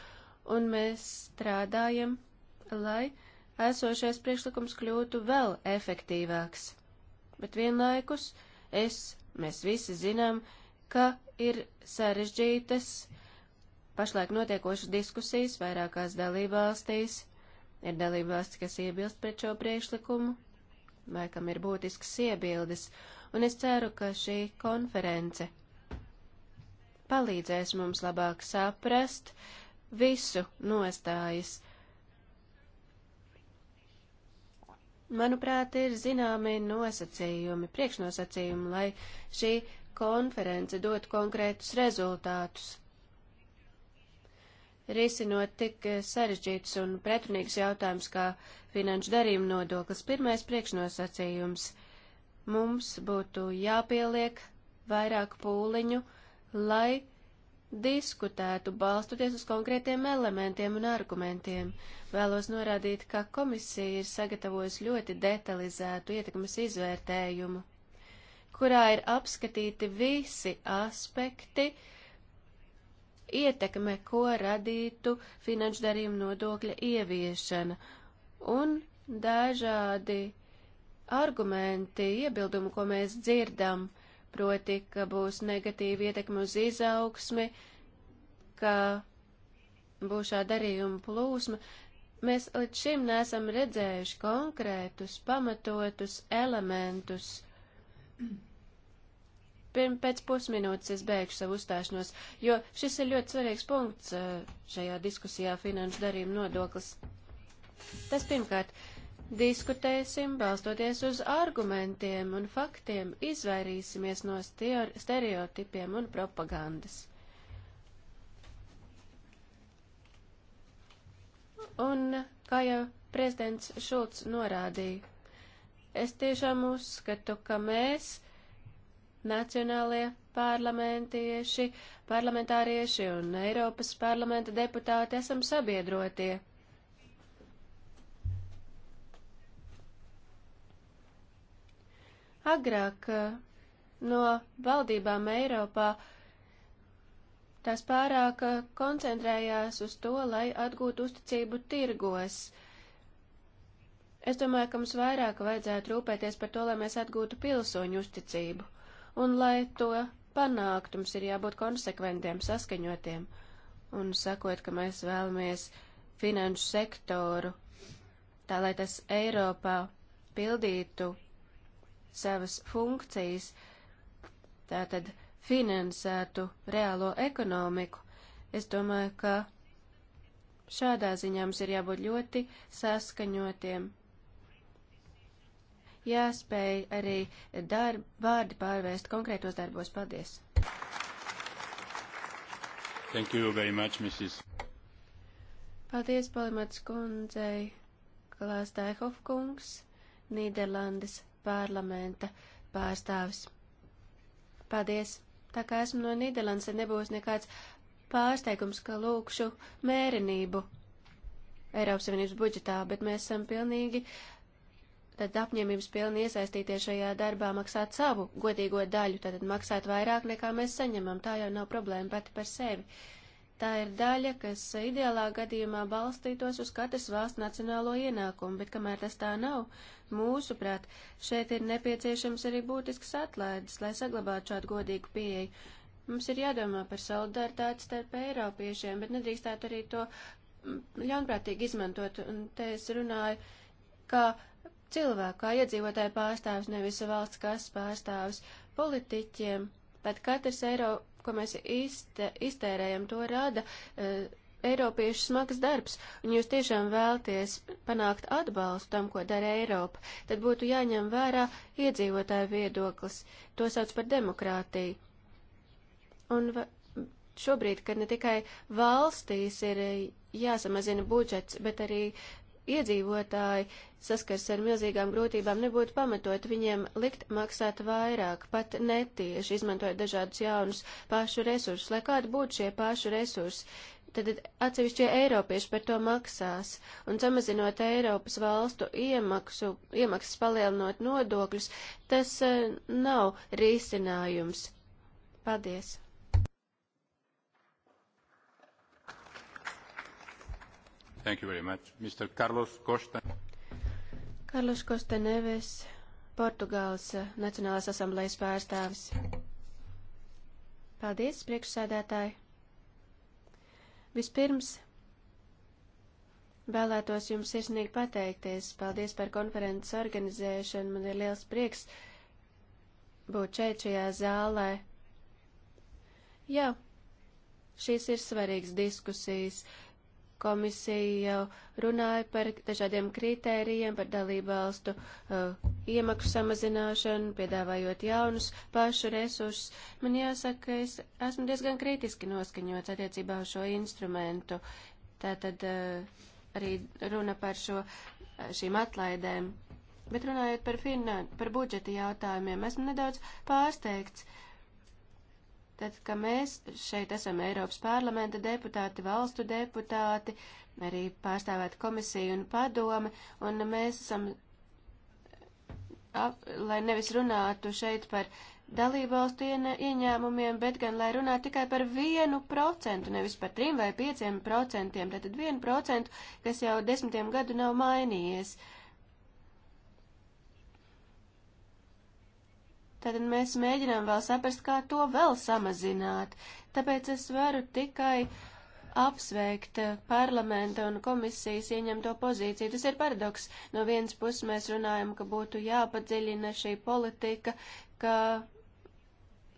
un mēs strādājam, lai esošais priekšlikums kļūtu vēl efektīvāks. Bet vienlaikus es Mēs visi zinām, ka ir sarežģītas pašlaik notiekošas diskusijas vairākās dalībvalstīs. Ir dalībvalsts, kas iebilst pret šo priekšlikumu, vai kam ir būtisks iebildes, un es ceru, ka šī konference palīdzēs mums labāk saprast visu nostājas manuprāt, ir zināmi nosacījumi, priekšnosacījumi, lai šī konference dot konkrētus rezultātus. Risinot tik sarežģītus un pretrunīgus jautājumus kā finanšu darījuma nodoklis, pirmais priekšnosacījums mums būtu jāpieliek vairāk pūliņu, lai diskutētu, balstoties uz konkrētiem elementiem un argumentiem. Vēlos norādīt, ka komisija ir sagatavojusi ļoti detalizētu ietekmes izvērtējumu, kurā ir apskatīti visi aspekti ietekme, ko radītu finanšu darījumu nodokļa ieviešana un dažādi argumenti, iebildumi, ko mēs dzirdam proti, ka būs negatīva ietekme uz izaugsmi, ka būs šā darījuma plūsma. Mēs līdz šim nesam redzējuši konkrētus, pamatotus elementus. Pirm, pēc pusminūtes es beigšu savu uzstāšanos, jo šis ir ļoti svarīgs punkts eh, šajā diskusijā finanšu darījuma nodoklis. Tas pirmkārt, Diskutēsim, balstoties uz argumentiem un faktiem, izvairīsimies no stereotipiem un propagandas. Un, kā jau prezidents Šulcs norādīja, es tiešām uzskatu, ka mēs, nacionālie parlamentieši, parlamentārieši un Eiropas parlamenta deputāti, esam sabiedrotie. Agrāk eh, no valdībām Eiropā tās pārāk eh, koncentrējās uz to, lai atgūtu uzticību tirgos. Es domāju, ka mums vairāk vajadzētu rūpēties par to, lai mēs atgūtu pilsoņu uzticību, un lai to panāktu, mums ir jābūt konsekventiem, saskaņotiem, un sakot, ka mēs vēlamies finanšu sektoru, tā lai tas Eiropā pildītu savas funkcijas, tātad finansētu reālo ekonomiku, es domāju, ka šādā ziņā mums ir jābūt ļoti saskaņotiem. Jāspēj arī darb, vārdi pārvērst konkrētos darbos. Paldies! Thank you very much, Mrs. Paldies, Polimats kundzei, Klāstāja Hofkungs, Nīderlandes parlamenta pārstāvis. Paldies! Tā kā esmu no Nīderlandes, tad nebūs nekāds pārsteigums, ka lūkšu mērenību Eiropas Savienības budžetā, bet mēs esam pilnīgi tad apņēmības pilni iesaistīties šajā darbā, maksāt savu godīgo daļu, tad maksāt vairāk nekā mēs saņemam. Tā jau nav problēma pati par sevi. Uh, Tā ir daļa, kas ideālā gadījumā balstītos uz katras valsts nacionālo ienākumu, bet kamēr tas tā nav, mūsuprāt, šeit ir nepieciešams arī būtisks atlaides, lai saglabātu šādu godīgu pieeju. Mums ir jādomā par solidaritāti starp eiropiešiem, bet nedrīkstētu arī to mm, ļaunprātīgi izmantot. Un te es runāju, kā cilvēku, kā iedzīvotāju pārstāvis, nevis valsts kas pārstāvis politiķiem. Pat katrs eiro ko mēs izte, iztērējam, to rada uh, Eiropiešu smags darbs, un jūs tiešām vēlties panākt atbalstu tam, ko dara Eiropa, tad būtu jāņem vērā iedzīvotāju viedoklis. To sauc par demokrātiju. Un šobrīd, kad ne tikai valstīs ir jāsamazina budžets, bet arī iedzīvotāji saskars ar milzīgām grūtībām, nebūtu pamatot viņiem likt maksāt vairāk, pat netieši izmantojot dažādus jaunus pašu resursus, lai kādi būtu šie pašu resursi. Tad atsevišķie eiropieši par to maksās, un samazinot Eiropas valstu iemaksu, iemaksas palielinot nodokļus, tas eh, nav risinājums. Paldies! Thank you very much. Mr. Carlos Costa. Carlos Costa Neves, Portugāles eh, Nacionālās asamblejas pārstāvis. Paldies, priekšsēdētāji. Vispirms Vēlētos jums sirsnīgi pateikties. Paldies par konferences organizēšanu. Man ir liels prieks būt šeit šajā zālē. Jā, šīs ir svarīgas diskusijas. Komisija jau runāja par dažādiem kritērijiem, par dalību valstu uh, iemaksu samazināšanu, piedāvājot jaunus pašu resursus. Man jāsaka, ka es esmu diezgan kritiski noskaņots attiecībā uz šo instrumentu. Tātad uh, arī runa par šo, uh, šīm atlaidēm. Bet runājot par, finan par budžeta jautājumiem, esmu nedaudz pārsteigts. Uh, Tad, ka mēs šeit esam Eiropas parlamenta deputāti, valstu deputāti, arī pārstāvēt komisiju un padome, un mēs esam, ap, lai nevis runātu šeit par dalībvalstu ieņēmumiem, bet gan lai runā tikai par vienu procentu, nevis par trim vai pieciem procentiem, tātad vienu procentu, kas jau desmitiem gadu nav mainījies. Uh, Tātad mēs mēģinām vēl saprast, kā to vēl samazināt. Tāpēc es varu tikai apsveikt eh, parlamenta un komisijas ieņemto pozīciju. Tas ir paradoks. No vienas puses mēs runājam, ka būtu jāpadziļina šī politika, ka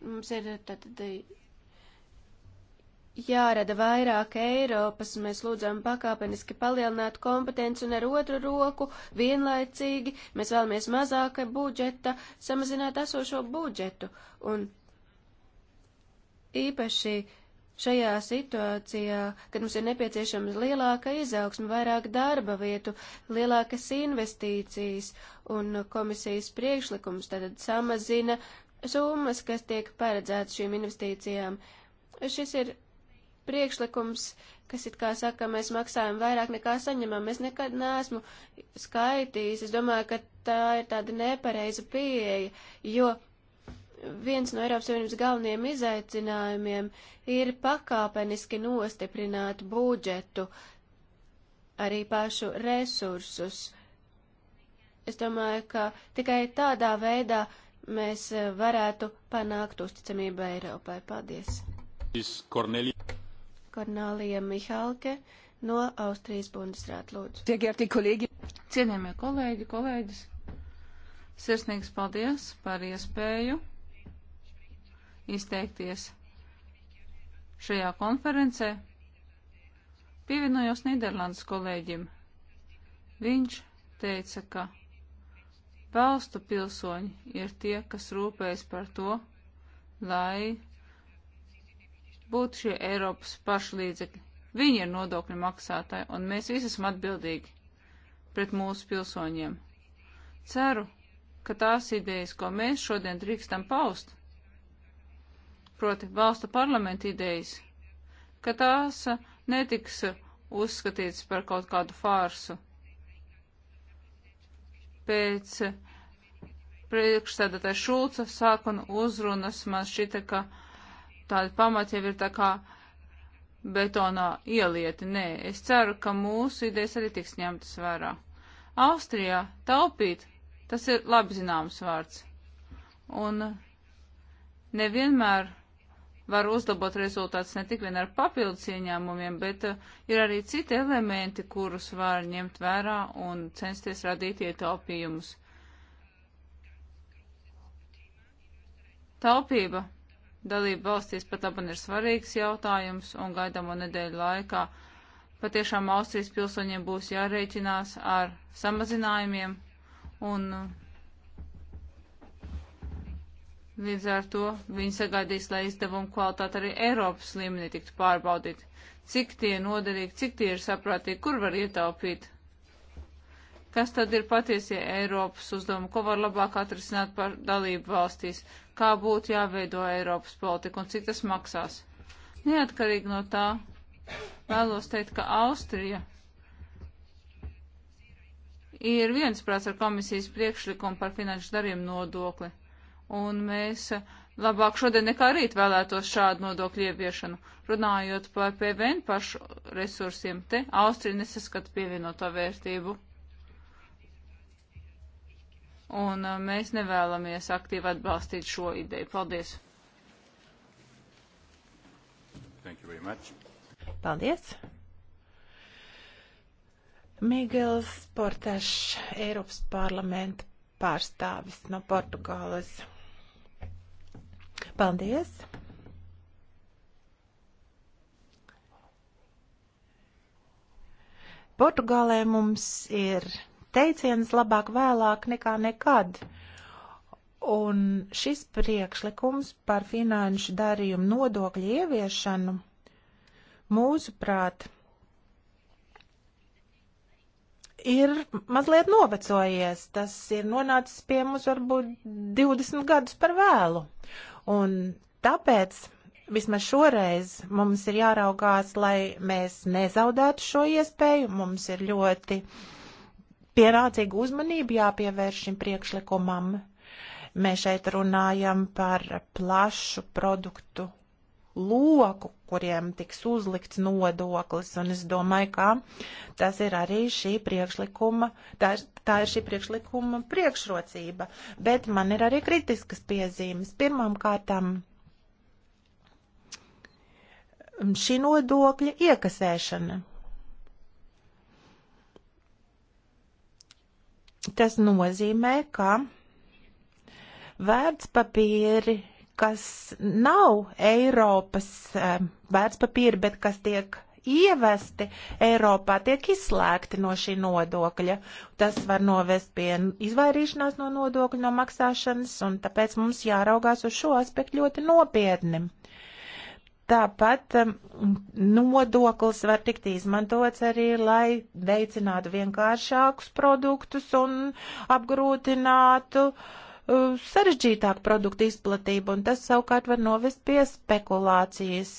mums ir tātad jārada vairāk Eiropas, un mēs lūdzam pakāpeniski palielināt kompetenci, un ar otru roku vienlaicīgi mēs vēlamies mazāka budžeta, samazināt esošo budžetu. Un īpaši šajā situācijā, kad mums ir nepieciešama lielāka izaugsme, vairāk darba vietu, lielākas investīcijas, un komisijas priekšlikums tad samazina summas, kas tiek paredzētas šīm investīcijām. Šis ir priekšlikums, kas it kā saka, mēs maksājam vairāk nekā saņemam. Es nekad neesmu skaitījis. Es domāju, ka tā ir tāda nepareiza pieeja, jo viens no Eiropas Savienības galvenajiem izaicinājumiem ir pakāpeniski nostiprināt budžetu, arī pašu resursus. Es domāju, ka tikai tādā veidā mēs eh, varētu panākt uzticamību Eiropai. Paldies! Kornelija. Kornālija Mihalke no Austrijas Bundesrāt lūdzu. Tiegērtī kolēģi. Cienījamie kolēģi, kolēģis, sirsnīgs paldies par iespēju izteikties šajā konferencē. Pievienojos Nīderlandes kolēģim. Viņš teica, ka valstu pilsoņi ir tie, kas rūpējas par to, lai būtu šie Eiropas pašlīdzekļi. Viņi ir nodokļu maksātāji, un mēs visi esam atbildīgi pret mūsu pilsoņiem. Ceru, ka tās idejas, ko mēs šodien drīkstam paust, proti valstu parlamenta idejas, ka tās netiks uzskatīts par kaut kādu fārsu. Pēc priekšstādātāja Šulca sākuma uzrunas man šķita, ka tādi pamati jau ir tā kā betonā ielieti. Nē, es ceru, ka mūsu idejas arī tiks ņemtas vērā. Austrijā taupīt, tas ir labi zināms vārds. Un nevienmēr var uzlabot rezultāts ne tik vien ar papildus ieņēmumiem, bet uh, ir arī citi elementi, kurus var ņemt vērā un censties radīt ietaupījumus. Taupība dalību valstīs pat labi ir svarīgs jautājums un gaidāmo nedēļu laikā patiešām Austrijas pilsoņiem būs jārēķinās ar samazinājumiem un uh, līdz ar to viņi sagaidīs, lai izdevumu kvalitāte arī Eiropas līmenī tiktu pārbaudīta. Cik tie noderīgi, cik tie ir saprātīgi, kur var ietaupīt? Kas tad ir patiesie Eiropas uzdevumi, ko var labāk atrisināt par dalību valstīs? kā būtu jāveido Eiropas politika un cik tas maksās. Neatkarīgi no tā, vēlos teikt, ka Austrija ir viensprāts ar komisijas priekšlikumu par finanšu darījumu nodokli. Un mēs labāk šodien nekā rīt vēlētos šādu nodokļu ieviešanu. Runājot par PVN pašu resursiem, te Austrija nesaskat pievienoto vērtību un uh, mēs nevēlamies aktīvi atbalstīt šo ideju. Paldies! Paldies! Migels Portašs, Eiropas parlamenta pārstāvis no Portugāles. Paldies! Portugālē mums ir teiciens labāk vēlāk nekā nekad. Un šis priekšlikums par finanšu darījumu nodokļu ieviešanu, mūsuprāt, ir mazliet novecojies. Tas ir nonācis pie mums varbūt 20 gadus par vēlu. Un tāpēc vismaz šoreiz mums ir jāraugās, lai mēs nezaudētu šo iespēju. Mums ir ļoti uh, pienācīgu uzmanību jāpievērš šim priekšlikumam. Mēs šeit runājam par plašu produktu loku, kuriem tiks uzlikts nodoklis, un es domāju, ka tas ir arī šī priekšlikuma, tā, tā ir šī priekšlikuma priekšrocība, bet man ir arī kritiskas piezīmes. Pirmām kārtām šī nodokļa iekasēšana Tas nozīmē, ka vērtspapīri, kas nav Eiropas eh, vērtspapīri, bet kas tiek ievesti Eiropā, tiek izslēgti no šī nodokļa. Tas var novest pie izvairīšanās no nodokļa no maksāšanas, un tāpēc mums jāraugās uz šo aspektu ļoti nopietni. Tāpat um, nodoklis var tikt izmantots arī, lai veicinātu vienkāršākus produktus un apgrūtinātu uh, sarežģītāku produktu izplatību, un tas savukārt var novest pie spekulācijas.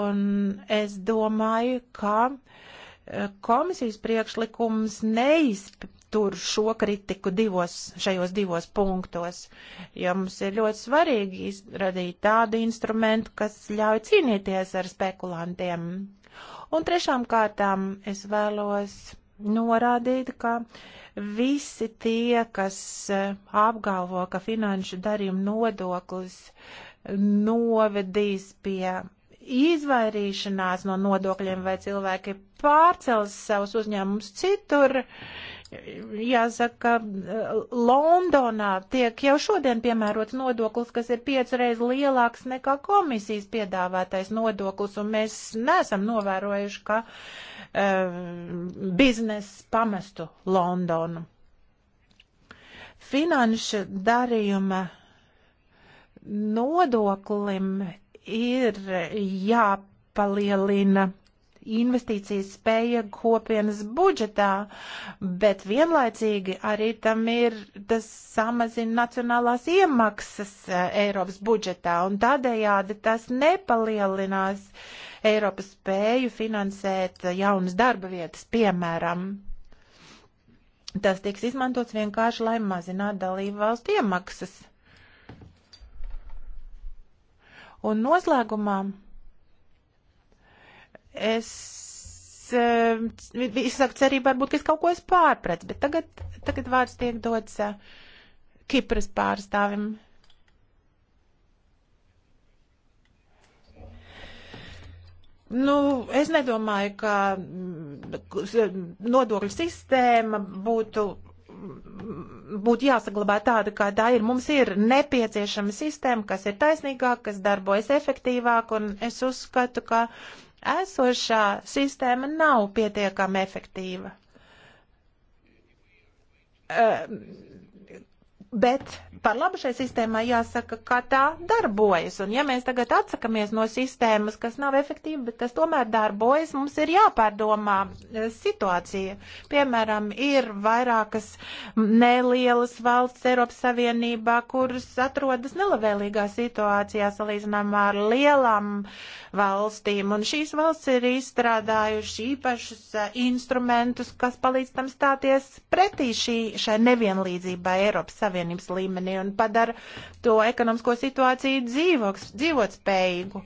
Un es domāju, ka uh, komisijas priekšlikums neizp tur šo kritiku divos, šajos divos punktos, jo mums ir ļoti svarīgi izradīt tādu instrumentu, kas ļauj cīnīties ar spekulantiem. Un trešām kārtām es vēlos norādīt, ka visi tie, kas eh, apgalvo, ka finanšu darījuma nodoklis novedīs pie izvairīšanās no nodokļiem vai cilvēki pārcels savus uzņēmumus citur, uh, jāsaka, Londonā tiek jau šodien piemērots nodoklis, kas ir piecreiz lielāks nekā komisijas piedāvātais nodoklis, un mēs nesam novērojuši, ka um, biznes pamestu Londonu. Finanšu darījuma nodoklim ir jāpalielina investīcijas spēja kopienas budžetā, bet vienlaicīgi arī tam ir tas samazina nacionālās iemaksas e, Eiropas budžetā, un tādējādi tas nepalielinās Eiropas spēju finansēt jaunas darba vietas, piemēram. Tas tiks izmantots vienkārši, lai mazinātu dalību valstu iemaksas. Un noslēgumā es eh, izsaka cerību, varbūt, ka es kaut ko esmu pārpratis, bet tagad, tagad vārds tiek dots eh, Kipras pārstāvim. Nu, es nedomāju, ka mm, nodokļu sistēma būtu, mm, būtu jāsaglabā tāda, kā tā ir. Mums ir nepieciešama sistēma, kas ir taisnīgāka, kas darbojas efektīvāk, un es uzskatu, ka esošā sistēma nav pietiekami efektīva. Bet par labu šai sistēmai jāsaka, kā tā darbojas. Un ja mēs tagad atsakamies no sistēmas, kas nav efektīva, bet kas tomēr darbojas, mums ir jāpārdomā eh, situācija. Piemēram, ir vairākas nelielas valsts Eiropas Savienībā, kuras atrodas nelabvēlīgā situācijā salīdzinām ar lielām valstīm. Un šīs valsts ir izstrādājuši īpašus eh, instrumentus, kas palīdz tam stāties pretī šī, šai nevienlīdzībai Eiropas Savienībā. Savienības līmenī un padara to ekonomisko situāciju dzīvoks, dzīvotspējīgu.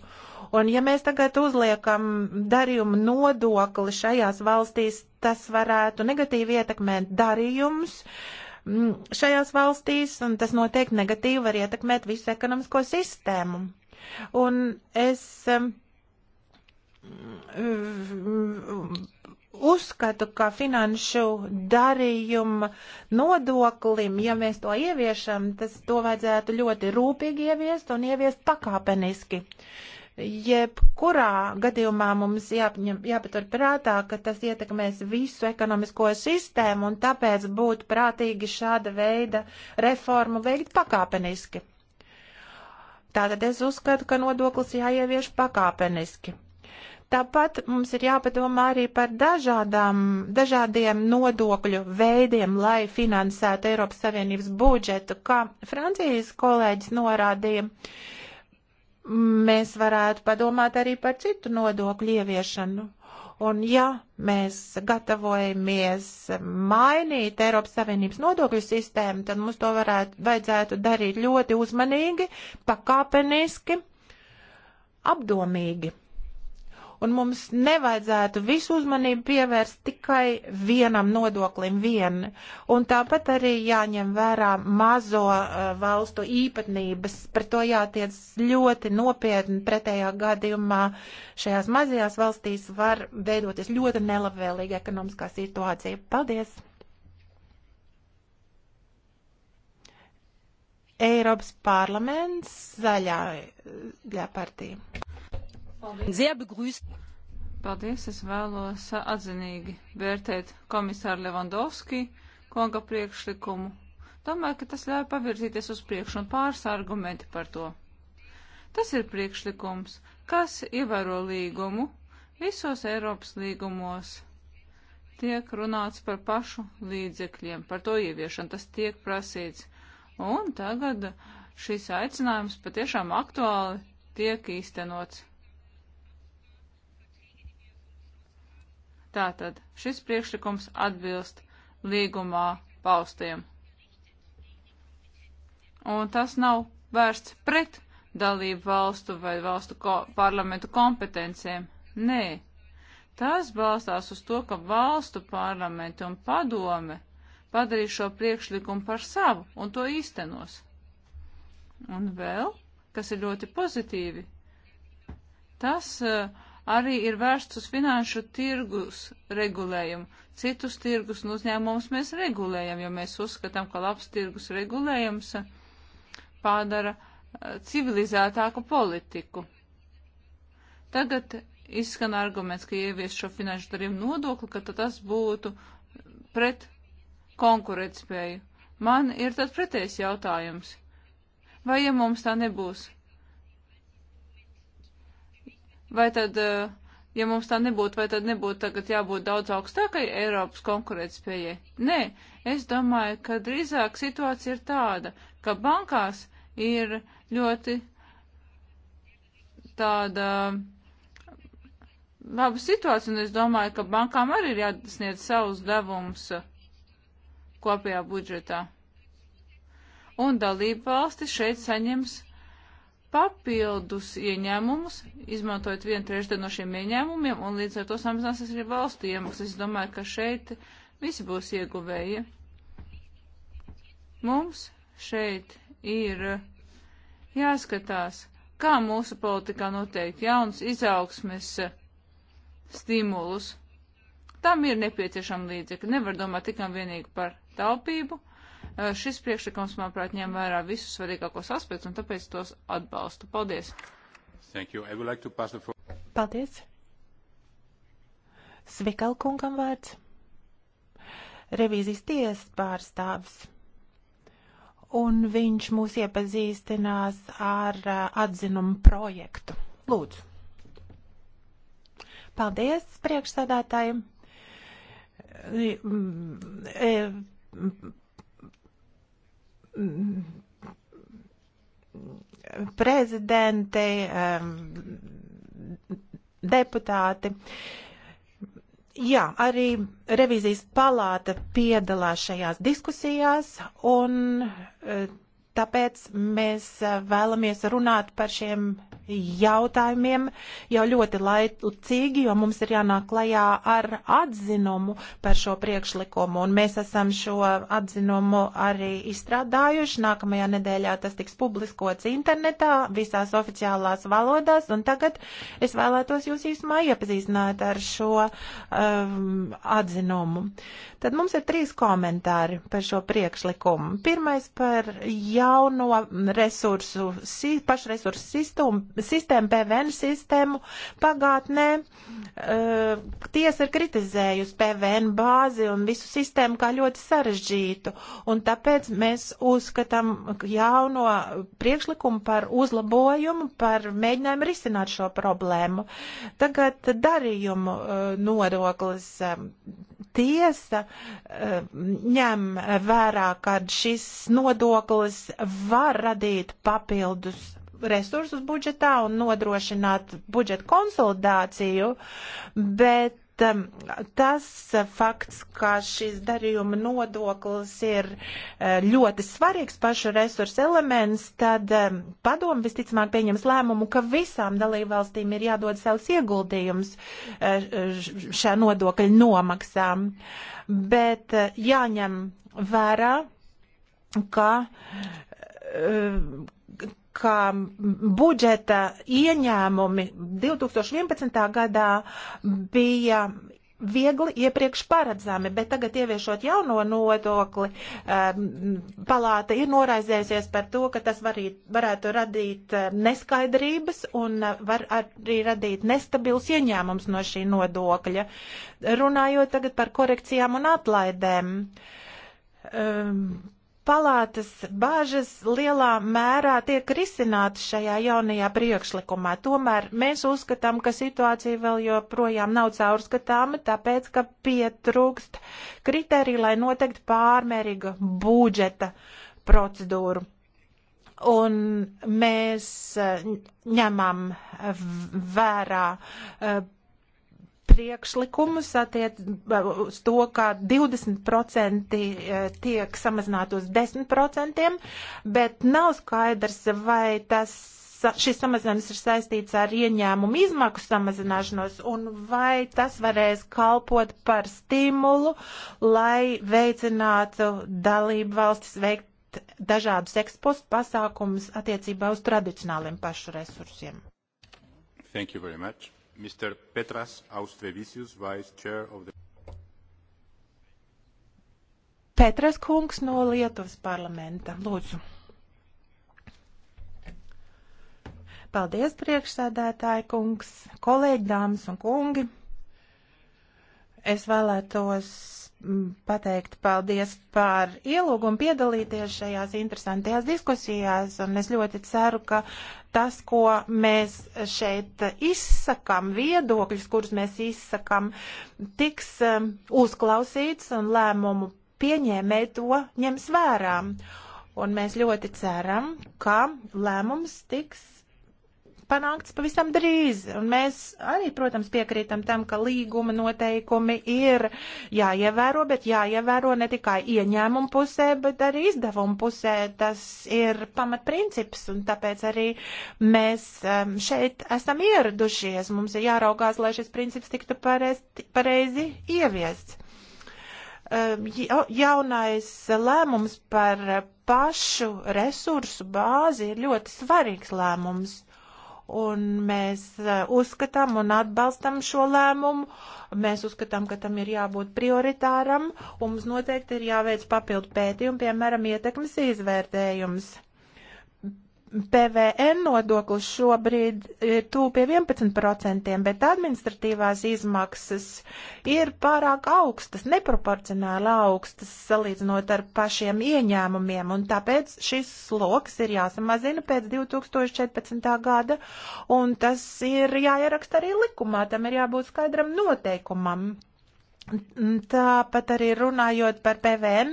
Un ja mēs tagad uzliekam darījumu nodokli šajās valstīs, tas varētu negatīvi ietekmēt darījumus mm, šajās valstīs, un tas noteikti negatīvi var ietekmēt visu ekonomisko sistēmu. Un es mm, uzskatu, ka finanšu darījuma nodoklim, ja mēs to ieviešam, tas to vajadzētu ļoti rūpīgi ieviest un ieviest pakāpeniski. Jebkurā gadījumā mums jāpaņem, jāpatur prātā, ka tas ietekmēs visu ekonomisko sistēmu un tāpēc būtu prātīgi šāda veida reformu veikt pakāpeniski. Tātad es uzskatu, ka nodoklis jāievieš pakāpeniski. Tāpat mums ir jāpadomā arī par dažādām, dažādiem nodokļu veidiem, lai finansētu Eiropas Savienības budžetu, kā Francijas kolēģis norādīja. Mēs varētu padomāt arī par citu nodokļu ieviešanu. Un ja mēs gatavojamies mainīt Eiropas Savienības nodokļu sistēmu, tad mums to varētu, vajadzētu darīt ļoti uzmanīgi, pakāpeniski, apdomīgi un mums nevajadzētu visu uzmanību pievērst tikai vienam nodoklim vien. Un tāpat arī jāņem vērā mazo uh, valstu īpatnības, pret to jātiec ļoti nopietni, pretējā gadījumā šajās mazajās valstīs var veidoties ļoti nelabvēlīga ekonomiskā situācija. Paldies! Eiropas parlaments zaļā, zaļā partija. Paldies. Paldies, es vēlos atzinīgi vērtēt komisāru Levandovski konga priekšlikumu. Domāju, ka tas ļauj pavirzīties uz priekšu un pāris argumenti par to. Tas ir priekšlikums, kas ievēro līgumu visos Eiropas līgumos tiek runāts par pašu līdzekļiem, par to ieviešanu, tas tiek prasīts. Un tagad šis aicinājums patiešām aktuāli tiek īstenots. Tātad šis priekšlikums atbilst līgumā paustiem. Un tas nav vērsts pret dalību valstu vai valstu ko parlamentu kompetencijiem. Nē, tas balstās uz to, ka valstu parlamenti un padome padarīs šo priekšlikumu par savu un to īstenos. Un vēl, kas ir ļoti pozitīvi, tas uh, arī ir vērsts uz finanšu tirgus regulējumu. Citus tirgus un uzņēmumus mēs regulējam, jo mēs uzskatām, ka labs tirgus regulējums pādara eh, civilizētāku politiku. Tagad izskan arguments, ka ievies šo finanšu darījumu nodokli, ka tas būtu pret konkurētspēju. Man ir tad pretējs jautājums. Vai ja mums tā nebūs? Vai tad, eh, ja mums tā nebūtu, vai tad nebūtu tagad jābūt daudz augstākai Eiropas konkurētspējai? Nē, es domāju, ka drīzāk situācija ir tāda, ka bankās ir ļoti tāda mm, laba situācija, un es domāju, ka bankām arī ir jāsniedz savus devumus kopējā budžetā. Un dalība valsti šeit saņems papildus ieņēmumus, izmantojot vienu trešdienu no šiem ieņēmumiem, un līdz ar to samazināsies arī valstu iemaksas. Es domāju, ka šeit visi būs ieguvēji. Mums šeit ir jāskatās, kā mūsu politikā noteikt jauns izaugsmes stimulus. Tam ir nepieciešama līdzekļa. Nevar domāt tikai vienīgi par taupību, Eh, šis priekšlikums, manuprāt, ņem vērā visus svarīgākos aspektus, un tāpēc tos atbalstu. Paldies! Like the... Paldies! Svikalkungam vārds. Revīzijas tiesas pārstāvs un viņš mūs iepazīstinās ar eh, atzinumu projektu. Lūdzu. Paldies priekšsēdētājiem. Eh, prezidenti, deputāti. Jā, arī revizijas palāta piedalās šajās diskusijās un eh, Tāpēc mēs eh, vēlamies runāt par šiem jautājumiem jau ļoti laicīgi, jo mums ir jānāk klajā ar atzinumu par šo priekšlikumu, un mēs esam šo atzinumu arī izstrādājuši. Nākamajā nedēļā tas tiks publiskots internetā visās oficiālās valodās, un tagad es vēlētos jūs īsumā iepazīstināt ar šo um, atzinumu. Tad mums ir trīs komentāri par šo priekšlikumu. Pirmais par jā jauno resursu, pašresursu sistēmu, sistēmu PVN sistēmu pagātnē. Uh, tiesa ir kritizējusi PVN bāzi un visu sistēmu kā ļoti sarežģītu, un tāpēc mēs uzskatām jauno priekšlikumu par uzlabojumu, par mēģinājumu risināt šo problēmu. Tagad darījumu uh, nodoklis. Uh, tiesa eh, ņem vērā, kad šis nodoklis var radīt papildus resursus budžetā un nodrošināt budžeta konsolidāciju, bet um, tas fakts, ka šis darījuma nodoklis ir uh, ļoti svarīgs pašu resursu elements, tad um, padomu visticamāk pieņems lēmumu, ka visām dalībvalstīm ir jādod savs ieguldījums uh, šā nodokļa nomaksām. Bet uh, jāņem vērā ka Eh, ka budžeta ieņēmumi 2011. gadā bija viegli iepriekš paredzami, bet tagad ieviešot jauno nodokli, eh, palāta ir noraizējusies par to, ka tas varīt, varētu radīt eh, neskaidrības un var arī radīt nestabils ieņēmums no šī nodokļa. Runājot tagad par korekcijām un atlaidēm. Um, palātas bāžas lielā mērā tiek risinātas šajā jaunajā priekšlikumā. Tomēr mēs uzskatām, ka situācija vēl joprojām nav caurskatāma, tāpēc, ka pietrūkst kriteriju, lai noteikti pārmērīga budžeta procedūru. Un mēs eh, ņemam vērā eh, priekšlikumus attiec uz to, ka 20% e, tiek samazināti uz 10%, bet nav skaidrs, vai tas šis samazinājums ir saistīts ar ieņēmumu izmaksu samazināšanos, un vai tas varēs kalpot par stimulu, lai veicinātu dalību valstis veikt dažādus ekspostu pasākumus attiecībā uz tradicionāliem pašu resursiem. Thank you very much. Mr. Petras Austrevicius, Vice Chair of the Petras kungs no Lietuvas parlamenta. Lūdzu. Paldies, priekšsēdētāji kungs, kolēģi, dāmas un kungi. Es vēlētos pateikt paldies par ielūgumu piedalīties šajās interesantajās diskusijās, un es ļoti ceru, ka tas, ko mēs šeit izsakam, viedokļus, kurus mēs izsakam, tiks um, uzklausīts un lēmumu pieņēmēji to ņems vērā. Un mēs ļoti ceram, ka lēmums tiks panākts pavisam drīz. Un mēs arī, protams, piekrītam tam, ka līguma noteikumi ir jāievēro, bet jāievēro ne tikai ieņēmumu pusē, bet arī izdevumu pusē. Tas ir pamatprincips, un tāpēc arī mēs um, šeit esam ieradušies. Mums ir jāraugās, lai šis princips tiktu pareiz, pareizi ieviests um, jaunais lēmums par pašu resursu bāzi ir ļoti svarīgs lēmums un mēs eh, uzskatām un atbalstam šo lēmumu. Mēs uzskatām, ka tam ir jābūt prioritāram, un mums noteikti ir jāveic papildu pētījumi, piemēram, ietekmes izvērtējums. PVN nodoklis šobrīd ir tūp pie 11%, bet administratīvās izmaksas ir pārāk augstas, neproporcionāli augstas salīdzinot ar pašiem ieņēmumiem, un tāpēc šis sloks ir jāsamazina pēc 2014. gada, un tas ir jāieraksta arī likumā, tam ir jābūt skaidram noteikumam. Tāpat arī runājot par PVN,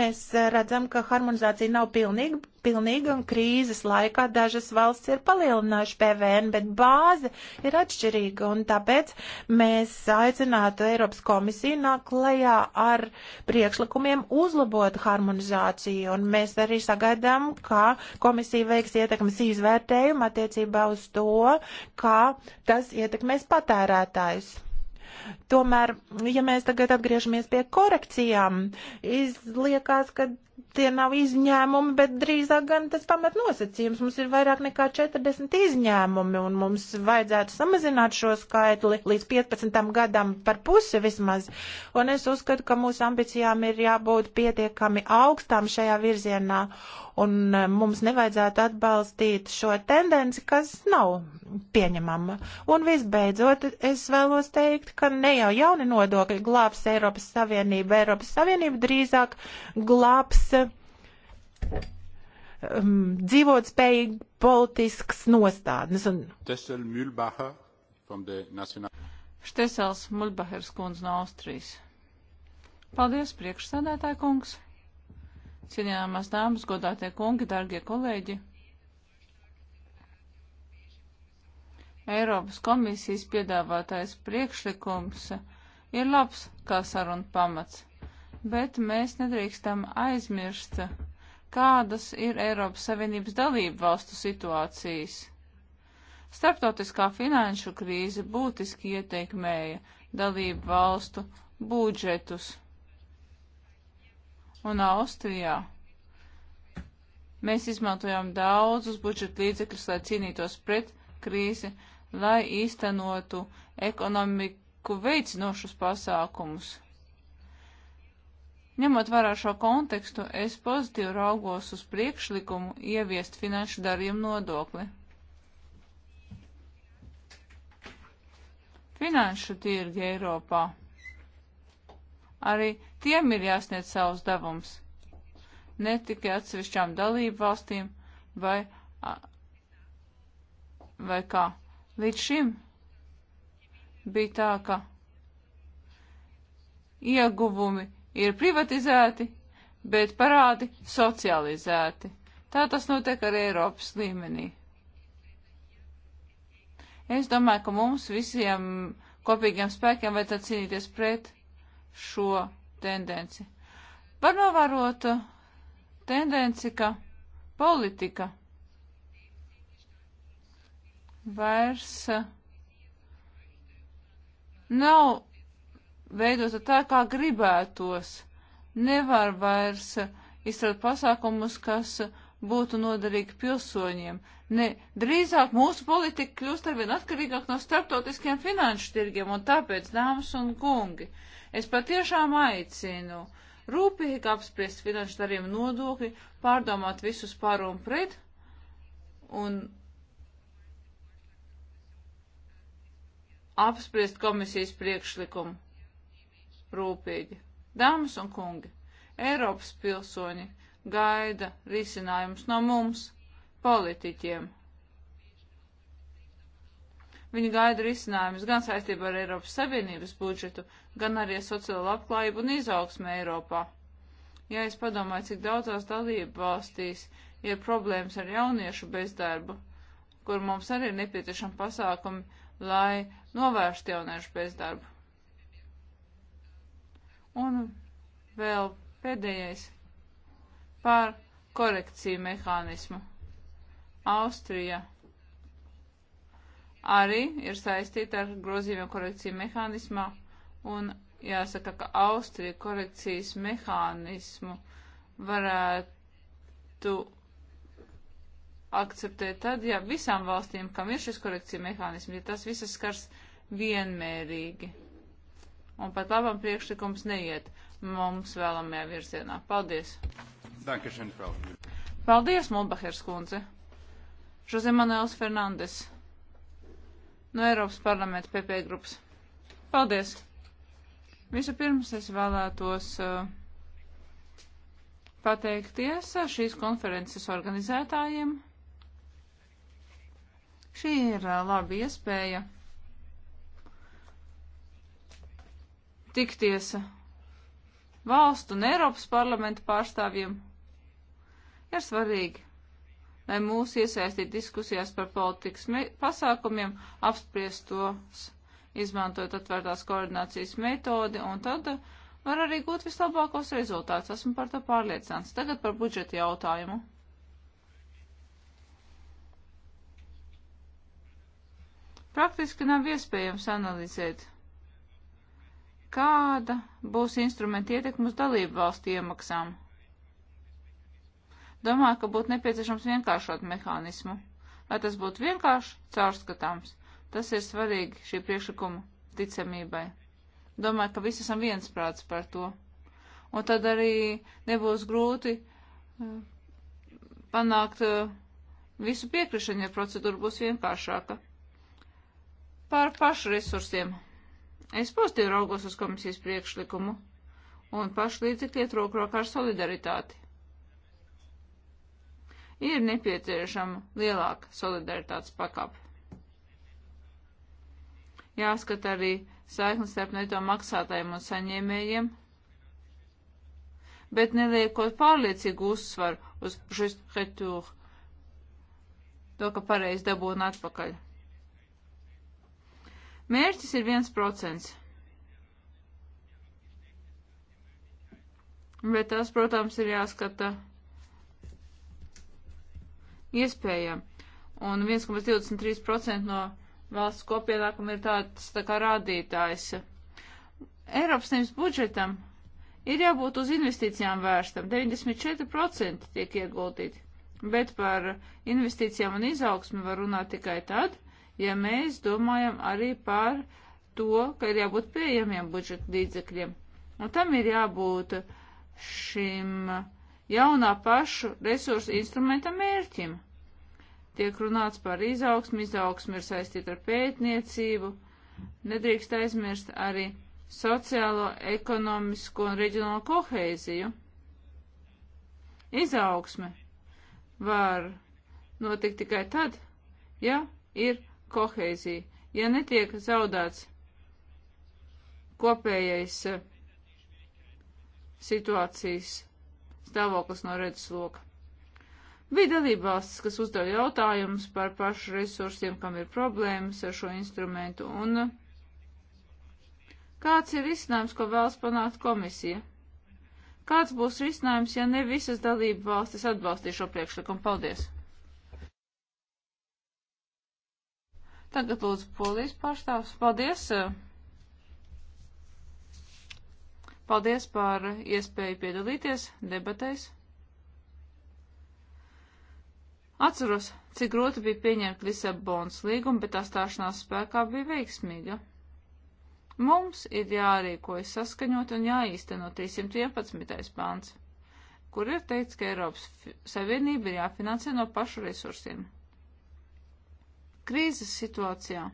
mēs redzam, ka harmonizācija nav pilnīga, pilnīga un krīzes laikā dažas valsts ir palielinājuši PVN, bet bāze ir atšķirīga un tāpēc mēs aicinātu Eiropas komisiju nāk klajā ar priekšlikumiem uzlabot harmonizāciju un mēs arī sagaidām, ka komisija veiks ietekmes izvērtējumu attiecībā uz to, kā tas ietekmēs patērētājus. Tomēr, ja mēs tagad atgriežamies pie korekcijām, izliekās, ka tie nav izņēmumi, bet drīzāk gan tas pamat nosacījums. Mums ir vairāk nekā 40 izņēmumi, un mums vajadzētu samazināt šo skaitli līdz 15 gadam par pusi vismaz. Un es uzskatu, ka mūsu ambicijām ir jābūt pietiekami augstām šajā virzienā un e, mums nevajadzētu atbalstīt šo tendenci, kas nav pieņemama. Un visbeidzot, es vēlos teikt, ka ne jau jauni nodokļi glābs Eiropas Savienību, Eiropas Savienība drīzāk glābs um, e, dzīvotspējīgi politisks nostādnes. Un... National... Štesels Mulbahers kundze no Austrijas. Paldies, priekšsēdētāja kungs! Cienījāmās dāmas, godātie kungi, dārgie kolēģi. Eiropas komisijas piedāvātais priekšlikums ir labs kā saruna pamats, bet mēs nedrīkstam aizmirst, kādas ir Eiropas Savienības dalību valstu situācijas. Starptautiskā finanšu krīze būtiski ietekmēja dalību valstu budžetus un Austrijā mēs izmantojām daudzus budžeta līdzekļus, lai cīnītos pret krīzi, lai īstenotu ekonomiku veicinošus pasākumus. Ņemot vērā šo kontekstu, es pozitīvi raugos uz priekšlikumu ieviest finanšu darījumu nodokli. Finanšu tirgi Eiropā arī tiem ir jāsniedz savus devums, ne tikai atsevišķām dalību valstīm vai, vai kā. Līdz šim bija tā, ka ieguvumi ir privatizēti, bet parādi socializēti. Tā tas notiek arī Eiropas līmenī. Es domāju, ka mums visiem kopīgiem spēkiem vajadzētu cīnīties pret šo tendenci. Var novērot uh, tendenci, ka politika vairs uh, nav veidota tā, kā gribētos. Nevar vairs uh, izstrādāt pasākumus, kas būtu noderīgi pilsoņiem. Ne, drīzāk mūsu politika kļūst arvien atkarīgāk no starptautiskiem finanšu tirgiem, un tāpēc, dāmas un kungi, Es patiešām aicinu rūpīgi apspriest finanšu darījumu nodokļi, pārdomāt visus par un pret un apspriest komisijas priekšlikumu rūpīgi. Dāmas un kungi, Eiropas pilsoņi gaida risinājums no mums, politiķiem. Viņi gaida risinājumus gan saistībā ar Eiropas Savienības budžetu, gan arī sociālo labklājību un izaugsmu Eiropā. Ja es padomāju, cik daudzās dalību valstīs ir problēmas ar jauniešu bezdarbu, kur mums arī ir nepieciešami pasākumi, lai novērstu jauniešu bezdarbu. Un vēl pēdējais par korekciju mehānismu. Austrija arī ir saistīta ar grozījumiem korekciju mehānismā un jāsaka, ka Austrija korekcijas mehānismu varētu akceptēt tad, ja visām valstīm, kam ir šis korekcija mehānisms, ja tas visas skars vienmērīgi. Un pat labam priekšlikums neiet mums vēlamajā virzienā. Paldies! Dankeschön, Frau. Paldies, Mulbahers kundze! Žoze Manuels Fernandes no Eiropas parlamenta PP grupas. Paldies! Vispirms es vēlētos uh, pateikties uh, šīs konferences organizētājiem. Šī ir uh, laba iespēja tikties valstu un Eiropas parlamenta pārstāvjiem. Ir svarīgi lai mūs iesaistītu diskusijās par politikas pasākumiem, apspriest tos, izmantojot atvērtās koordinācijas metodi, un tad var arī gūt vislabākos rezultātus. Esmu par to pārliecināts. Tagad par budžeta jautājumu. Praktiski nav iespējams analizēt, kāda būs instrumenta ietekme uz dalību valstu iemaksām. Domāju, ka būtu nepieciešams vienkāršot mehānismu, lai tas būtu vienkārši caurskatāms. Tas ir svarīgi šī priekšlikuma ticamībai. Domāju, ka visi esam viensprāts par to. Un tad arī nebūs grūti eh, panākt eh, visu piekrišanu, ja procedūra būs vienkāršāka. Par pašu resursiem. Es pozitīvi raugos uz komisijas priekšlikumu, un pašu līdzekļi iet roku rokā ar solidaritāti ir nepieciešama lielāka solidaritātes pakāpe. Jāskat arī saiknes starp neto maksātājiem un saņēmējiem, bet neliekot pārliecīgu uzsvaru uz just retour, to, ka pareizi dabū un atpakaļ. Mērķis ir viens procents. Bet tas, protams, ir jāskata iespējam. Un 1,23% no valsts kopienākuma ir tāds tā kā rādītājs. Eiropas Savienības budžetam ir jābūt uz investīcijām vērstam. 94% tiek ieguldīti, bet par investīcijām un izaugsmi var runāt tikai tad, ja mēs domājam arī par to, ka ir jābūt pieejamiem budžeta līdzekļiem. Un tam ir jābūt šim jaunā pašu resursu instrumenta mērķim. Tiek runāts par izaugsmu, izaugsmu ir saistīta ar pētniecību, nedrīkst aizmirst arī sociālo, ekonomisko un reģionālo koheiziju. Izaugsme var notikt tikai tad, ja ir koheizija, ja netiek zaudāts kopējais eh, situācijas stāvoklis no redzesloka. Bija dalībvalstis, kas uzdev jautājumus par pašu resursiem, kam ir problēmas ar šo instrumentu, un kāds ir risinājums, ko vēlas panākt komisija? Kāds būs risinājums, ja ne visas dalībvalstis atbalstīs šo priekšlikumu? Paldies! Tagad lūdzu polijas pārstāvs. Paldies! Uh, Paldies par iespēju piedalīties debatēs. Atceros, cik grūti bija pieņemt Lisabonas līgumu, bet tā stāšanās spēkā bija veiksmīga. Mums ir jārīkojas saskaņot un jāīsteno 311. pāns, kur ir teikts, ka Eiropas Savienība ir jāfinansē no pašu resursiem. Krīzes situācijā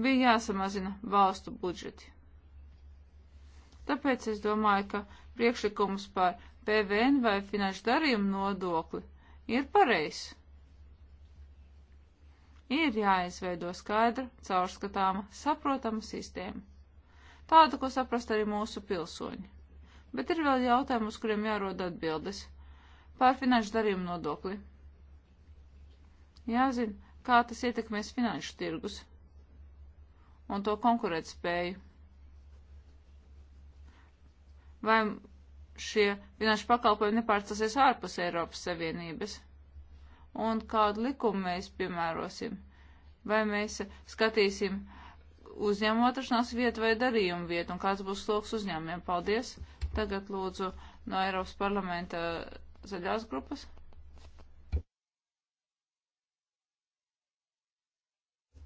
bija jāsamazina valstu budžeti. Tāpēc es domāju, ka priekšlikums par PVN vai finanšu darījumu nodokli ir pareizs. Ir jāizveido skaidra, caurskatāma, saprotama sistēma. Tādu, ko saprast arī mūsu pilsoņi. Bet ir vēl jautājumi, uz kuriem jārod atbildes. Pār finanšu darījumu nodokli. Jāzina, kā tas ietekmēs finanšu tirgus un to konkurētspēju. Vai šie finanšu pakalpojumi nepārcelsies ārpus Eiropas Savienības? Un kādu likumu mēs piemērosim? Vai mēs skatīsim uzņēmumu atrašanās vietu vai darījumu vietu, un kāds būs sloks uzņēmumiem? Paldies! Tagad lūdzu no Eiropas parlamenta zaļās grupas.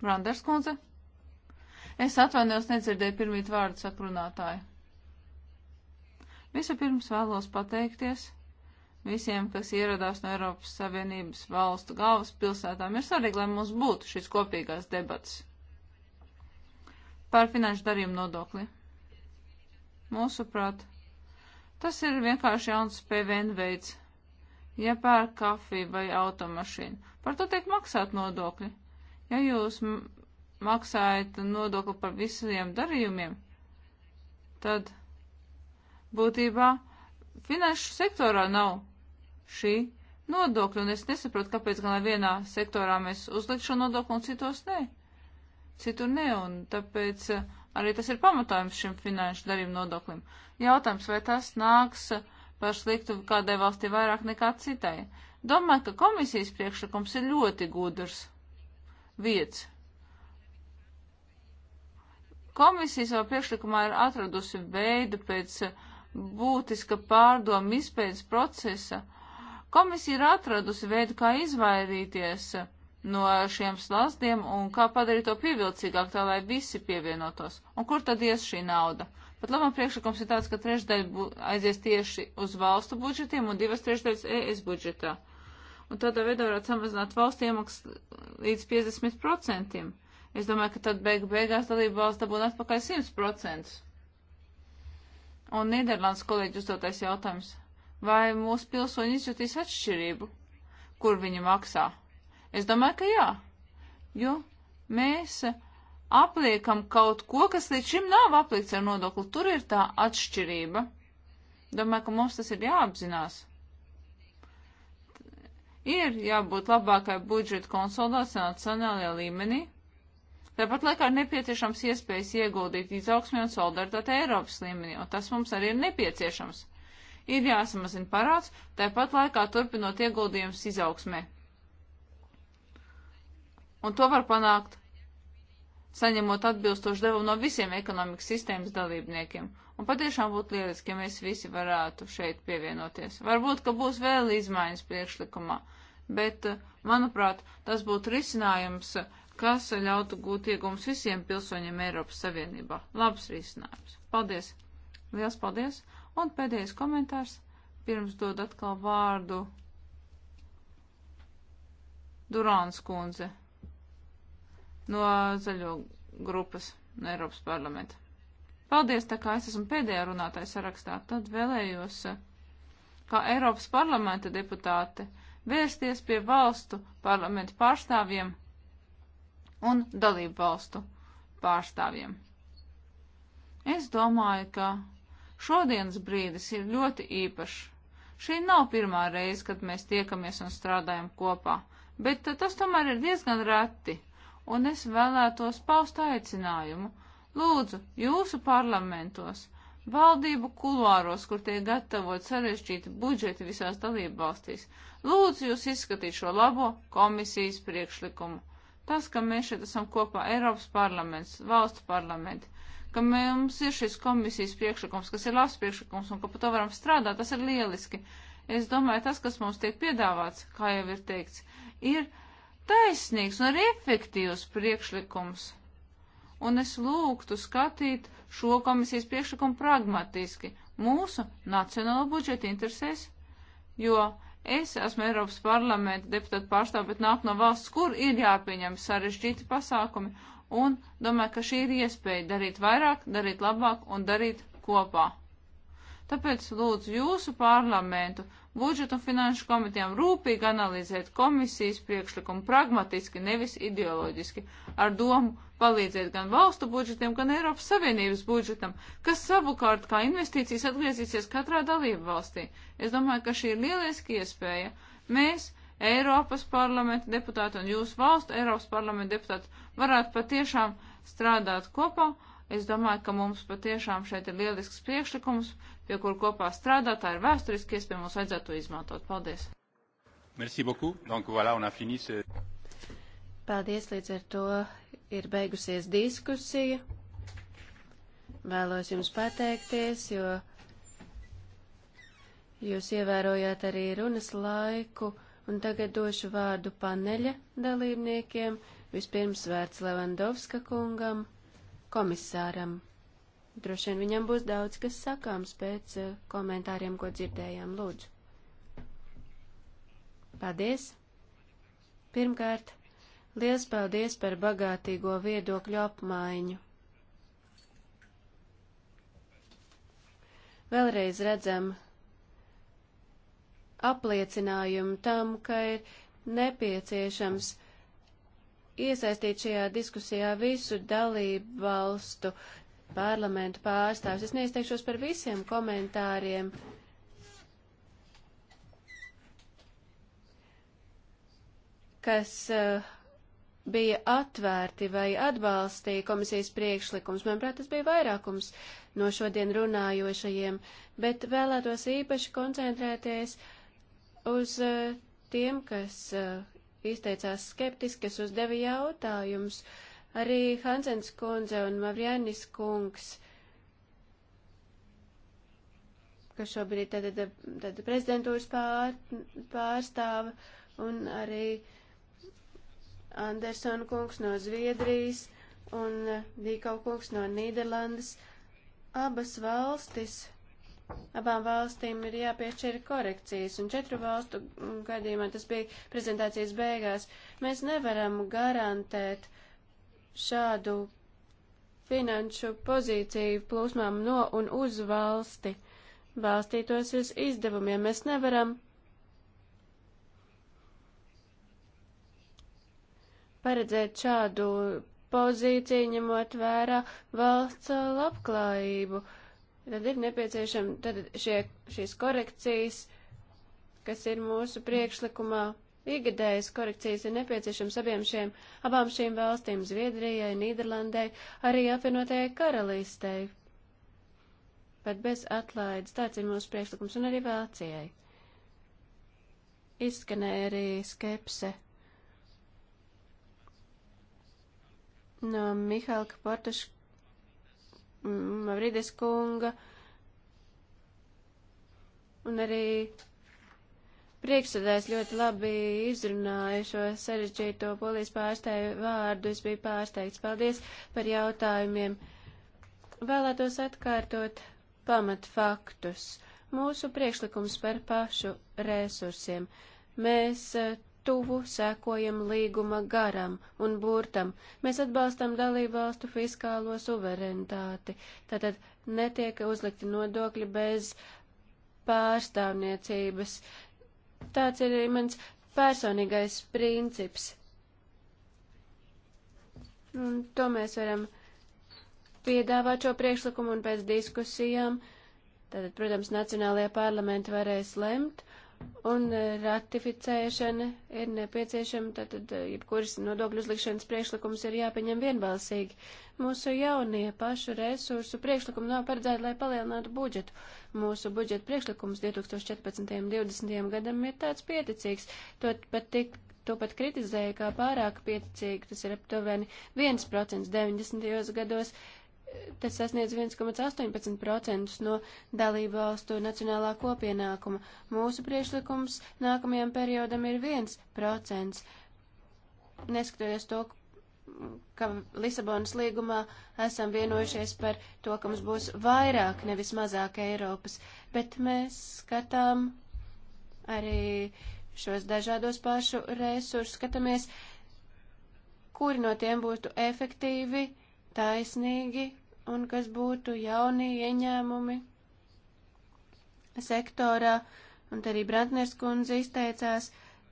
Branders kundze. Es atvainojos nedzirdēju pirmīt vārdu sakrunātāju. Vispirms vēlos pateikties visiem, kas ieradās no Eiropas Savienības valstu galvaspilsētām. Ir svarīgi, lai mums būtu šīs kopīgās debats par finanšu darījumu nodokli. Mūsuprāt, tas ir vienkārši jauns PVN veids, ja pērk kafiju vai automašīnu. Par to tiek maksāt nodokļi. Ja jūs maksājat nodokli par visiem darījumiem, tad būtībā finanšu sektorā nav šī nodokļa, un es nesaprotu, kāpēc gan vienā sektorā mēs uzliek šo nodokli un citos nē. Citur nē, un tāpēc eh, arī tas ir pamatojums šim finanšu darījumu nodoklim. Jautājums, vai tas nāks par sliktu kādai valstī vairāk nekā citai. Domāju, ka komisijas priekšlikums ir ļoti gudrs. Vietas Komisija savā priekšlikumā ir atradusi veidu pēc būtiska pārdomu izpējas procesa. Komisija ir atradusi veidu, kā izvairīties no šiem slazdiem un kā padarīt to pievilcīgāk, tā lai visi pievienotos. Un kur tad ies šī nauda? Pat labam priekšlikums ir tāds, ka trešdaļa aizies tieši uz valstu budžetiem un divas trešdaļas ES budžetā. Un tādā veidā varētu samazināt valstu iemaksas līdz 50%. Es domāju, ka tad beig beigās dalība valsts dabūna atpakaļ 100%. Un Nīderlandes kolēģi uzdotais jautājums. Vai mūsu pilsoņi izjutīs atšķirību, kur viņi maksā? Es domāju, ka jā. Jo mēs apliekam kaut ko, kas līdz šim nav aplikts ar nodokli. Tur ir tā atšķirība. Domāju, ka mums tas ir jāapzinās. Ir jābūt labākai budžeta konsolidācijai nacionālajā līmenī, Tāpat laikā ir nepieciešams iespējas ieguldīt izaugsmē un solidaritāte Eiropas līmenī, un tas mums arī ir nepieciešams. Ir jāsamazina parāds, tāpat laikā turpinot ieguldījumus izaugsmē. Un to var panākt, saņemot atbilstošu devumu no visiem ekonomikas sistēmas dalībniekiem. Un patiešām būtu lieliski, ja mēs visi varētu šeit pievienoties. Varbūt, ka būs vēl izmaiņas priekšlikumā, bet, eh, manuprāt, tas būtu risinājums uh, kas ļautu gūt iegums visiem pilsoņiem Eiropas Savienībā. Labs risinājums. Paldies! Liels paldies! Un pēdējais komentārs, pirms dod atkal vārdu Durāns kundze no zaļo grupas Eiropas parlamenta. Paldies, tā kā es esmu pēdējā runātāja sarakstā, tad vēlējos, kā Eiropas parlamenta deputāte, vērsties pie valstu parlamenta pārstāvjiem un dalību valstu pārstāvjiem. Es domāju, ka šodienas brīdis ir ļoti īpašs. Šī nav pirmā reize, kad mēs tiekamies un strādājam kopā, bet tas tomēr ir diezgan reti, un es vēlētos paust aicinājumu. Lūdzu, jūsu parlamentos, valdību kuluāros, kur tiek gatavot sarežģīti budžeti visās dalību valstīs, lūdzu jūs izskatīt šo labo komisijas priekšlikumu Tas, ka mēs šeit esam kopā Eiropas parlaments, valstu parlamenti, ka mums ir šis komisijas priekšlikums, kas ir labs priekšlikums un ka par to varam strādāt, tas ir lieliski. Es domāju, tas, kas mums tiek piedāvāts, kā jau ir teikts, ir taisnīgs un arī efektīvs priekšlikums. Un es lūgtu skatīt šo komisijas priekšlikumu pragmatiski mūsu nacionālo budžetu interesēs, jo Es esmu Eiropas parlamenta deputāta pārstāv, bet nāk no valsts, kur ir jāpieņem sarežģīti pasākumi, un domāju, ka šī ir iespēja darīt vairāk, darīt labāk un darīt kopā. Tāpēc lūdzu jūsu parlamentu budžetu un finanšu komitejām rūpīgi analizēt komisijas priekšlikumu pragmatiski, nevis ideoloģiski, ar domu palīdzēt gan valstu budžetiem, gan Eiropas Savienības budžetam, kas savukārt kā investīcijas atgriezīsies katrā dalību valstī. Es domāju, ka šī ir lieliski iespēja. Mēs, Eiropas parlamenta deputāti un jūsu valstu Eiropas parlamenta deputāti, varētu patiešām strādāt kopā Es domāju, ka mums patiešām šeit ir lielisks priekšlikums, pie kur kopā strādāt. Tā ir vēsturiski iespēja, mums vajadzētu to izmantot. Paldies! Merci beaucoup. Donc voilà, on a fini ce... Paldies, līdz ar to ir beigusies diskusija. Vēlos jums pateikties, jo jūs ievērojāt arī runas laiku, un tagad došu vārdu paneļa dalībniekiem. Vispirms vērts Levandovska kungam komisāram. Droši vien viņam būs daudz, kas sakāms pēc eh, komentāriem, ko dzirdējām. Lūdzu. Paldies! Pirmkārt, liels paldies par bagātīgo viedokļu apmaiņu. Vēlreiz redzam apliecinājumu tam, ka ir nepieciešams iesaistīt šajā diskusijā visu dalību valstu parlamentu pārstāvis. Es neizteikšos par visiem komentāriem. kas uh, bija atvērti vai atbalstīja komisijas priekšlikums. Manuprāt, tas bija vairākums no šodien runājošajiem, bet vēlētos īpaši koncentrēties uz uh, tiem, kas uh, izteicās skeptiski, es uzdevu jautājumus. Arī Hansens kundze un Mavrianis kungs, kas šobrīd tad, tad, tad prezidentūras pār, pārstāva, un arī Andersona kungs no Zviedrijas un Dīkau kungs no Nīderlandes. Abas valstis Abām valstīm ir jāpiešķir korekcijas, un četru valstu gadījumā tas bija prezentācijas beigās. Mēs nevaram garantēt šādu finanšu pozīciju plūsmām no un uz valsti, balstītos uz izdevumiem. Mēs nevaram paredzēt šādu pozīciju, ņemot vērā valsts labklājību. Uh, tad ir nepieciešama tad šie, šīs korekcijas, kas ir mūsu priekšlikumā. Igadējas korekcijas ir nepieciešams abiem šiem, abām šīm valstīm - Zviedrijai, Nīderlandai, arī apvienotajai karalistei. Pat bez atlaides tāds ir mūsu priekšlikums un arī Vācijai. Izskanēja arī skepse no Mihaila Portaša Mavrides kunga un arī priekšsēdājs ļoti labi izrunāja šo sarežģīto polijas pārstāju vārdu. Es biju pārsteigts. Paldies par jautājumiem. Vēlētos atkārtot pamatfaktus. Mūsu priekšlikums par pašu resursiem. Mēs eh, tuvu sekojam līguma garam un burtam. Mēs atbalstam dalībvalstu fiskālo suverenitāti. Tātad netiek uzlikti nodokļi bez pārstāvniecības. Tāds ir mans personīgais princips. Un to mēs varam piedāvāt šo priekšlikumu un pēc diskusijām. Tātad, protams, Nacionālajie parlamenti varēs lemt un eh, ratificēšana ir nepieciešama, tātad eh, jebkuras nodokļu uzlikšanas priekšlikums ir jāpieņem vienbalsīgi. Mūsu jaunie pašu resursu priekšlikumi nav paredzēti, lai palielinātu budžetu. Mūsu budžeta priekšlikums 2014.20. gadam ir tāds pieticīgs, to pat, tik, to pat kritizēja kā pārāk pieticīgi, tas ir aptuveni 1% 90. gados tas sasniedz 1,18% no dalību valstu nacionālā kopienākuma. Mūsu priešlikums nākamajam periodam ir 1%. Neskatoties to, ka Lisabonas līgumā esam vienojušies par to, ka mums būs vairāk, nevis mazāk Eiropas, bet mēs skatām arī šos dažādos pašu resursus, skatāmies, kuri no tiem būtu efektīvi, taisnīgi un kas būtu jaunie ieņēmumi sektorā, un arī Brantners kundze izteicās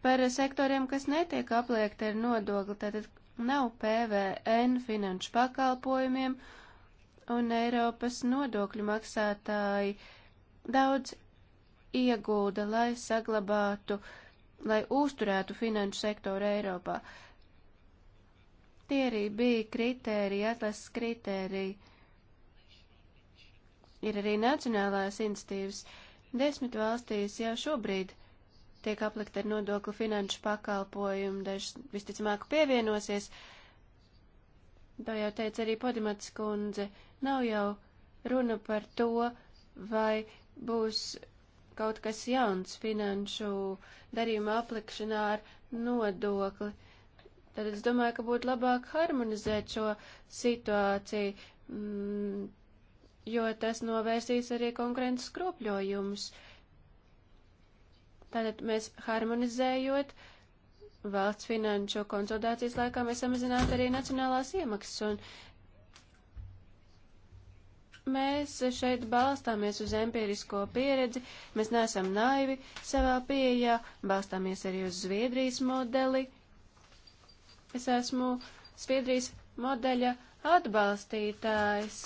par sektoriem, kas netiek apliekti ar nodokli, tātad nav PVN finanšu pakalpojumiem, un Eiropas nodokļu maksātāji daudz iegulda, lai saglabātu, lai uzturētu finanšu sektoru Eiropā. Tie arī bija kritēriji, atlases kritēriji Ir arī nacionālās institīvas. Desmit valstīs jau šobrīd tiek aplikt ar nodokli finanšu pakalpojumu, dažs visticamāk pievienosies. To jau teica arī Podimats kundze. Nav jau runa par to, vai būs kaut kas jauns finanšu darījuma aplikšanā ar nodokli. Tad es domāju, ka būtu labāk harmonizēt šo situāciju. Mm, jo tas novērsīs arī konkurences skropļojumus. Tātad mēs harmonizējot valsts finanšu konsultācijas laikā, mēs samazinātu arī nacionālās iemaksas. Un mēs šeit balstāmies uz empirisko pieredzi, mēs neesam naivi savā pieejā, balstāmies arī uz Zviedrijas modeli. Es esmu Zviedrijas modeļa atbalstītājs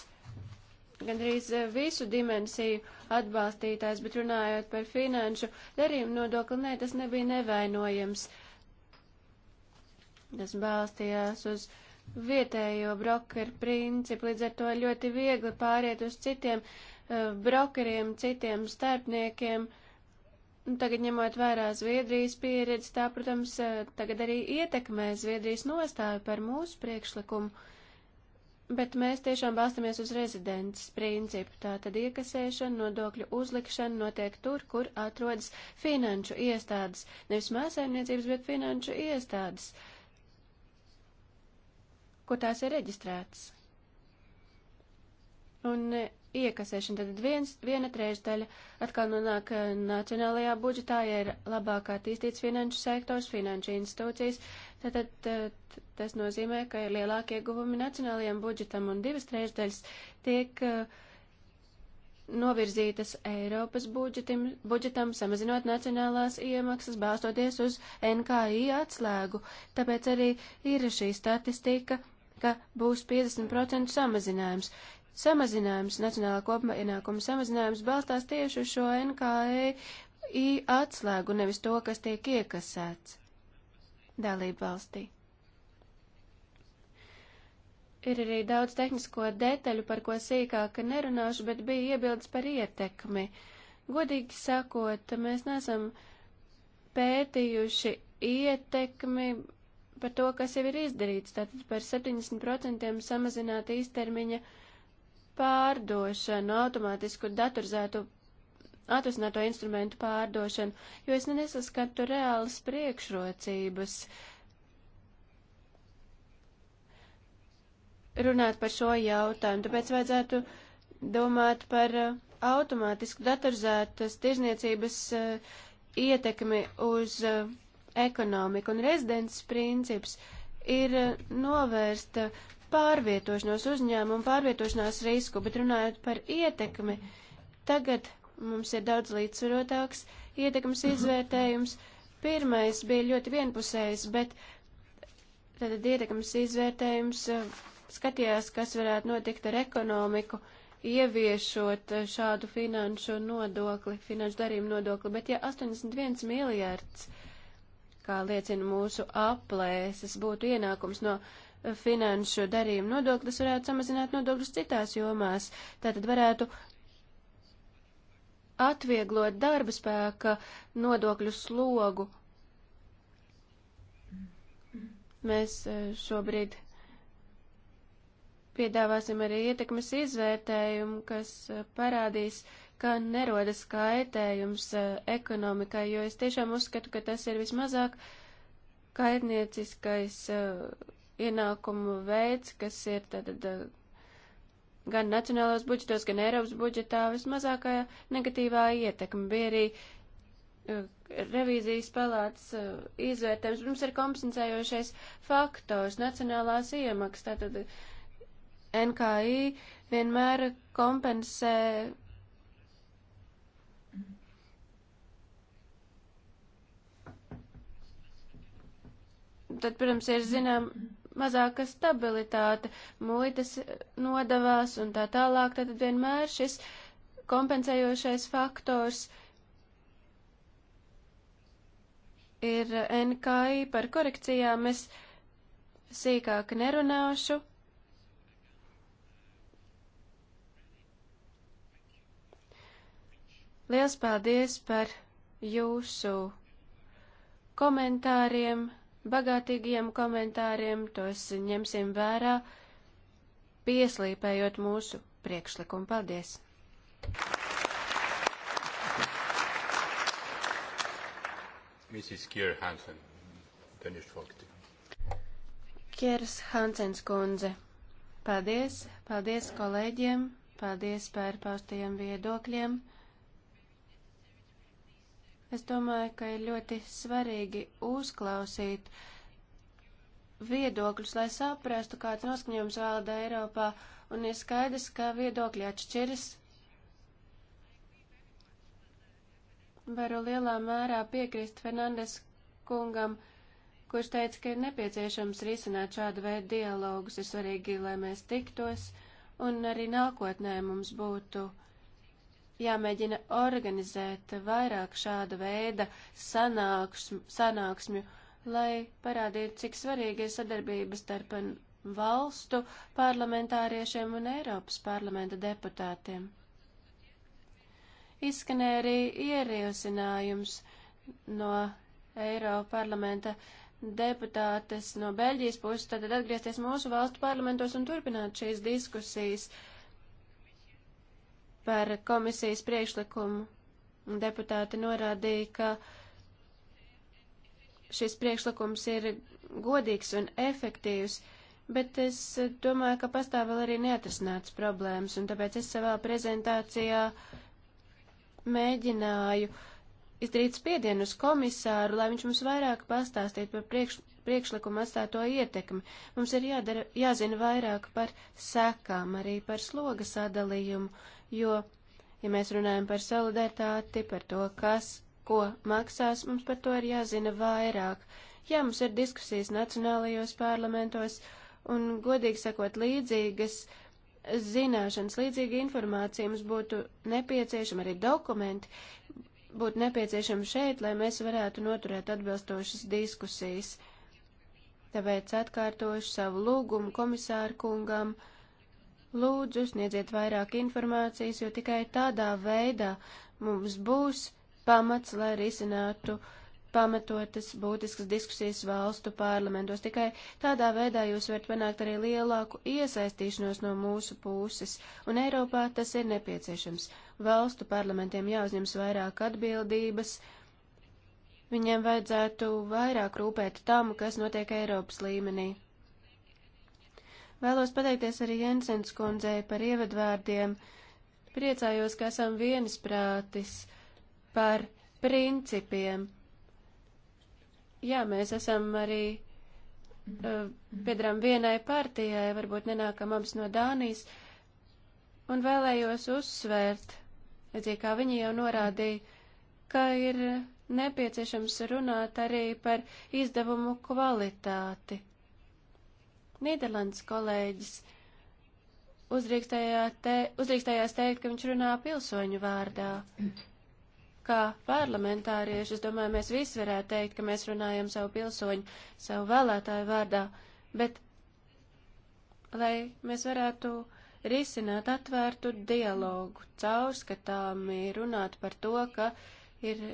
gandrīz eh, visu dimensiju atbalstītājs, bet runājot par finanšu darījumu nodokli, nē, tas nebija nevainojams. Tas balstījās uz vietējo brokeru principu, līdz ar to ļoti viegli pāriet uz citiem uh, brokeriem, citiem starpniekiem. Un nu, tagad ņemot vērā Zviedrijas pieredzi, tā, protams, uh, tagad arī ietekmē Zviedrijas nostāju par mūsu priekšlikumu. Uh, Bet mēs tiešām balstamies uz rezidents principu. Tātad iekasēšana, nodokļu uzlikšana notiek tur, kur atrodas finanšu iestādes. Nevis māsēmniecības, bet finanšu iestādes, kur tās ir reģistrētas. Un e, iekasēšana, tad viens, viena trešdaļa atkal nonāk e, nacionālajā budžetā, ja ir labāk attīstīts finanšu sektors, finanšu institūcijas, Tātad tas nozīmē, ka ir lielākie ieguvumi nacionālajiem budžetam un divas trešdaļas tiek eh, novirzītas Eiropas budžetim, budžetam, samazinot nacionālās iemaksas, balstoties uz NKI atslēgu. Tāpēc arī ir šī statistika, ka būs 50% samazinājums samazinājums, nacionālā kopienākuma samazinājums balstās tieši uz šo NKI atslēgu, nevis to, kas tiek iekasēts dalību valstī. Ir arī daudz tehnisko detaļu, par ko sīkāk nerunāšu, bet bija iebildes par ietekmi. Godīgi sakot, mēs nesam pētījuši ietekmi par to, kas jau ir izdarīts, tātad par 70% samazināt īstermiņa pārdošanu, automātisku datorizētu atrasināto instrumentu pārdošanu, jo es nesaskatu reālas priekšrocības. Runāt par šo jautājumu, tāpēc vajadzētu domāt par uh, automātisku datorizētas tirzniecības uh, ietekmi uz uh, ekonomiku un rezidents princips ir uh, novērst uh, pārvietošanos uzņēmumu, pārvietošanās risku, bet runājot par ietekmi, tagad mums ir daudz līdzsvarotāks ietekmes izvērtējums. Pirmais bija ļoti vienpusējs, bet tad ietekmes izvērtējums eh, skatījās, kas varētu notikt ar ekonomiku, ieviešot eh, šādu finanšu nodokli, finanšu darījumu nodokli, bet ja 81 miljārds, kā liecina mūsu aplēses, būtu ienākums no eh, finanšu darījumu nodoklis varētu samazināt nodokļus citās jomās. Tātad varētu atvieglot darba spēka nodokļu slogu. Mēs e, šobrīd piedāvāsim arī ietekmes izvērtējumu, kas e, parādīs, ka nerodas kaitējums e, ekonomikai, jo es tiešām uzskatu, ka tas ir vismazāk kaitnieciskais ienākumu veids, kas ir tad gan nacionālos budžetos, gan Eiropas budžetā vismazākā negatīvā ietekme. Bija arī uh, revīzijas palātas uh, izvērtējums. Mums ir kompensējošais faktors, nacionālās iemaksas. Tātad NKI vienmēr kompensē tad, protams, ir zinām, mazāka stabilitāte, muitas nodavās un tā tālāk, tad vienmēr šis kompensējošais faktors ir NKI par korekcijām. Es sīkāk nerunāšu. Liels paldies par jūsu komentāriem! bagātīgiem komentāriem, tos ņemsim vērā, pieslīpējot mūsu priekšlikumu. Paldies! Mrs. Kier Hansen, Danish Folketing. Kieras Hansens kundze, paldies, paldies kolēģiem, paldies par paustajiem viedokļiem. Es domāju, ka ir ļoti svarīgi uzklausīt viedokļus, lai saprastu, kāds noskaņojums valda Eiropā, un ir skaidrs, ka viedokļi atšķiras. Varu lielā mērā piekrist Fernandes kungam, kurš teica, ka ir nepieciešams risināt šādu veidu dialogus, ir svarīgi, lai mēs tiktos, un arī nākotnē mums būtu uh, jāmēģina organizēt vairāk šāda veida sanāksm, sanāksmju, lai parādītu, cik svarīga ir sadarbība starp valstu parlamentāriešiem un Eiropas parlamenta deputātiem. Izskanēja arī ierosinājums no Eiropas parlamenta deputātes no Beļģijas puses, tad atgriezties mūsu valstu parlamentos un turpināt šīs diskusijas. Uh, par komisijas priekšlikumu. Deputāti norādīja, ka šis priekšlikums ir godīgs un efektīvs, bet es domāju, ka pastāv vēl arī neatrisināts problēmas, un tāpēc es savā prezentācijā mēģināju izdarīt spiedienu uz komisāru, lai viņš mums vairāk pastāstītu par priekš, priekšlikumu atstāto ietekmi. Mums ir jādara, jāzina vairāk par sekām, arī par sloga sadalījumu jo, ja mēs runājam par solidaritāti, par to, kas, ko maksās, mums par to ir jāzina vairāk. Jā, mums ir diskusijas nacionālajos parlamentos, un, godīgi sakot, līdzīgas zināšanas, līdzīga informācija mums būtu nepieciešama, arī dokumenti būtu nepieciešami šeit, lai mēs varētu noturēt atbilstošas diskusijas. Tāpēc atkārtošu savu lūgumu komisāru kungam Lūdzu, sniedziet vairāk informācijas, jo tikai tādā veidā mums būs pamats, lai risinātu pamatotas būtiskas diskusijas valstu parlamentos. Tikai tādā veidā jūs varat panākt arī lielāku iesaistīšanos no mūsu puses, un Eiropā tas ir nepieciešams. Valstu parlamentiem jāuzņems vairāk atbildības, viņiem vajadzētu vairāk rūpēt tam, kas notiek Eiropas līmenī. Vēlos pateikties arī Jensens kundzei par ievadvārdiem. Priecājos, ka esam viensprātis par principiem. Jā, mēs esam arī uh, eh, piedarām vienai partijai, varbūt nenākam abas no Dānijas, un vēlējos uzsvērt, redzīgi, kā viņi jau norādīja, ka ir nepieciešams runāt arī par izdevumu kvalitāti. Nīderlandes kolēģis te, uzrīkstējās teikt, ka viņš runā pilsoņu vārdā. Kā parlamentārieši, es domāju, mēs visi varētu teikt, ka mēs runājam savu pilsoņu, savu vēlētāju vārdā, bet lai mēs varētu risināt atvērtu dialogu, caurskatāmi runāt par to, ka ir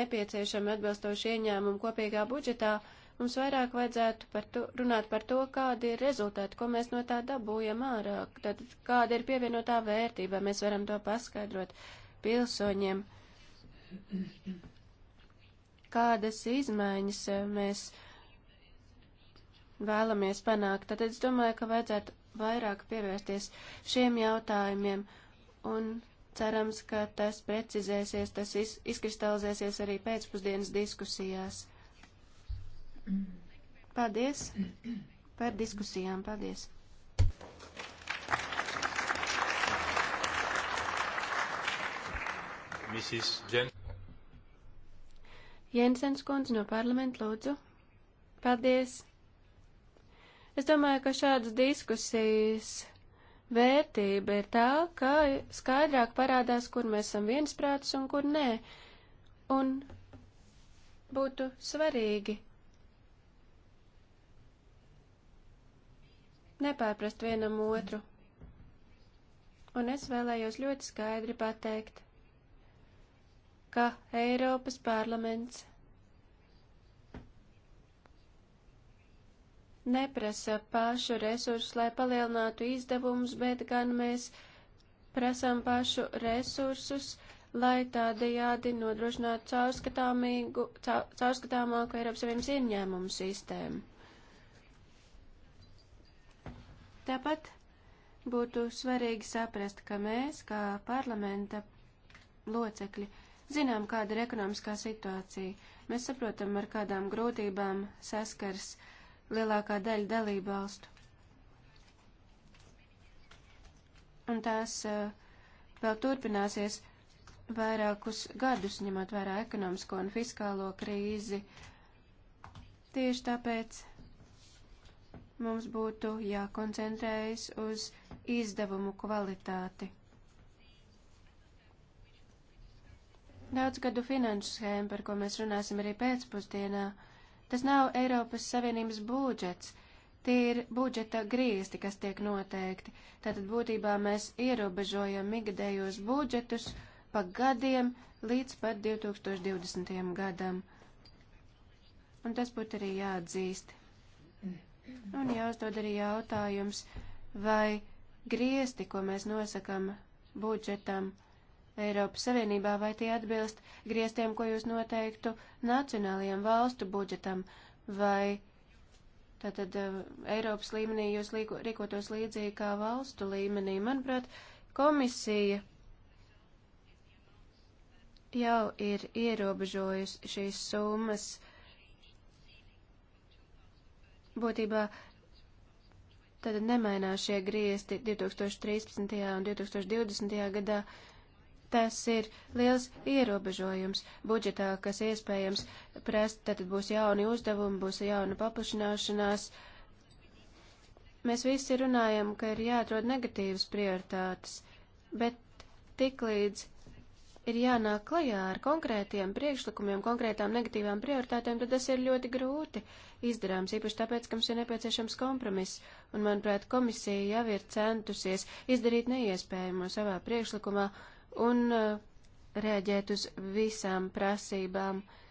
nepieciešami atbilstoši ieņēmumi kopīgā budžetā, uh, Mums vairāk vajadzētu par to, runāt par to, kādi ir rezultāti, ko mēs no tā dabūjam ārā, tad kāda ir pievienotā vērtība, mēs varam to paskaidrot pilsoņiem, kādas izmaiņas eh, mēs vēlamies panākt. Tad es domāju, ka vajadzētu vairāk pievērsties šiem jautājumiem un cerams, ka tas precizēsies, tas iz, izkristalizēsies arī pēcpusdienas diskusijās. Paldies par diskusijām. Paldies! Mrs. Jen. Jensens kundze no parlamenta lūdzu. Paldies! Es domāju, ka šādas diskusijas vērtība ir tā, ka skaidrāk parādās, kur mēs esam viensprātis un kur nē. Un būtu svarīgi nepārprast vienam otru. Un es vēlējos ļoti skaidri pateikt, ka Eiropas parlaments neprasa pašu resursus, lai palielinātu izdevumus, bet gan mēs prasām pašu resursus, lai tādējādi nodrošinātu caurskatāmāku Eiropas Savienības ieņēmumu sistēmu. Tāpat būtu svarīgi saprast, ka mēs, kā parlamenta locekļi, zinām, kāda ir ekonomiskā situācija. Mēs saprotam, ar kādām grūtībām saskars lielākā daļa dalību valstu. Un tās uh, vēl turpināsies vairākus gadus, ņemot vērā ekonomisko un fiskālo krīzi. Tieši tāpēc mums būtu jākoncentrējas uz izdevumu kvalitāti. Daudzgadu finanšu schēma, par ko mēs runāsim arī pēcpusdienā, tas nav Eiropas Savienības budžets, tie ir budžeta griezti, kas tiek noteikti. Tātad būtībā mēs ierobežojam migadējos budžetus pa gadiem līdz pat 2020. gadam. Un tas būtu arī jāatzīst. Un jāuzdod arī jautājums, vai griesti, ko mēs nosakam budžetam Eiropas Savienībā, vai tie atbilst griestiem, ko jūs noteiktu nacionālajiem valstu budžetam, vai tātad eh, Eiropas līmenī jūs līko, rīkotos līdzīgi kā valstu līmenī. Manuprāt, komisija jau ir ierobežojusi šīs summas būtībā tad nemainās šie griezti 2013. un 2020. gadā. Tas ir liels ierobežojums budžetā, kas iespējams prest, tad būs jauni uzdevumi, būs jauna paplašināšanās. Mēs visi runājam, ka ir jāatrod negatīvas prioritātes, bet tiklīdz ir jānāk klajā ar konkrētiem priekšlikumiem, konkrētām negatīvām prioritātēm, tad tas ir ļoti grūti izdarāms, īpaši tāpēc, ka mums ir nepieciešams kompromiss, un, manuprāt, komisija jau ir centusies izdarīt neiespējamo savā priekšlikumā un uh, rēģēt uz visām prasībām. Uh,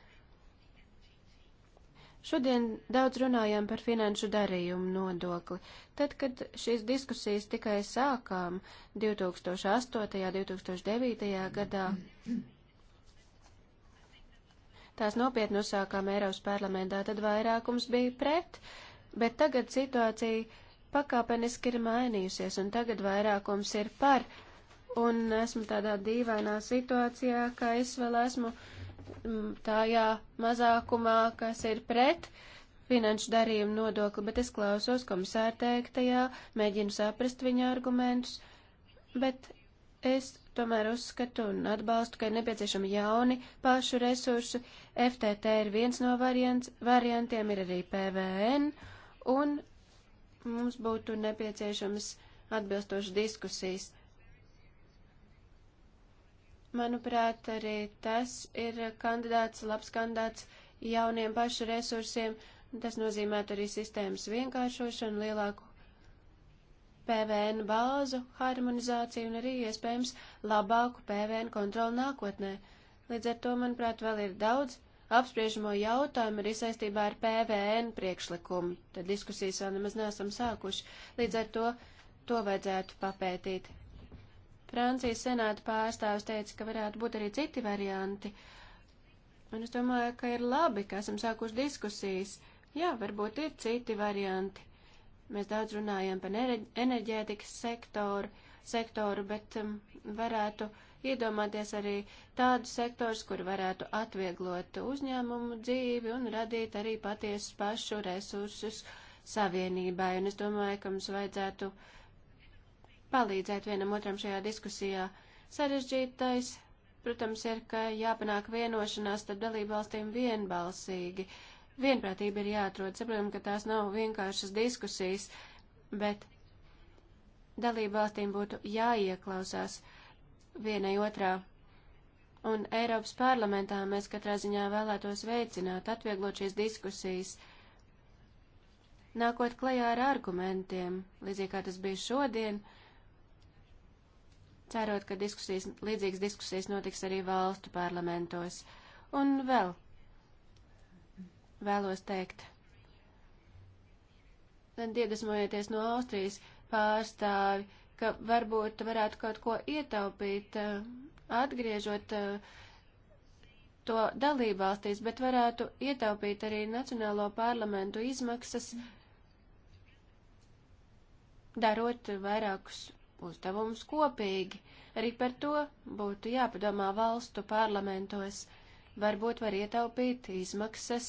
Šodien daudz runājām par finanšu darījumu nodokli. Tad, kad šīs diskusijas tikai sākām 2008. un 2009. gadā, tās nopietni uzsākām Eiropas parlamentā, tad vairākums bija pret, bet tagad situācija pakāpeniski ir mainījusies, un tagad vairākums ir par. Un esmu tādā dīvainā situācijā, ka es vēl esmu uh, tajā mazākumā, kas ir pret finanšu darījumu nodokli, bet es klausos komisāra teiktajā, mēģinu saprast viņa argumentus, bet es tomēr uzskatu un atbalstu, ka ir nepieciešami jauni pašu resursi. FTT ir viens no variants, variantiem, ir arī PVN, un mums būtu nepieciešamas atbilstošas diskusijas Manuprāt, arī tas ir kandidāts, labs kandidāts jauniem pašu resursiem. Tas nozīmētu arī sistēmas vienkāršošanu, lielāku PVN bāzu harmonizāciju un arī iespējams labāku PVN kontroli nākotnē. Līdz ar to, manuprāt, vēl ir daudz apspriežamo jautājumu arī saistībā ar PVN priekšlikumu. Tad diskusijas vēl nemaz nesam sākuši. Līdz ar to to vajadzētu papētīt. Francijas senāta pārstāvs teica, ka varētu būt arī citi varianti. Un es domāju, ka ir labi, ka esam sākuši diskusijas. Jā, varbūt ir citi varianti. Mēs daudz runājam par enerģētikas sektoru, sektoru bet um, varētu iedomāties arī tādus sektors, kur varētu atvieglot uzņēmumu dzīvi un radīt arī patiesus pašu resursus savienībai. Un es domāju, ka mums vajadzētu uh, palīdzēt vienam otram šajā diskusijā. Sarežģītais, protams, ir, ka jāpanāk vienošanās starp dalībvalstīm vienbalsīgi. Vienprātība ir jāatrod. Saprotam, ka tās nav vienkāršas diskusijas, bet dalībvalstīm būtu jāieklausās vienai otrā. Un Eiropas parlamentā mēs katrā ziņā vēlētos veicināt, atvieglot šīs diskusijas nākot klajā ar argumentiem, līdzīgi kā tas bija šodien, cerot, ka diskusijas, līdzīgas diskusijas notiks arī valstu parlamentos. Un vēl vēlos teikt, tad iedvesmojoties no Austrijas pārstāvi, ka varbūt varētu kaut ko ietaupīt, eh, atgriežot eh, to dalībvalstīs, bet varētu ietaupīt arī Nacionālo parlamentu izmaksas, darot vairākus uzdevumus kopīgi. Arī par to būtu jāpadomā valstu parlamentos. Varbūt var ietaupīt izmaksas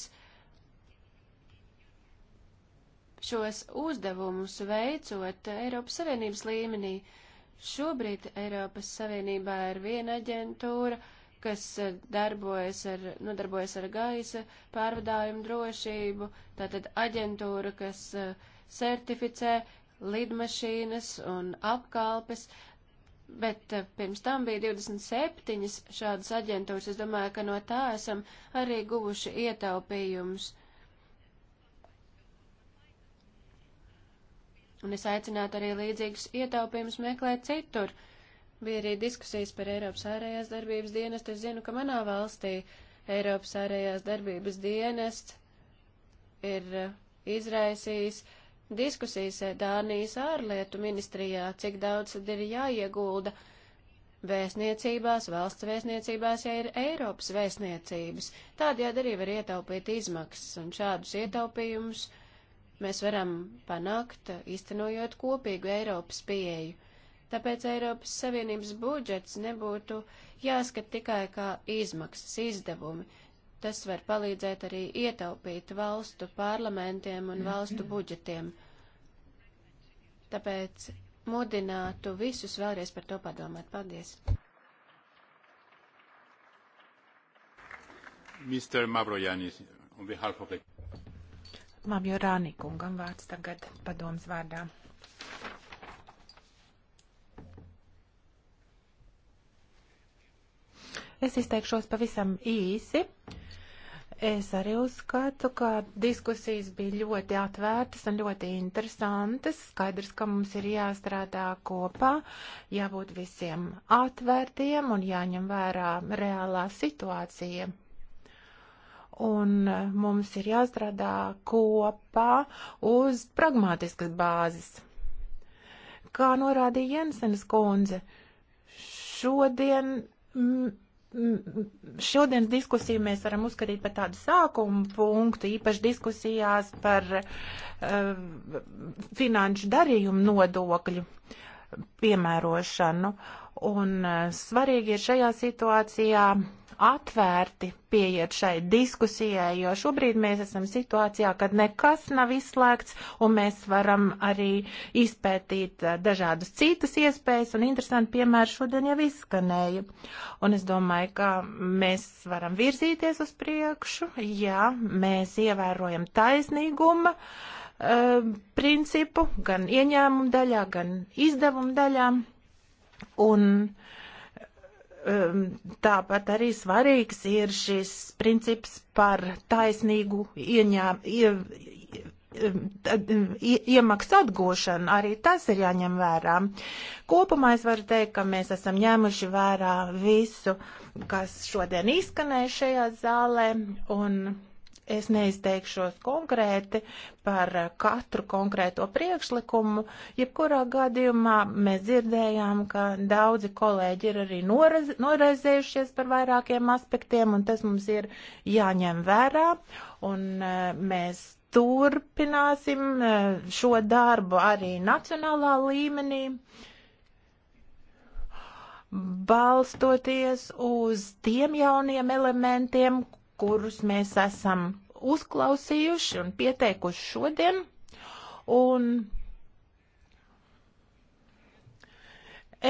šos uzdevumus veicot Eiropas Savienības līmenī. Šobrīd Eiropas Savienībā ir viena aģentūra, kas darbojas ar, nodarbojas nu, ar gaisa pārvadājumu drošību, tātad aģentūra, kas eh, certificē uh, lidmašīnas un apkalpes, bet eh, pirms tam bija 27 šādas aģentūras. Es domāju, ka no tā esam arī guvuši ietaupījumus. Un es aicinātu arī līdzīgus ietaupījumus meklēt citur. Bija arī diskusijas par Eiropas ārējās darbības dienestu. Es zinu, ka manā valstī Eiropas ārējās darbības dienests ir eh, izraisījis uh, diskusijas Dānijas ārlietu ministrijā, cik daudz tad ir jāiegulda vēstniecībās, valsts vēstniecībās, ja ir Eiropas vēstniecības. Tādējādi arī var ietaupīt izmaksas, un šādus ietaupījumus mēs varam panākt, iztenojot kopīgu Eiropas pieeju. Tāpēc Eiropas Savienības budžets nebūtu jāskat tikai kā izmaksas izdevumi, Tas var palīdzēt arī ietaupīt valstu parlamentiem un valstu mhm. budžetiem. Tāpēc mudinātu visus vēlreiz par to padomāt. Paldies! Mr. Mavrojanis, on behalf of the... Mavjorāni kungam vārds tagad padoms vārdā. Es izteikšos pavisam īsi. Es arī uzskatu, ka diskusijas bija ļoti atvērtas un ļoti interesantas. Skaidrs, ka mums ir jāstrādā kopā, jābūt visiem atvērtiem un jāņem vērā reālā situācija. Un mums ir jāstrādā kopā uz pragmatiskas bāzes. Kā norādīja Jensenas kundze, šodien. Mm, šodienas diskusiju mēs varam uzskatīt par tādu sākumu punktu, īpaši diskusijās par uh, finanšu darījumu nodokļu piemērošanu. Un uh, svarīgi ir šajā situācijā atvērti pieiet šai diskusijai, jo šobrīd mēs esam situācijā, kad nekas nav izslēgts, un mēs varam arī izpētīt eh, dažādas citas iespējas, un interesanti piemēri šodien jau izskanēja. Un es domāju, ka mēs varam virzīties uz priekšu, ja mēs ievērojam taisnīguma uh, principu gan ieņēmumu daļā, gan izdevumu daļā. Un uh, Um, tāpat arī svarīgs ir šis princips par taisnīgu ieņēm, um, um, ie, iemaksu atgūšanu, arī tas ir jāņem vērā. Kopumā es varu teikt, ka mēs esam ņēmuši vērā visu, kas šodien izskanēja šajā zālē, un Es neizteikšos konkrēti par katru konkrēto priekšlikumu. Jebkurā gadījumā mēs dzirdējām, ka daudzi kolēģi ir arī norez, noraizējušies par vairākiem aspektiem, un tas mums ir jāņem vērā. Un e, mēs turpināsim e, šo darbu arī nacionālā līmenī balstoties uz tiem jauniem elementiem, kurus mēs esam uzklausījuši un pieteikuši šodien. Un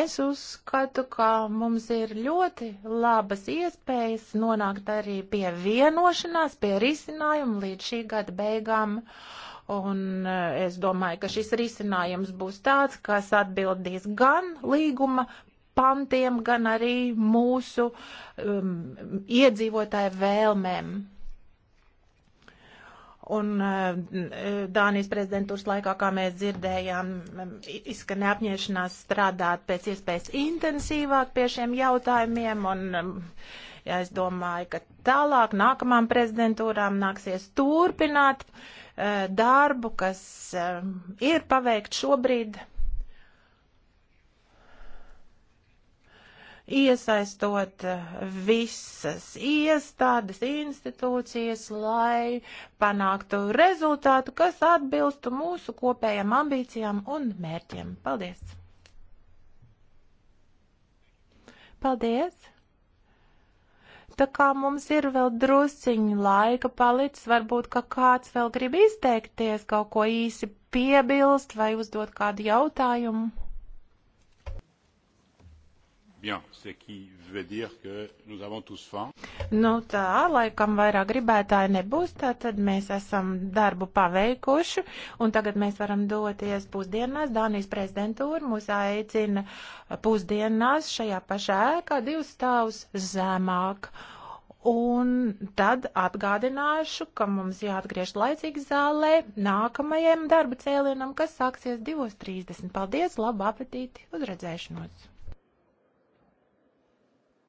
es uzskatu, ka mums ir ļoti labas iespējas nonākt arī pie vienošanās, pie risinājuma līdz šī gada beigām. Un e, es domāju, ka šis risinājums būs tāds, kas atbildīs gan līguma pantiem, gan arī mūsu um, iedzīvotāju vēlmēm. Un uh, Dānijas prezidentūras laikā, kā mēs dzirdējām, um, izskan neapņiešanās strādāt pēc iespējas intensīvāk pie šiem jautājumiem. Un, um, ja es domāju, ka tālāk nākamām prezidentūrām nāksies turpināt uh, darbu, kas uh, ir paveikt šobrīd iesaistot eh, visas iestādes, institūcijas, lai panāktu rezultātu, kas atbilstu mūsu kopējām ambīcijām un mērķiem. Paldies! Paldies! Tā kā mums ir vēl drusciņi laika palicis, varbūt, ka kāds vēl grib izteikties, kaut ko īsi piebilst vai uzdot kādu jautājumu. Bien, nu tā, laikam vairāk gribētāji nebūs, tātad mēs esam darbu paveikuši, un tagad mēs varam doties pusdienās. Dānijas prezidentūra mūs aicina pusdienās šajā pašā ēkā divus stāvus zemāk. Un tad atgādināšu, ka mums jāatgriež laicīgi zālē nākamajam darba cēlienam, kas sāksies 2.30. Paldies, labu apetīti, uzredzēšanos!